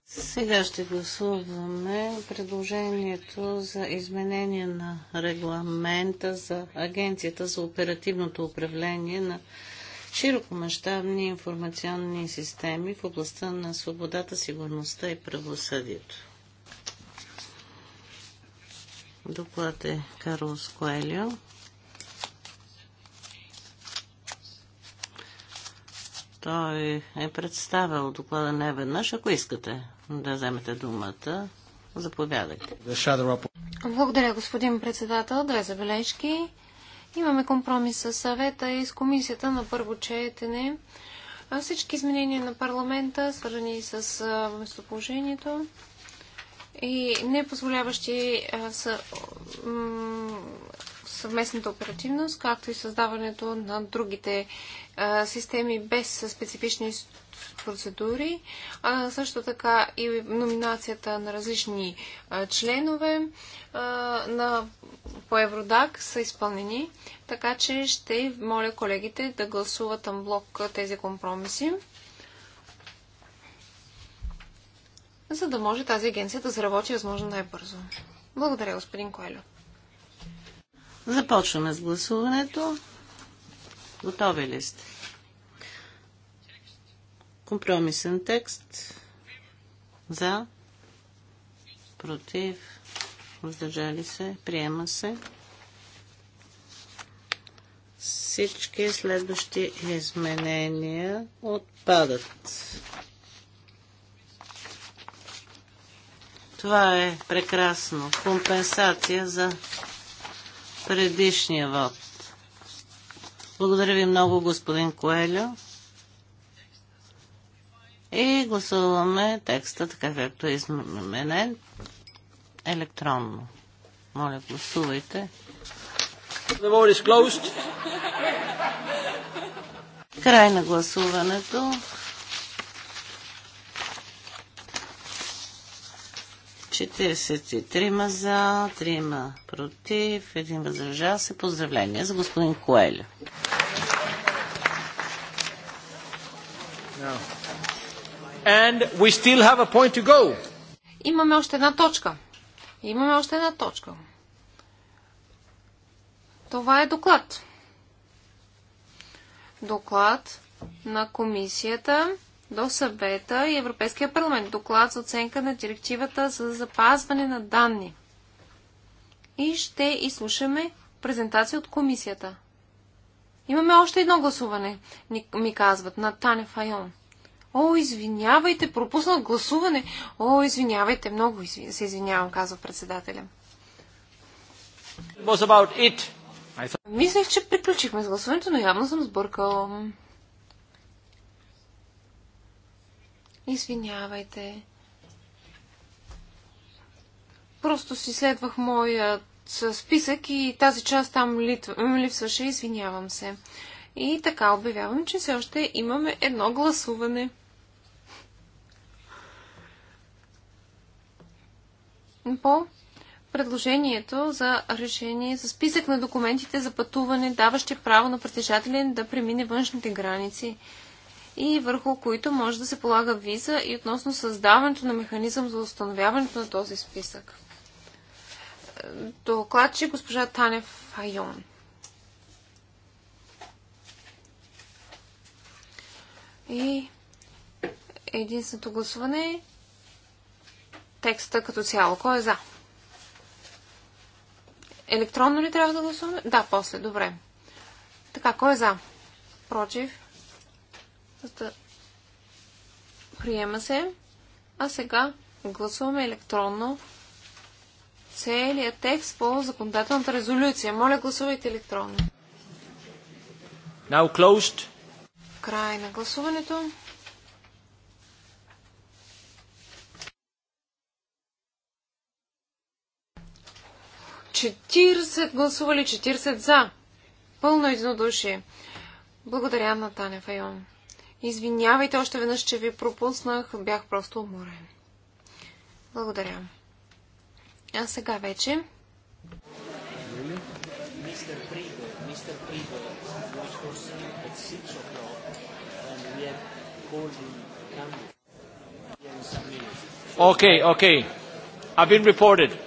Сега ще гласуваме предложението за изменение на регламента за Агенцията за оперативното управление на широкомащабни информационни системи в областта на свободата, сигурността и правосъдието. Доклад е Карлос Коелио. Той е представил доклада не веднъж. Ако искате да вземете думата, заповядайте. Благодаря, господин председател. Две забележки. Имаме компромис с съвета и с комисията на първо четене. Всички изменения на парламента, свързани с местоположението, и не позволяващи съвместната оперативност, както и създаването на другите системи без специфични процедури, а също така и номинацията на различни членове на, по Евродак са изпълнени, така че ще моля колегите да гласуват анблок тези компромиси. за да може тази агенция да заработи възможно най-бързо. Благодаря, господин Коелю. Започваме с гласуването. Готови ли сте? Компромисен текст. За. Против. Въздържали се. Приема се. Всички следващи изменения отпадат. Това е прекрасно. Компенсация за предишния вод. Благодаря ви много, господин Коелю. И гласуваме текста, така както е изменен, електронно. Моля, гласувайте. The vote is closed. Край на гласуването. 43 за, 3 против, 1 въздържал се. Поздравление за господин Коелю. And we still have a point to go. Имаме още една точка. Имаме още една точка. Това е доклад. Доклад на комисията до съвета и Европейския парламент. Доклад за оценка на директивата за запазване на данни. И ще изслушаме презентация от комисията. Имаме още едно гласуване, ми казват, на Тане Файон. О, извинявайте, пропуснат гласуване. О, извинявайте, много се извинявам, казва председателя. Мислех, че приключихме с гласуването, но явно съм сбъркал. Извинявайте. Просто си следвах моят списък и тази част там липсваше. Извинявам се. И така обявявам, че все още имаме едно гласуване. По предложението за решение за списък на документите за пътуване, даващи право на притежателен да премине външните граници и върху които може да се полага виза и относно създаването на механизъм за установяването на този списък. Докладче госпожа Танев Айон. И единственото гласуване е текста като цяло. Кой е за? Електронно ли трябва да гласуваме? Да, после. Добре. Така, кой е за? Против? Приема се. А сега гласуваме електронно целият текст по законодателната резолюция. Моля, гласувайте електронно. Now closed. Край на гласуването. Четирсет гласували, 40 за. Пълно единодушие. Благодаря на Таня Файон. Извинявайте още веднъж, че ви пропуснах. Бях просто уморен. Благодаря. А сега вече. Окей, окей. I've been reported.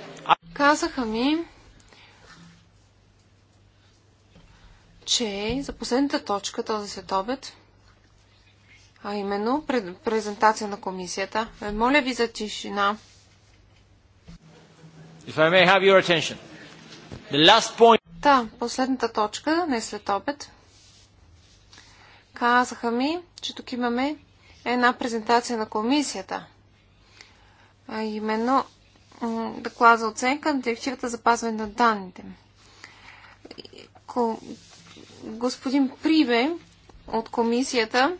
Казаха ми, че за последната точка този следобед а именно пред, презентация на комисията. Е, моля ви за тишина. If I may have your attention. The last point... Та, последната точка, не след обед. Казаха ми, че тук имаме една презентация на комисията. А именно доклад за оценка на директивата за пазване на данните. Господин Прибе от комисията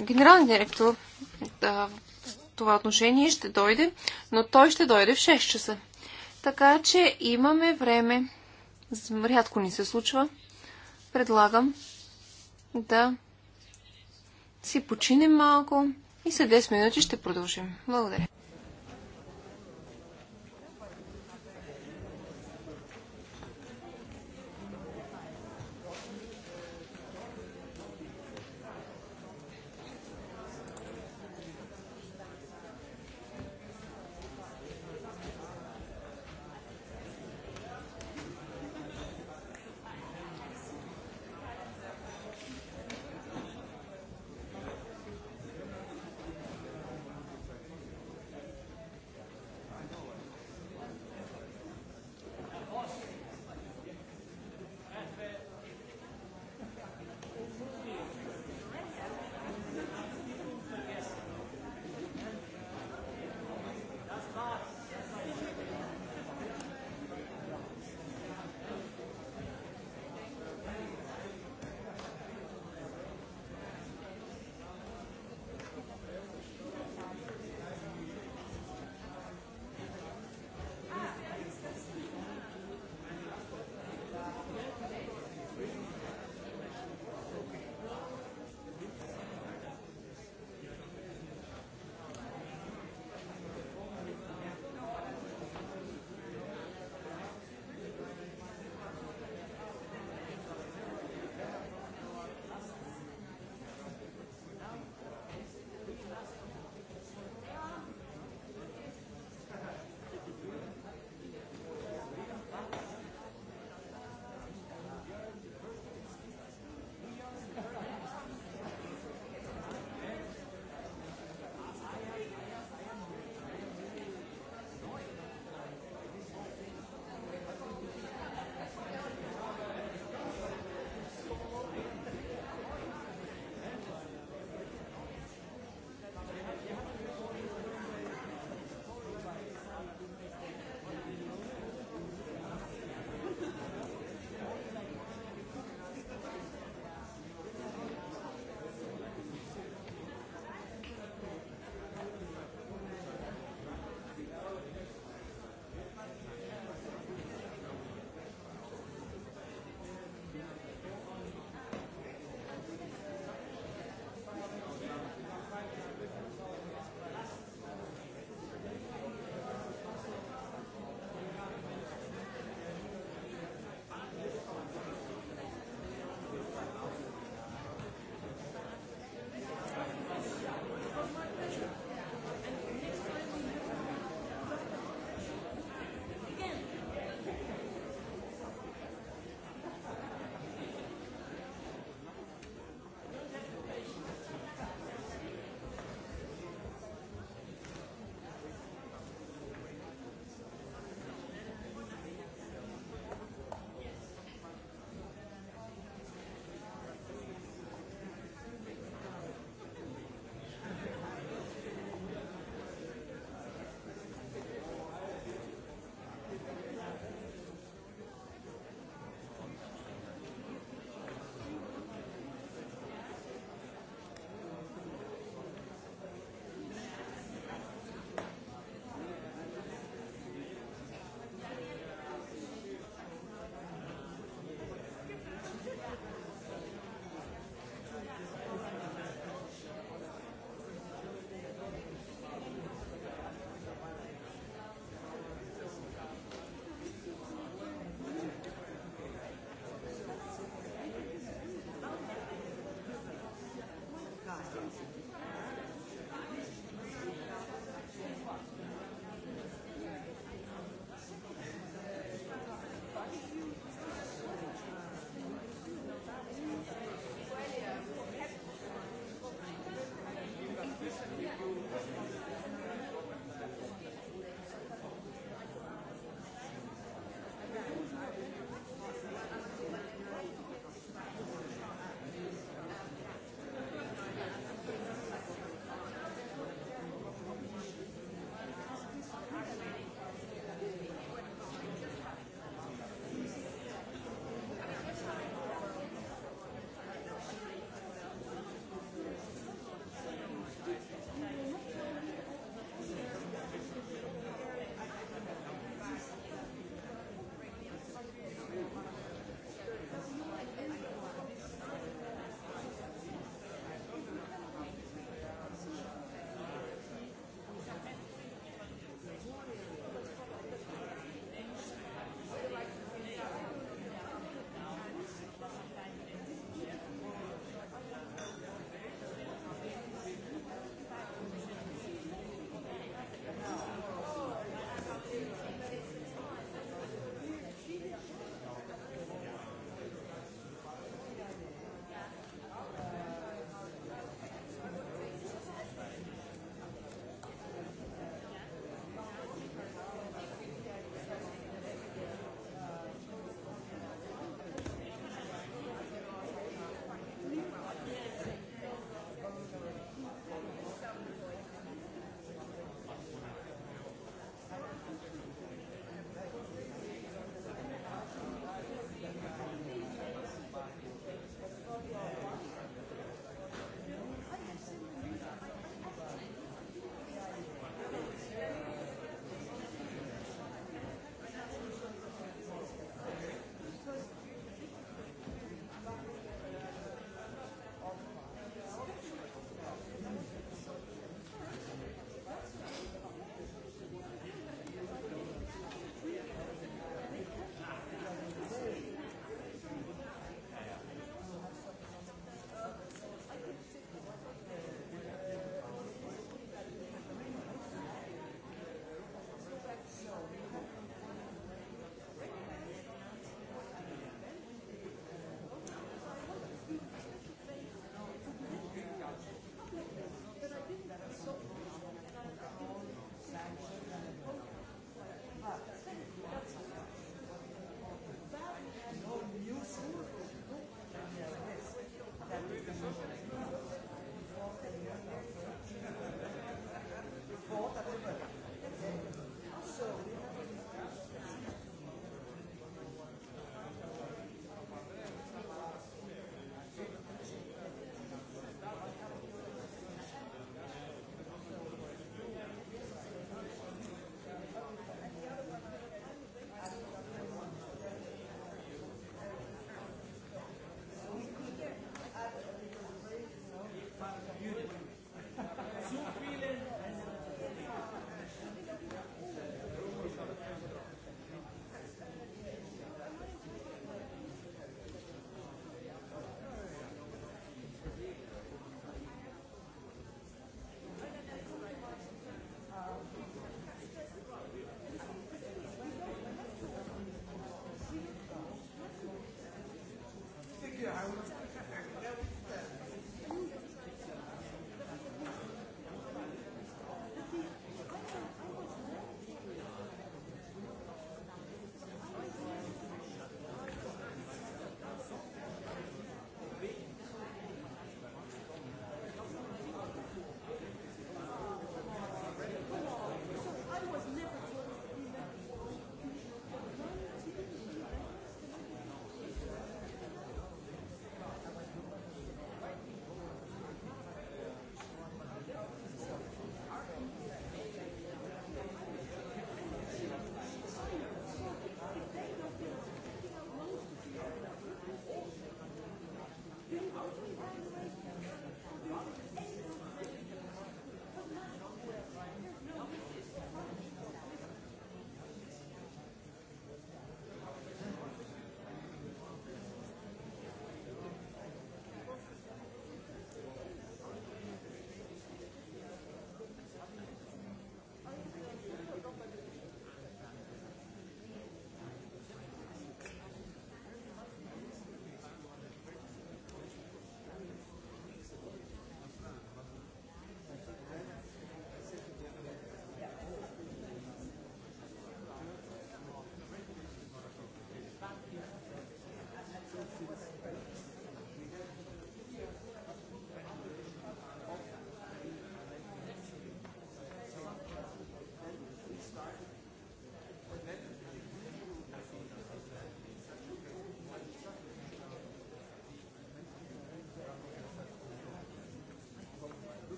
Генерален директор да, в това отношение ще дойде, но той ще дойде в 6 часа. Така че имаме време. Рядко ни се случва. Предлагам да си починем малко и след 10 минути ще продължим. Благодаря.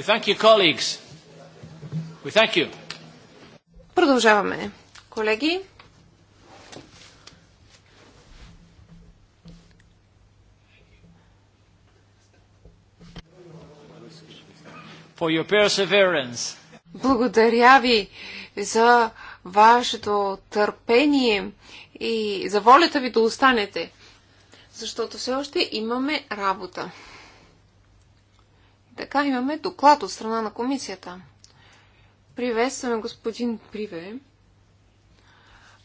We thank you, colleagues. We thank you. Продължаваме, колеги. For your perseverance. Благодаря ви за вашето търпение и за волята ви да останете, защото все още имаме работа така имаме доклад от страна на комисията. Приветстваме господин Приве,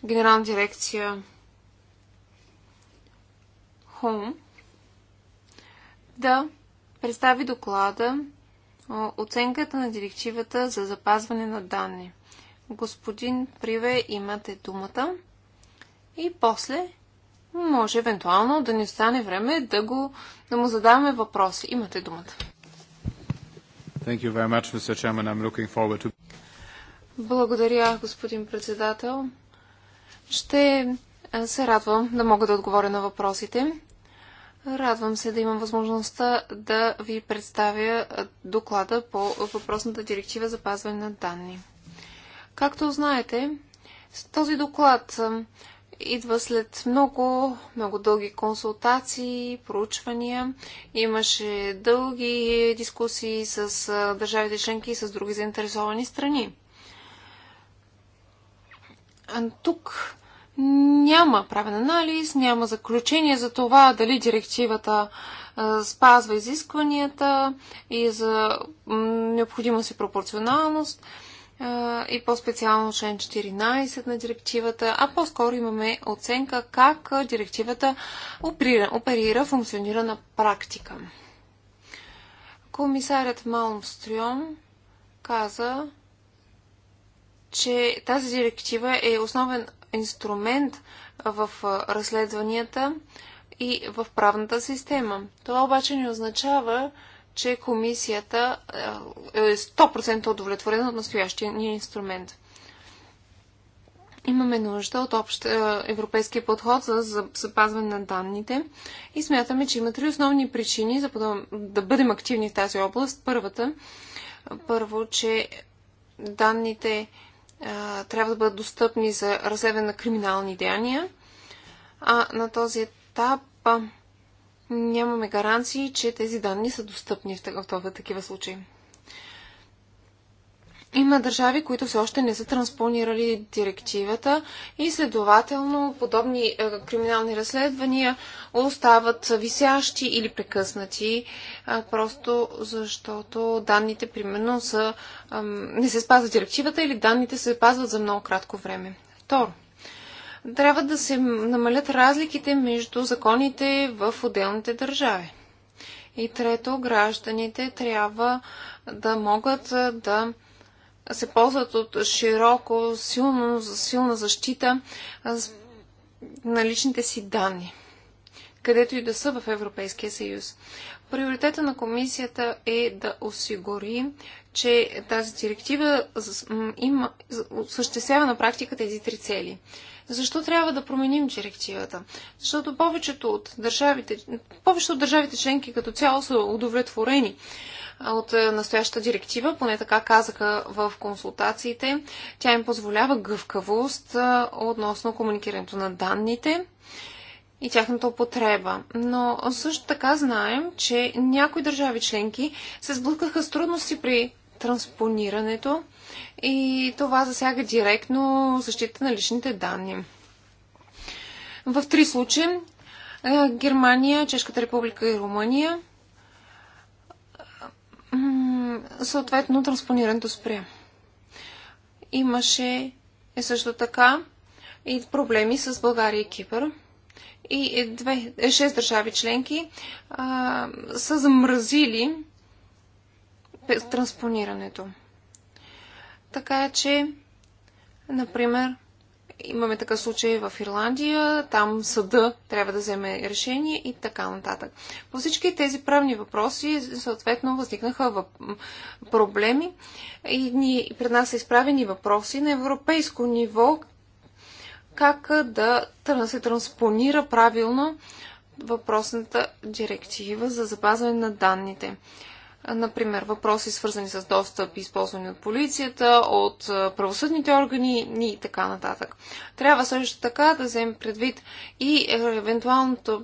генерална дирекция Home, да представи доклада оценката на директивата за запазване на данни. Господин Приве, имате думата и после може евентуално да ни остане време да, го, да му задаваме въпроси. Имате думата. Much, to... Благодаря, господин председател. Ще се радвам да мога да отговоря на въпросите. Радвам се да имам възможността да ви представя доклада по въпросната директива за пазване на данни. Както знаете, с този доклад идва след много, много дълги консултации, проучвания. Имаше дълги дискусии с държавите членки и с други заинтересовани страни. Тук няма правен анализ, няма заключение за това дали директивата спазва изискванията и за необходима си пропорционалност и по-специално член 14 на директивата, а по-скоро имаме оценка как директивата оперира, оперира функционира на практика. Комисарят Малмстрюм каза, че тази директива е основен инструмент в разследванията и в правната система. Това обаче не означава, че комисията е 100% е удовлетворена от настоящия ни инструмент. Имаме нужда от общ е, европейски подход за запазване на данните и смятаме, че има три основни причини за да бъдем активни в тази област. Първата, първо, че данните е, трябва да бъдат достъпни за разследване на криминални деяния. А на този етап нямаме гаранции, че тези данни са достъпни в такова, такива случаи. Има държави, които все още не са транспонирали директивата и следователно подобни е, криминални разследвания остават висящи или прекъснати, е, просто защото данните, примерно, са, не се спазват директивата или данните се спазват за много кратко време. Второ, трябва да се намалят разликите между законите в отделните държави. И трето, гражданите трябва да могат да се ползват от широко, силно, силна защита на личните си данни, където и да са в Европейския съюз. Приоритета на комисията е да осигури, че тази директива има, осъществява на практика тези три цели – защо трябва да променим директивата? Защото повечето от държавите, повечето от държавите членки като цяло са удовлетворени от е, настоящата директива, поне така казаха в консултациите. Тя им позволява гъвкавост относно комуникирането на данните и тяхната употреба. Но също така знаем, че някои държави членки се сблъскаха с трудности при транспонирането и това засяга директно защита на личните данни. В три случая е, Германия, Чешката република и Румъния съответно транспонирането спря. Имаше е също така и проблеми с България и Кипър. И е две, е шест държави членки а, са замразили транспонирането. Така е, че, например, имаме такъв случай в Ирландия, там съда трябва да вземе решение и така нататък. По всички тези правни въпроси, съответно, възникнаха въп... проблеми и ни, пред нас са изправени въпроси на европейско ниво, как да се транспонира правилно въпросната директива за запазване на данните. Например, въпроси свързани с достъп, и използване от полицията, от правосъдните органи и така нататък. Трябва също така да вземем предвид и е, евентуалното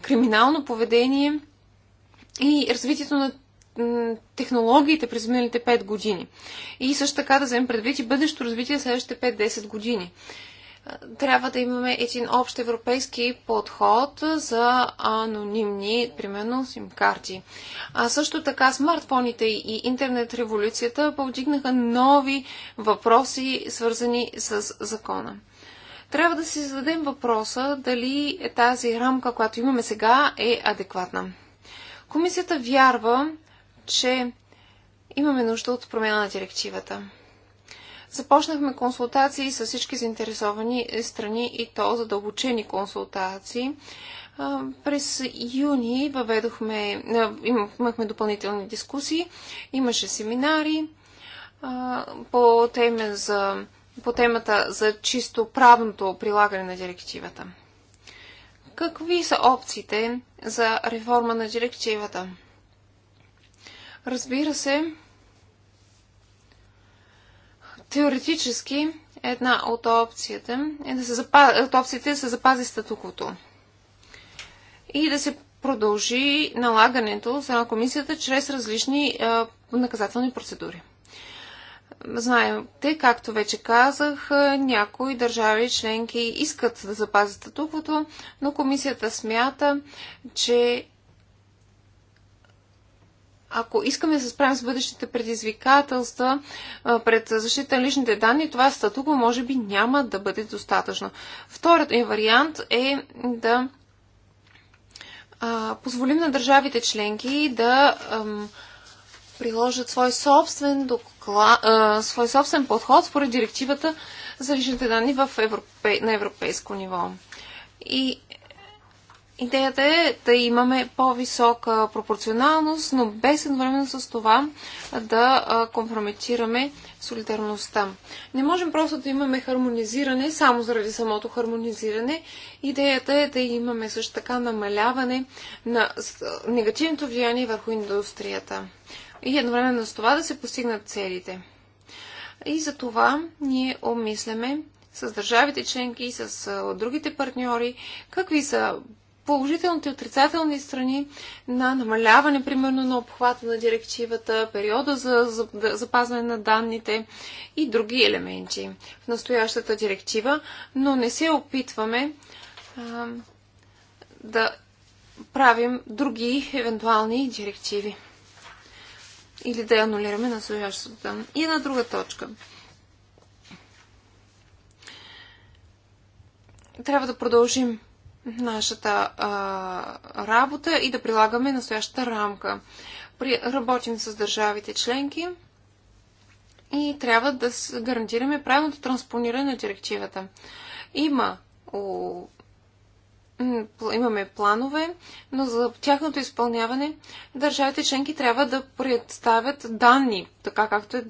криминално поведение и развитието на технологиите през миналите 5 години. И също така да вземем предвид и бъдещо развитие следващите 5-10 години трябва да имаме един общ европейски подход за анонимни, примерно, симкарти. А също така смартфоните и интернет революцията повдигнаха нови въпроси, свързани с закона. Трябва да си зададем въпроса дали тази рамка, която имаме сега, е адекватна. Комисията вярва, че имаме нужда от промяна на директивата. Започнахме консултации с всички заинтересовани страни и то задълбочени консултации. През юни въведохме, имахме допълнителни дискусии, имаше семинари по, теме за, по темата за чисто правното прилагане на директивата. Какви са опциите за реформа на директивата? Разбира се, Теоретически една от опциите е да се запази, от опциите е да се запази статуквото и да се продължи налагането на комисията чрез различни а, наказателни процедури. Знаем, те, както вече казах, някои държави членки искат да запазят статуквото, но комисията смята, че ако искаме да се справим с бъдещите предизвикателства пред защита на личните данни, това статукво може би няма да бъде достатъчно. Вторият е вариант е да а, позволим на държавите членки да ам, приложат свой собствен, докла, а, свой собствен подход според директивата за личните данни в Европе, на европейско ниво. И Идеята е да имаме по-висока пропорционалност, но без едновременно с това да компрометираме солидарността. Не можем просто да имаме хармонизиране само заради самото хармонизиране. Идеята е да имаме също така намаляване на негативното влияние върху индустрията. И едновременно с това да се постигнат целите. И за това ние обмисляме с държавите членки и с другите партньори, какви са положителните и отрицателни страни на намаляване, примерно, на обхвата на директивата, периода за запазване на данните и други елементи в настоящата директива, но не се опитваме а, да правим други евентуални директиви или да я анулираме настоящата. И една друга точка. Трябва да продължим нашата а, работа и да прилагаме настоящата рамка. При, работим с държавите членки и трябва да гарантираме правилното транспониране на директивата. Има о, имаме планове, но за тяхното изпълняване държавите членки трябва да представят данни, така както е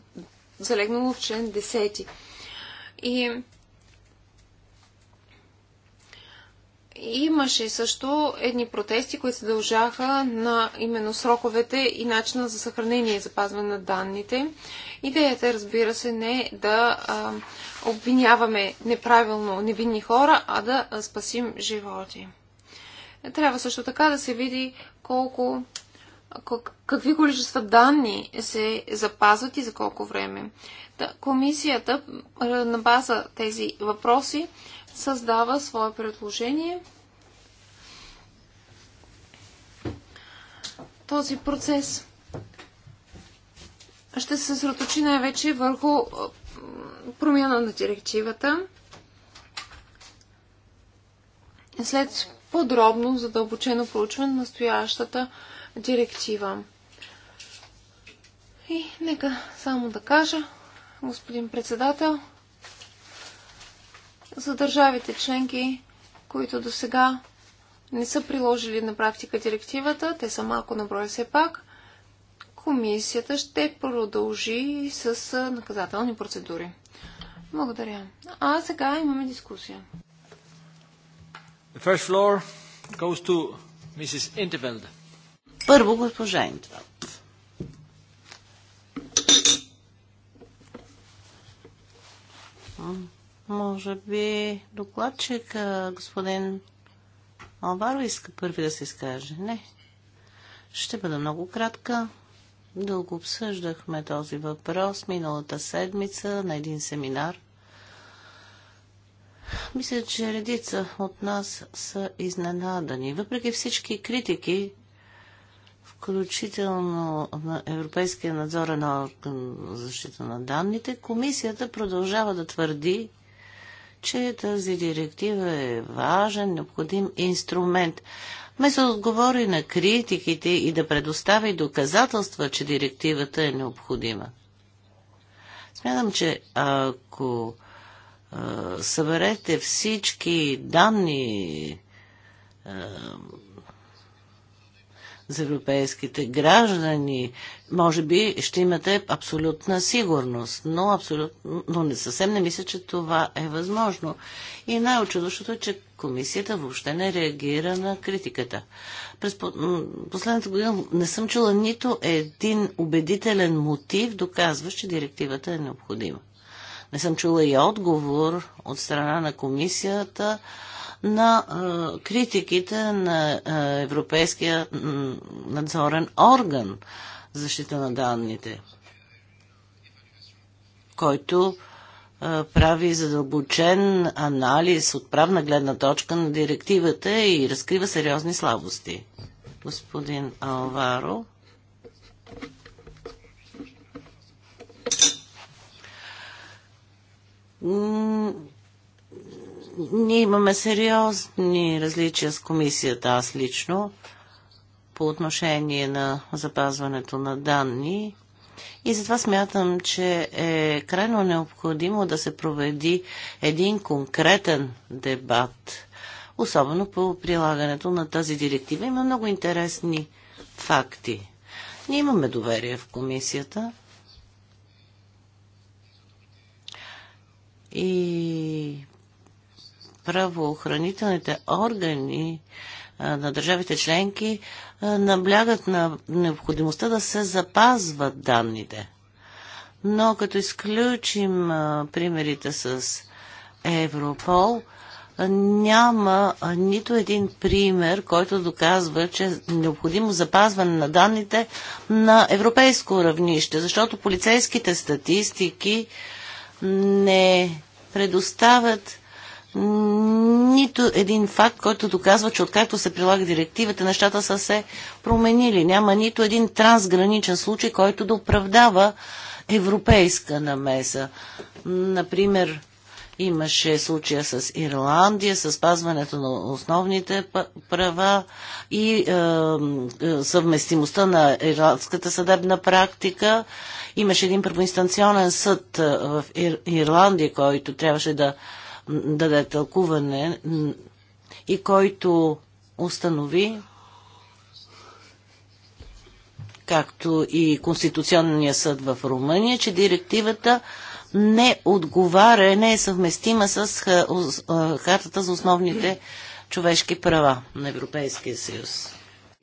залегнало в член 10. И Имаше също едни протести, които се дължаха на именно сроковете и начина за съхранение и запазване на данните. Идеята, разбира се, не е да а, обвиняваме неправилно невинни хора, а да спасим животи. Трябва също така да се види колко, какви количества данни се запазват и за колко време. Комисията на база тези въпроси създава свое предложение. Този процес ще се съсредоточи най-вече върху е, промяна на директивата. След подробно задълбочено проучване на настоящата директива. И нека само да кажа, господин председател, за държавите членки, които до сега не са приложили на практика директивата, те са малко на брой все пак, комисията ще продължи с наказателни процедури. Благодаря. А сега имаме дискусия. The first floor goes to Mrs. Първо госпожа Интвелд. Mm. Може би докладчик господин Алваро иска първи да се изкаже. Не. Ще бъда много кратка. Дълго обсъждахме този въпрос миналата седмица на един семинар. Мисля, че редица от нас са изненадани. Въпреки всички критики, включително на Европейския надзорен орган за защита на данните, комисията продължава да твърди, че тази директива е важен, необходим инструмент. Вместо да отговори на критиките и да предостави доказателства, че директивата е необходима. Смятам, че ако съберете всички данни, за европейските граждани. Може би ще имате абсолютна сигурност, но, абсолют, но не, съвсем не мисля, че това е възможно. И най-очудващото е, че комисията въобще не реагира на критиката. През последната година не съм чула нито един убедителен мотив, доказващ, че директивата е необходима. Не съм чула и отговор от страна на комисията на а, критиките на а, Европейския надзорен орган защита на данните, който а, прави задълбочен анализ от правна гледна точка на директивата и разкрива сериозни слабости. Господин Алваро. Ние имаме сериозни различия с комисията, аз лично, по отношение на запазването на данни. И затова смятам, че е крайно необходимо да се проведи един конкретен дебат, особено по прилагането на тази директива. Има много интересни факти. Ние имаме доверие в комисията. И правоохранителните органи на държавите членки наблягат на необходимостта да се запазват данните. Но като изключим примерите с Европол, няма нито един пример, който доказва, че е необходимо запазване на данните на европейско равнище, защото полицейските статистики не предоставят нито един факт, който доказва, че откакто се прилага директивата, нещата са се променили. Няма нито един трансграничен случай, който да оправдава европейска намеса. Например, имаше случая с Ирландия, с спазването на основните права и е, е, съвместимостта на ирландската съдебна практика. Имаше един първоинстанционен съд е, в Ир, Ирландия, който трябваше да даде тълкуване и който установи, както и Конституционния съд в Румъния, че директивата не отговаря, не е съвместима с е, е, хартата за основните човешки права на Европейския съюз.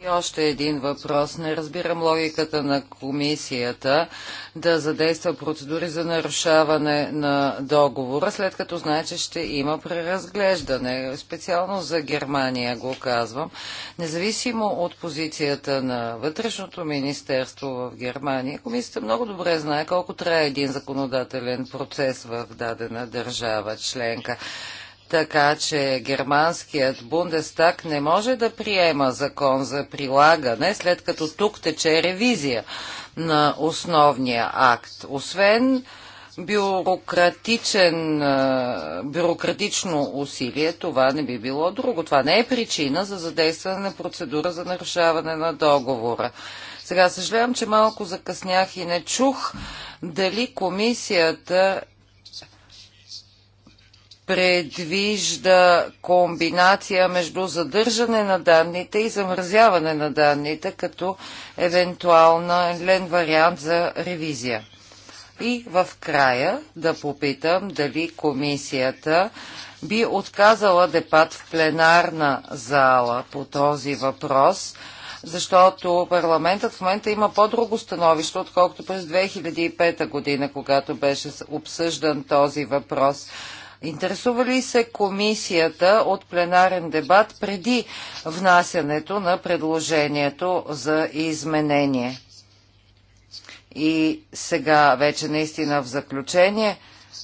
И още един въпрос. Не разбирам логиката на комисията да задейства процедури за нарушаване на договора, след като знае, че ще има преразглеждане. Специално за Германия го казвам. Независимо от позицията на Вътрешното министерство в Германия, комисията много добре знае колко трябва един законодателен процес в дадена държава членка. Така че германският Бундестаг не може да приема закон за прилагане, след като тук тече ревизия на основния акт. Освен бюрократичен, бюрократично усилие, това не би било друго. Това не е причина за задействане на процедура за нарушаване на договора. Сега съжалявам, че малко закъснях и не чух дали комисията предвижда комбинация между задържане на данните и замразяване на данните като евентуален вариант за ревизия. И в края да попитам дали комисията би отказала депат в пленарна зала по този въпрос, защото парламентът в момента има по-друго становище, отколкото през 2005 година, когато беше обсъждан този въпрос. Интересува ли се комисията от пленарен дебат преди внасянето на предложението за изменение? И сега вече наистина в заключение,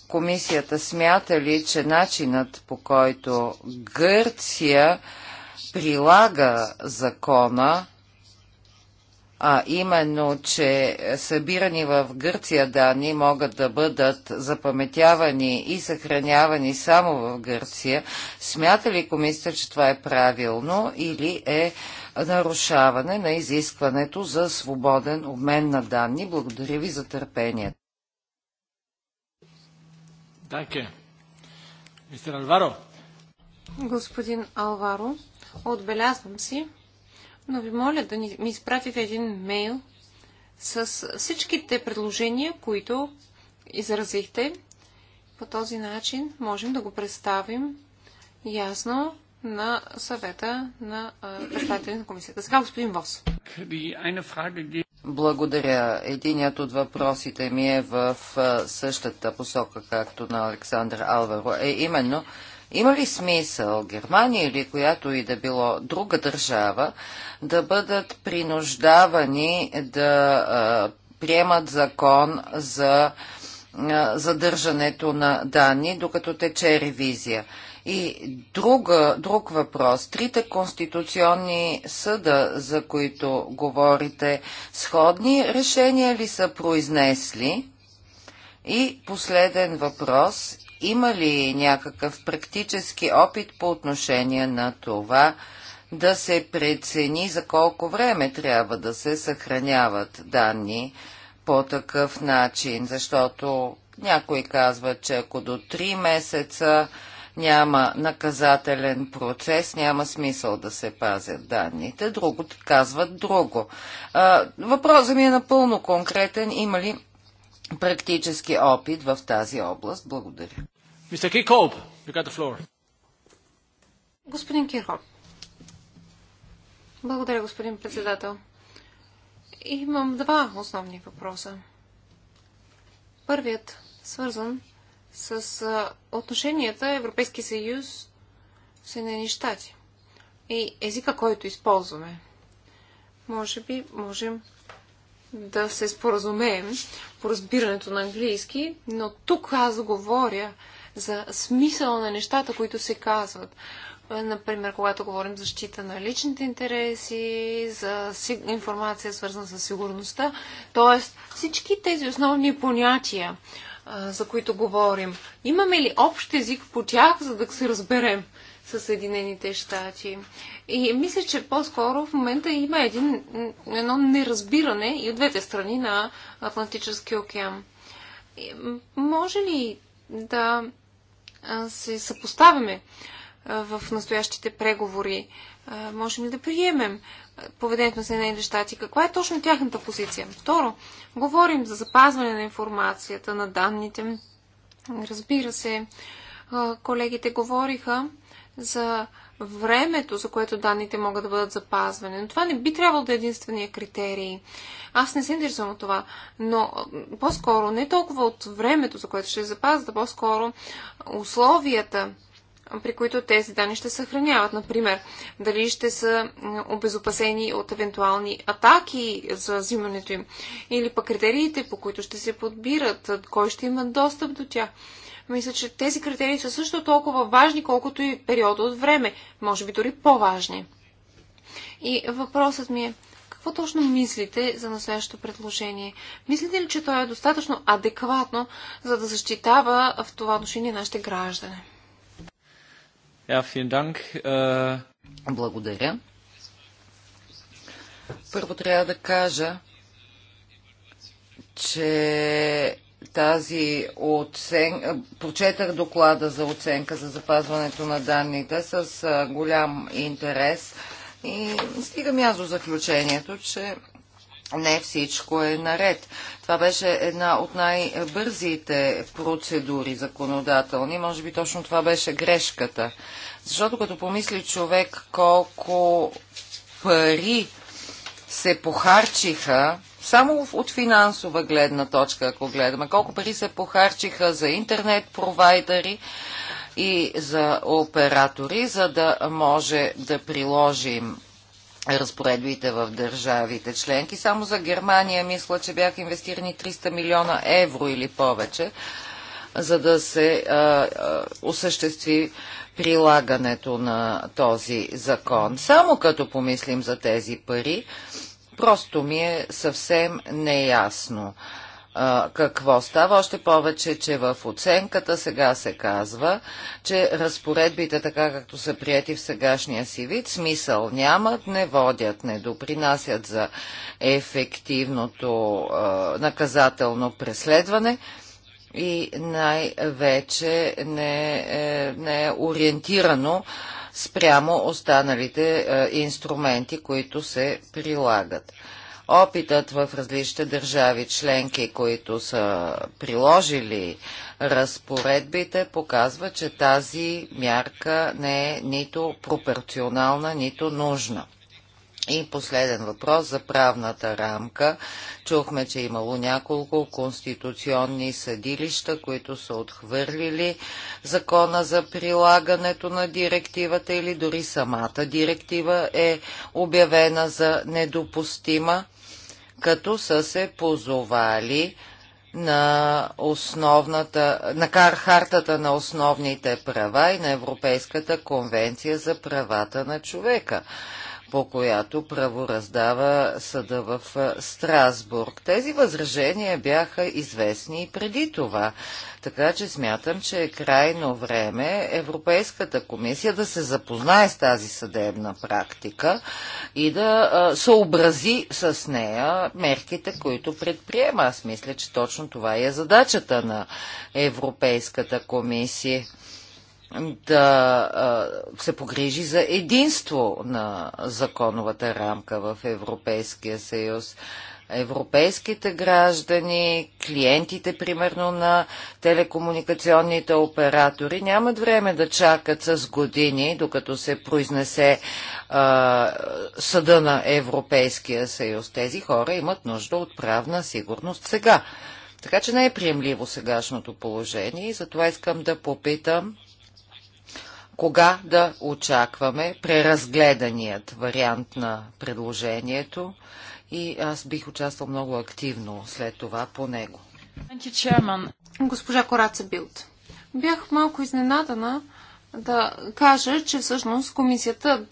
комисията смята ли, че начинът по който Гърция прилага закона а именно, че събирани в Гърция данни могат да бъдат запаметявани и съхранявани само в Гърция, смята ли комисията, че това е правилно или е нарушаване на изискването за свободен обмен на данни? Благодаря ви за търпението. Мистер Алваро. Господин Алваро, отбелязвам си, но ви моля да ни, ми изпратите един мейл с всичките предложения, които изразихте. По този начин можем да го представим ясно на съвета на представителите на комисията. Сега господин Вос. Благодаря. Единият от въпросите ми е в същата посока, както на Александър Алваро. Е именно има ли смисъл Германия или която и да било друга държава да бъдат принуждавани да а, приемат закон за а, задържането на данни, докато тече ревизия? И друга, друг въпрос. Трите конституционни съда, за които говорите, сходни решения ли са произнесли? И последен въпрос има ли някакъв практически опит по отношение на това да се прецени за колко време трябва да се съхраняват данни по такъв начин? Защото някои казва, че ако до 3 месеца няма наказателен процес, няма смисъл да се пазят данните. Другото казват друго. Въпросът ми е напълно конкретен. Има ли практически опит в тази област. Благодаря. Мистер Кикоп, you got the floor. Господин Кирхоп. Благодаря, господин председател. Имам два основни въпроса. Първият свързан с отношенията Европейски съюз Съединени щати и езика, който използваме. Може би можем да се споразумеем по разбирането на английски, но тук аз говоря за смисъла на нещата, които се казват. Например, когато говорим за защита на личните интереси, за информация свързана с сигурността, т.е. всички тези основни понятия, за които говорим, имаме ли общ език по тях, за да се разберем? с Съединените щати. И мисля, че по-скоро в момента има един, едно неразбиране и от двете страни на Атлантическия океан. Може ли да се съпоставяме в настоящите преговори? Можем ли да приемем поведението на Съединените щати? Каква е точно тяхната позиция? Второ, говорим за запазване на информацията, на данните. Разбира се, колегите говориха за времето, за което данните могат да бъдат запазвани. Но това не би трябвало да е единствения критерий. Аз не се интересувам от това, но по-скоро не толкова от времето, за което ще запазят, а по-скоро условията, при които тези данни ще съхраняват. Например, дали ще са обезопасени от евентуални атаки за взимането им, или пък критериите, по които ще се подбират, кой ще има достъп до тях. Мисля, че тези критерии са също толкова важни, колкото и периода от време. Може би дори по-важни. И въпросът ми е, какво точно мислите за настоящото предложение? Мислите ли, че то е достатъчно адекватно, за да защитава в това отношение нашите граждане? Äh, Благодаря. Първо трябва да кажа, че тази оценка, прочетах доклада за оценка за запазването на данните с голям интерес и стигам аз до заключението, че не всичко е наред. Това беше една от най-бързите процедури законодателни. Може би точно това беше грешката. Защото като помисли човек колко пари се похарчиха само от финансова гледна точка, ако гледаме, колко пари се похарчиха за интернет провайдери и за оператори, за да може да приложим разпоредбите в държавите членки. Само за Германия мисля, че бяха инвестирани 300 милиона евро или повече, за да се а, а, осъществи прилагането на този закон. Само като помислим за тези пари, а, Просто ми е съвсем неясно какво става. Още повече, че в оценката сега се казва, че разпоредбите, така както са прияти в сегашния си вид, смисъл нямат, не водят, не допринасят за ефективното а, наказателно преследване и най-вече не, е, не е ориентирано спрямо останалите е, инструменти, които се прилагат. Опитът в различните държави членки, които са приложили разпоредбите, показва, че тази мярка не е нито пропорционална, нито нужна. И последен въпрос за правната рамка. Чухме, че е имало няколко конституционни съдилища, които са отхвърлили закона за прилагането на директивата или дори самата директива е обявена за недопустима, като са се позовали на основната, на хартата на основните права и на Европейската конвенция за правата на човека по която правораздава съда в Страсбург. Тези възражения бяха известни и преди това, така че смятам, че е крайно време Европейската комисия да се запознае с тази съдебна практика и да съобрази с нея мерките, които предприема. Аз мисля, че точно това е задачата на Европейската комисия да се погрижи за единство на законовата рамка в Европейския съюз. Европейските граждани, клиентите, примерно, на телекомуникационните оператори нямат време да чакат с години, докато се произнесе а, съда на Европейския съюз. Тези хора имат нужда от правна сигурност сега. Така че не е приемливо сегашното положение и затова искам да попитам кога да очакваме преразгледаният вариант на предложението и аз бих участвал много активно след това по него. Госпожа Кораца Билт. Бях малко изненадана да кажа, че всъщност комисията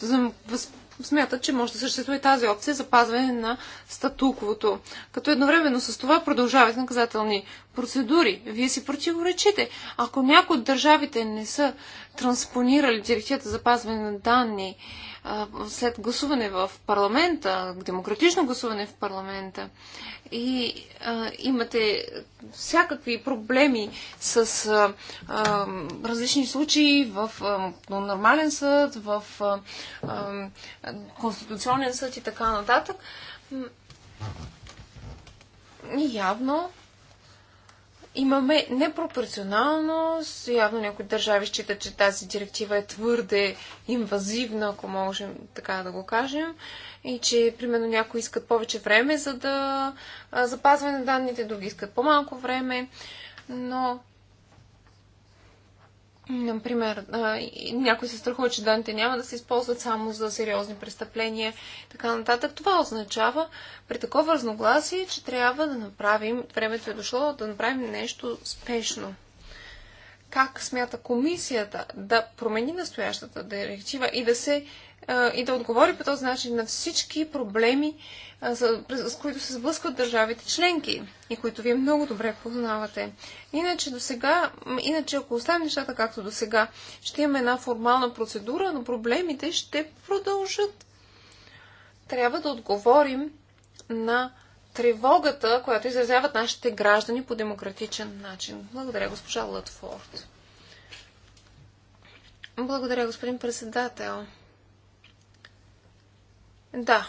смята, че може да съществува и тази опция запазване на статуковото. Като едновременно с това продължават наказателни процедури. Вие си противоречите. Ако някои от държавите не са транспонирали директивата за пазване на данни а, след гласуване в парламента, демократично гласуване в парламента, и а, имате всякакви проблеми с а, а, различни случаи в а, нормален съд, в а, а, конституционен съд и така нататък, явно имаме непропорционалност. Явно някои държави считат, че тази директива е твърде инвазивна, ако можем така да го кажем. И че, примерно, някои искат повече време за да запазване на данните, други искат по-малко време. Но Например, някой се страхува, че данните няма да се използват само за сериозни престъпления, и така нататък. Това означава при такова разногласие, че трябва да направим, времето е дошло да направим нещо спешно. Как смята комисията да промени настоящата директива и да се и да отговори по този начин на всички проблеми, с които се сблъскват държавите членки и които вие много добре познавате. Иначе до сега, иначе ако оставим нещата както до сега, ще имаме една формална процедура, но проблемите ще продължат. Трябва да отговорим на тревогата, която изразяват нашите граждани по демократичен начин. Благодаря, госпожа Лътфорд. Благодаря, господин председател. Да,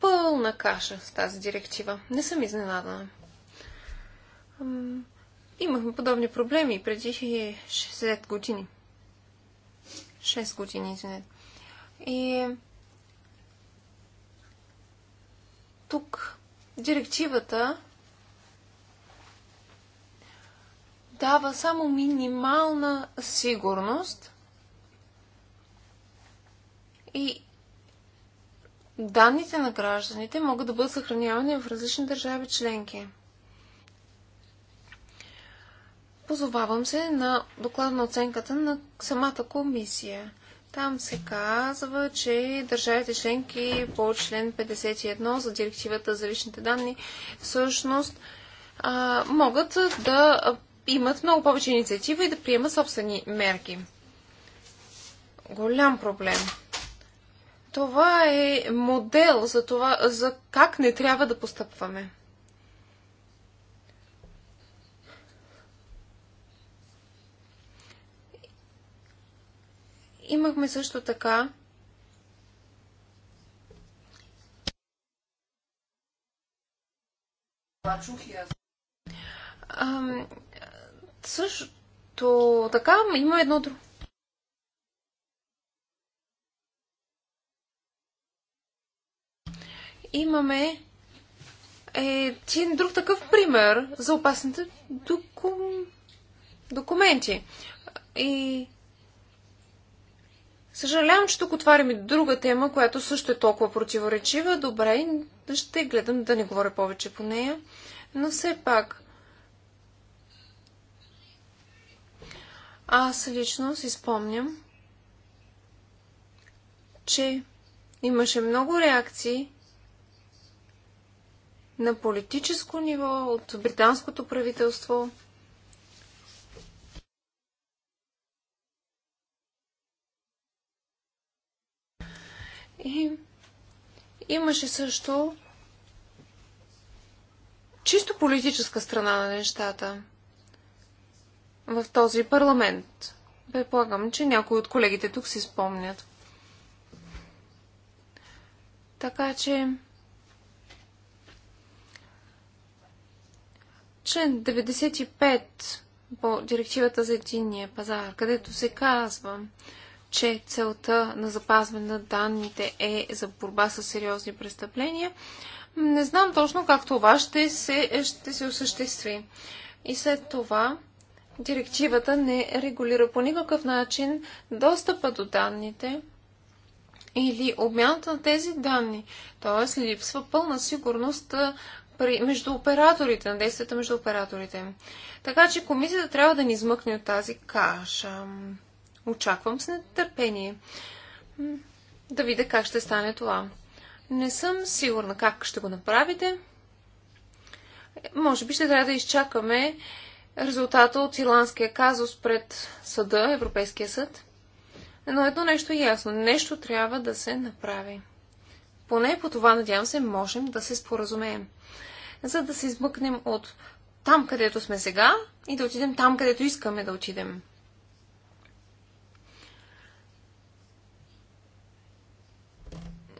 пълна каша с тази директива. Не съм изненадана. Имахме подобни проблеми преди 60 години. 6 години, извинете. И тук директивата дава само минимална сигурност и данните на гражданите могат да бъдат съхранявани в различни държави членки. Позовавам се на докладна на оценката на самата комисия. Там се казва, че държавите членки по член 51 за директивата за личните данни всъщност а, могат да имат много повече инициатива и да приемат собствени мерки. Голям проблем. Това е модел за това, за как не трябва да постъпваме. Имахме също така Ам, също така има едно друго. имаме е, един друг такъв пример за опасните докум... документи. И съжалявам, че тук отварям и друга тема, която също е толкова противоречива. Добре, ще гледам да не говоря повече по нея. Но все пак, аз лично си спомням, че имаше много реакции на политическо ниво от британското правителство. И имаше също чисто политическа страна на нещата в този парламент. Предполагам, че някои от колегите тук си спомнят. Така че Член 95 по директивата за единния пазар, където се казва, че целта на запазване на данните е за борба с сериозни престъпления, не знам точно как това ще се, ще се осъществи. И след това директивата не регулира по никакъв начин достъпа до данните или обмяната на тези данни. Т.е. липсва пълна сигурност при, между операторите, на действията между операторите. Така че комисията трябва да ни измъкне от тази каша. Очаквам с нетърпение да видя как ще стане това. Не съм сигурна как ще го направите. Може би ще трябва да изчакаме резултата от ирландския казус пред съда, Европейския съд. Но едно нещо е ясно. Нещо трябва да се направи. Поне по това, надявам се, можем да се споразумеем. За да се измъкнем от там, където сме сега и да отидем там, където искаме да отидем.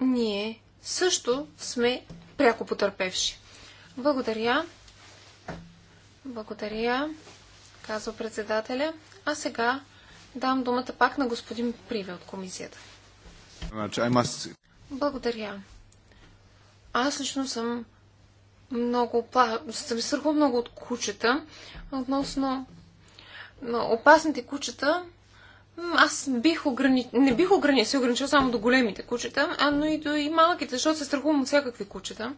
Ние също сме пряко потърпевши. Благодаря. Благодаря, казва председателя. А сега дам думата пак на господин Приве от комисията. Благодаря. Аз лично съм много съм сърху много от кучета. Относно опасните кучета, аз бих ограни... не бих ограничил, се ограничил само до големите кучета, а но и до и малките, защото се страхувам от всякакви кучета.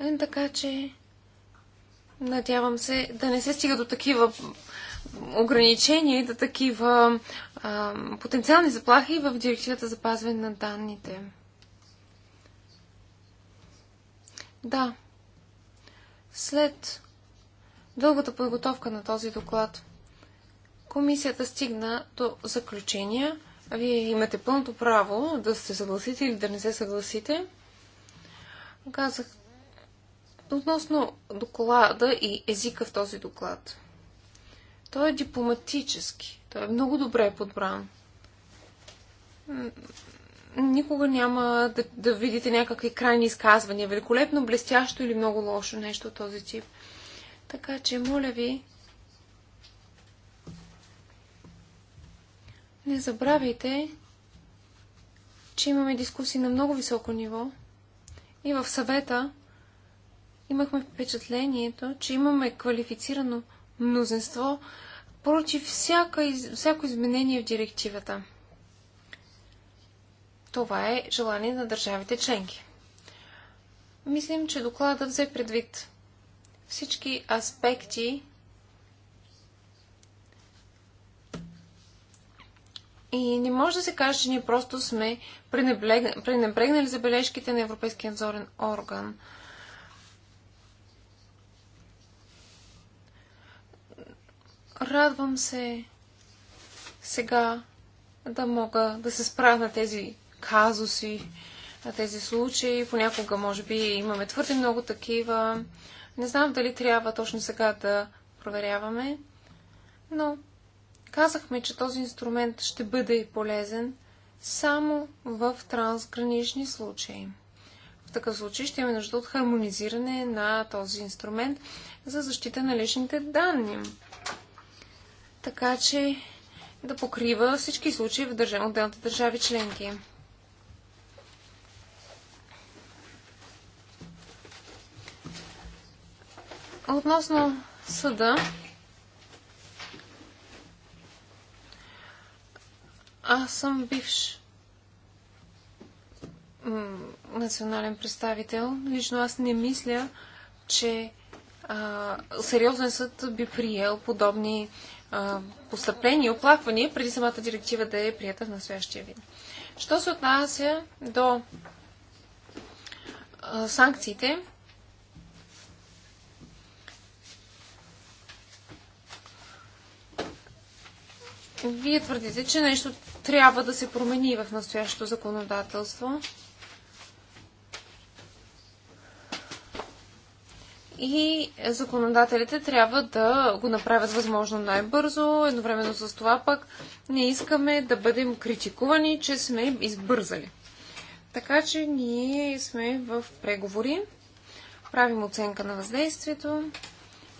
Е, така че надявам се да не се стига до такива и до такива а, потенциални заплахи в директивата за пазване на данните. Да. След дългата подготовка на този доклад, комисията стигна до заключения. Вие имате пълното право да се съгласите или да не се съгласите. Казах, относно доклада и езика в този доклад. Той е дипломатически. Той е много добре подбран. Никога няма да, да видите някакви крайни изказвания. Великолепно, блестящо или много лошо нещо от този тип. Така че, моля ви, не забравяйте, че имаме дискусии на много високо ниво и в съвета имахме впечатлението, че имаме квалифицирано мнозинство против всяка, всяко изменение в директивата. Това е желание на държавите членки. Мислим, че докладът взе предвид всички аспекти И не може да се каже, че ние просто сме пренебрегнали забележките на Европейския надзорен орган. Радвам се сега да мога да се справя на тези казуси, на тези случаи. Понякога, може би, имаме твърде много такива. Не знам дали трябва точно сега да проверяваме, но казахме, че този инструмент ще бъде полезен само в трансгранични случаи. В такъв случай ще имаме нужда от хармонизиране на този инструмент за защита на личните данни така че да покрива всички случаи в държав, отделните държави членки. Относно съда, аз съм бивш национален представител. Лично аз не мисля, че а, сериозен съд би приел подобни постъпления и оплаквания преди самата директива да е прията в настоящия вид. Що се отнася до санкциите, Вие твърдите, че нещо трябва да се промени в настоящото законодателство. и законодателите трябва да го направят възможно най-бързо. Едновременно с това пък не искаме да бъдем критикувани, че сме избързали. Така че ние сме в преговори, правим оценка на въздействието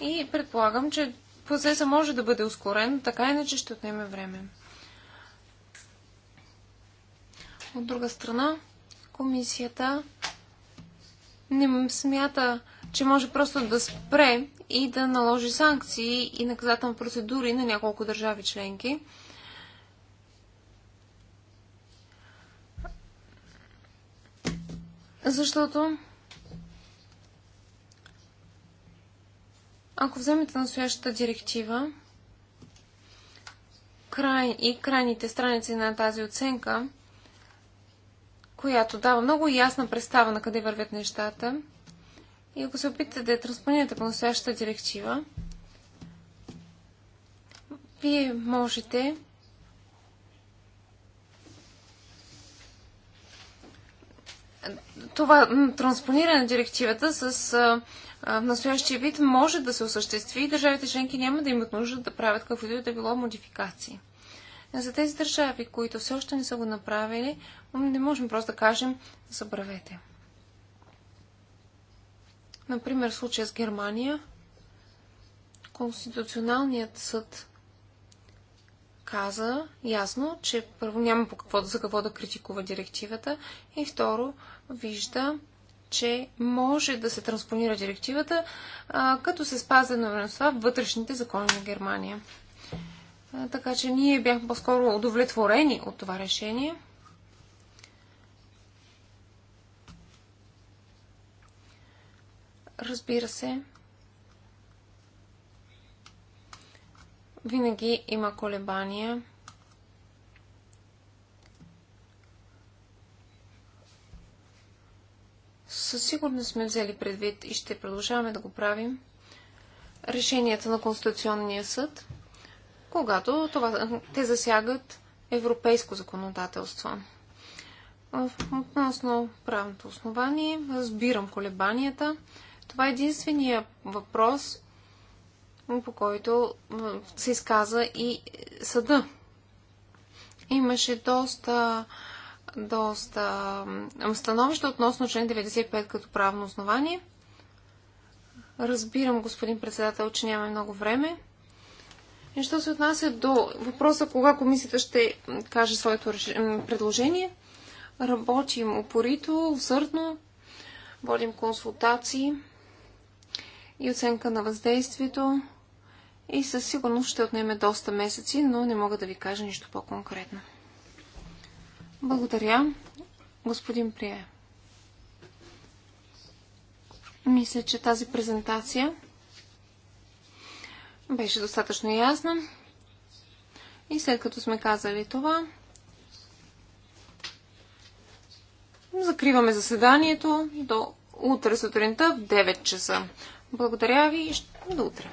и предполагам, че процесът може да бъде ускорен, така иначе ще отнеме време. От друга страна, комисията не смята, че може просто да спре и да наложи санкции и наказателни процедури на няколко държави членки. Защото ако вземете настоящата директива край, и крайните страници на тази оценка, която дава много ясна представа на къде вървят нещата, и ако се опитате да транспонирате по настоящата директива, вие можете това транспониране на директивата с а, в настоящия вид може да се осъществи и държавите членки няма да имат нужда да правят каквито и да било модификации. За тези държави, които все още не са го направили, не можем просто да кажем забравете. Например, в случая с Германия, Конституционалният съд каза ясно, че първо няма по какво, за какво да критикува директивата и второ вижда, че може да се транспонира директивата, а, като се спазва на това вътрешните закони на Германия. А, така че ние бяхме по-скоро удовлетворени от това решение. Разбира се, винаги има колебания. Със сигурност сме взели предвид и ще продължаваме да го правим решенията на Конституционния съд, когато това, те засягат европейско законодателство. Относно правното основание, разбирам колебанията. Това е единствения въпрос, по който се изказа и съда. Имаше доста, доста становище относно член 95 като правно основание. Разбирам, господин председател, че нямаме много време. И що се отнася до въпроса кога комисията ще каже своето предложение, работим упорито, усърдно, водим консултации и оценка на въздействието и със сигурност ще отнеме доста месеци, но не мога да ви кажа нищо по-конкретно. Благодаря, господин Прие. Мисля, че тази презентация беше достатъчно ясна. И след като сме казали това, закриваме заседанието до утре сутринта в 9 часа. Благодаря ви и до утре.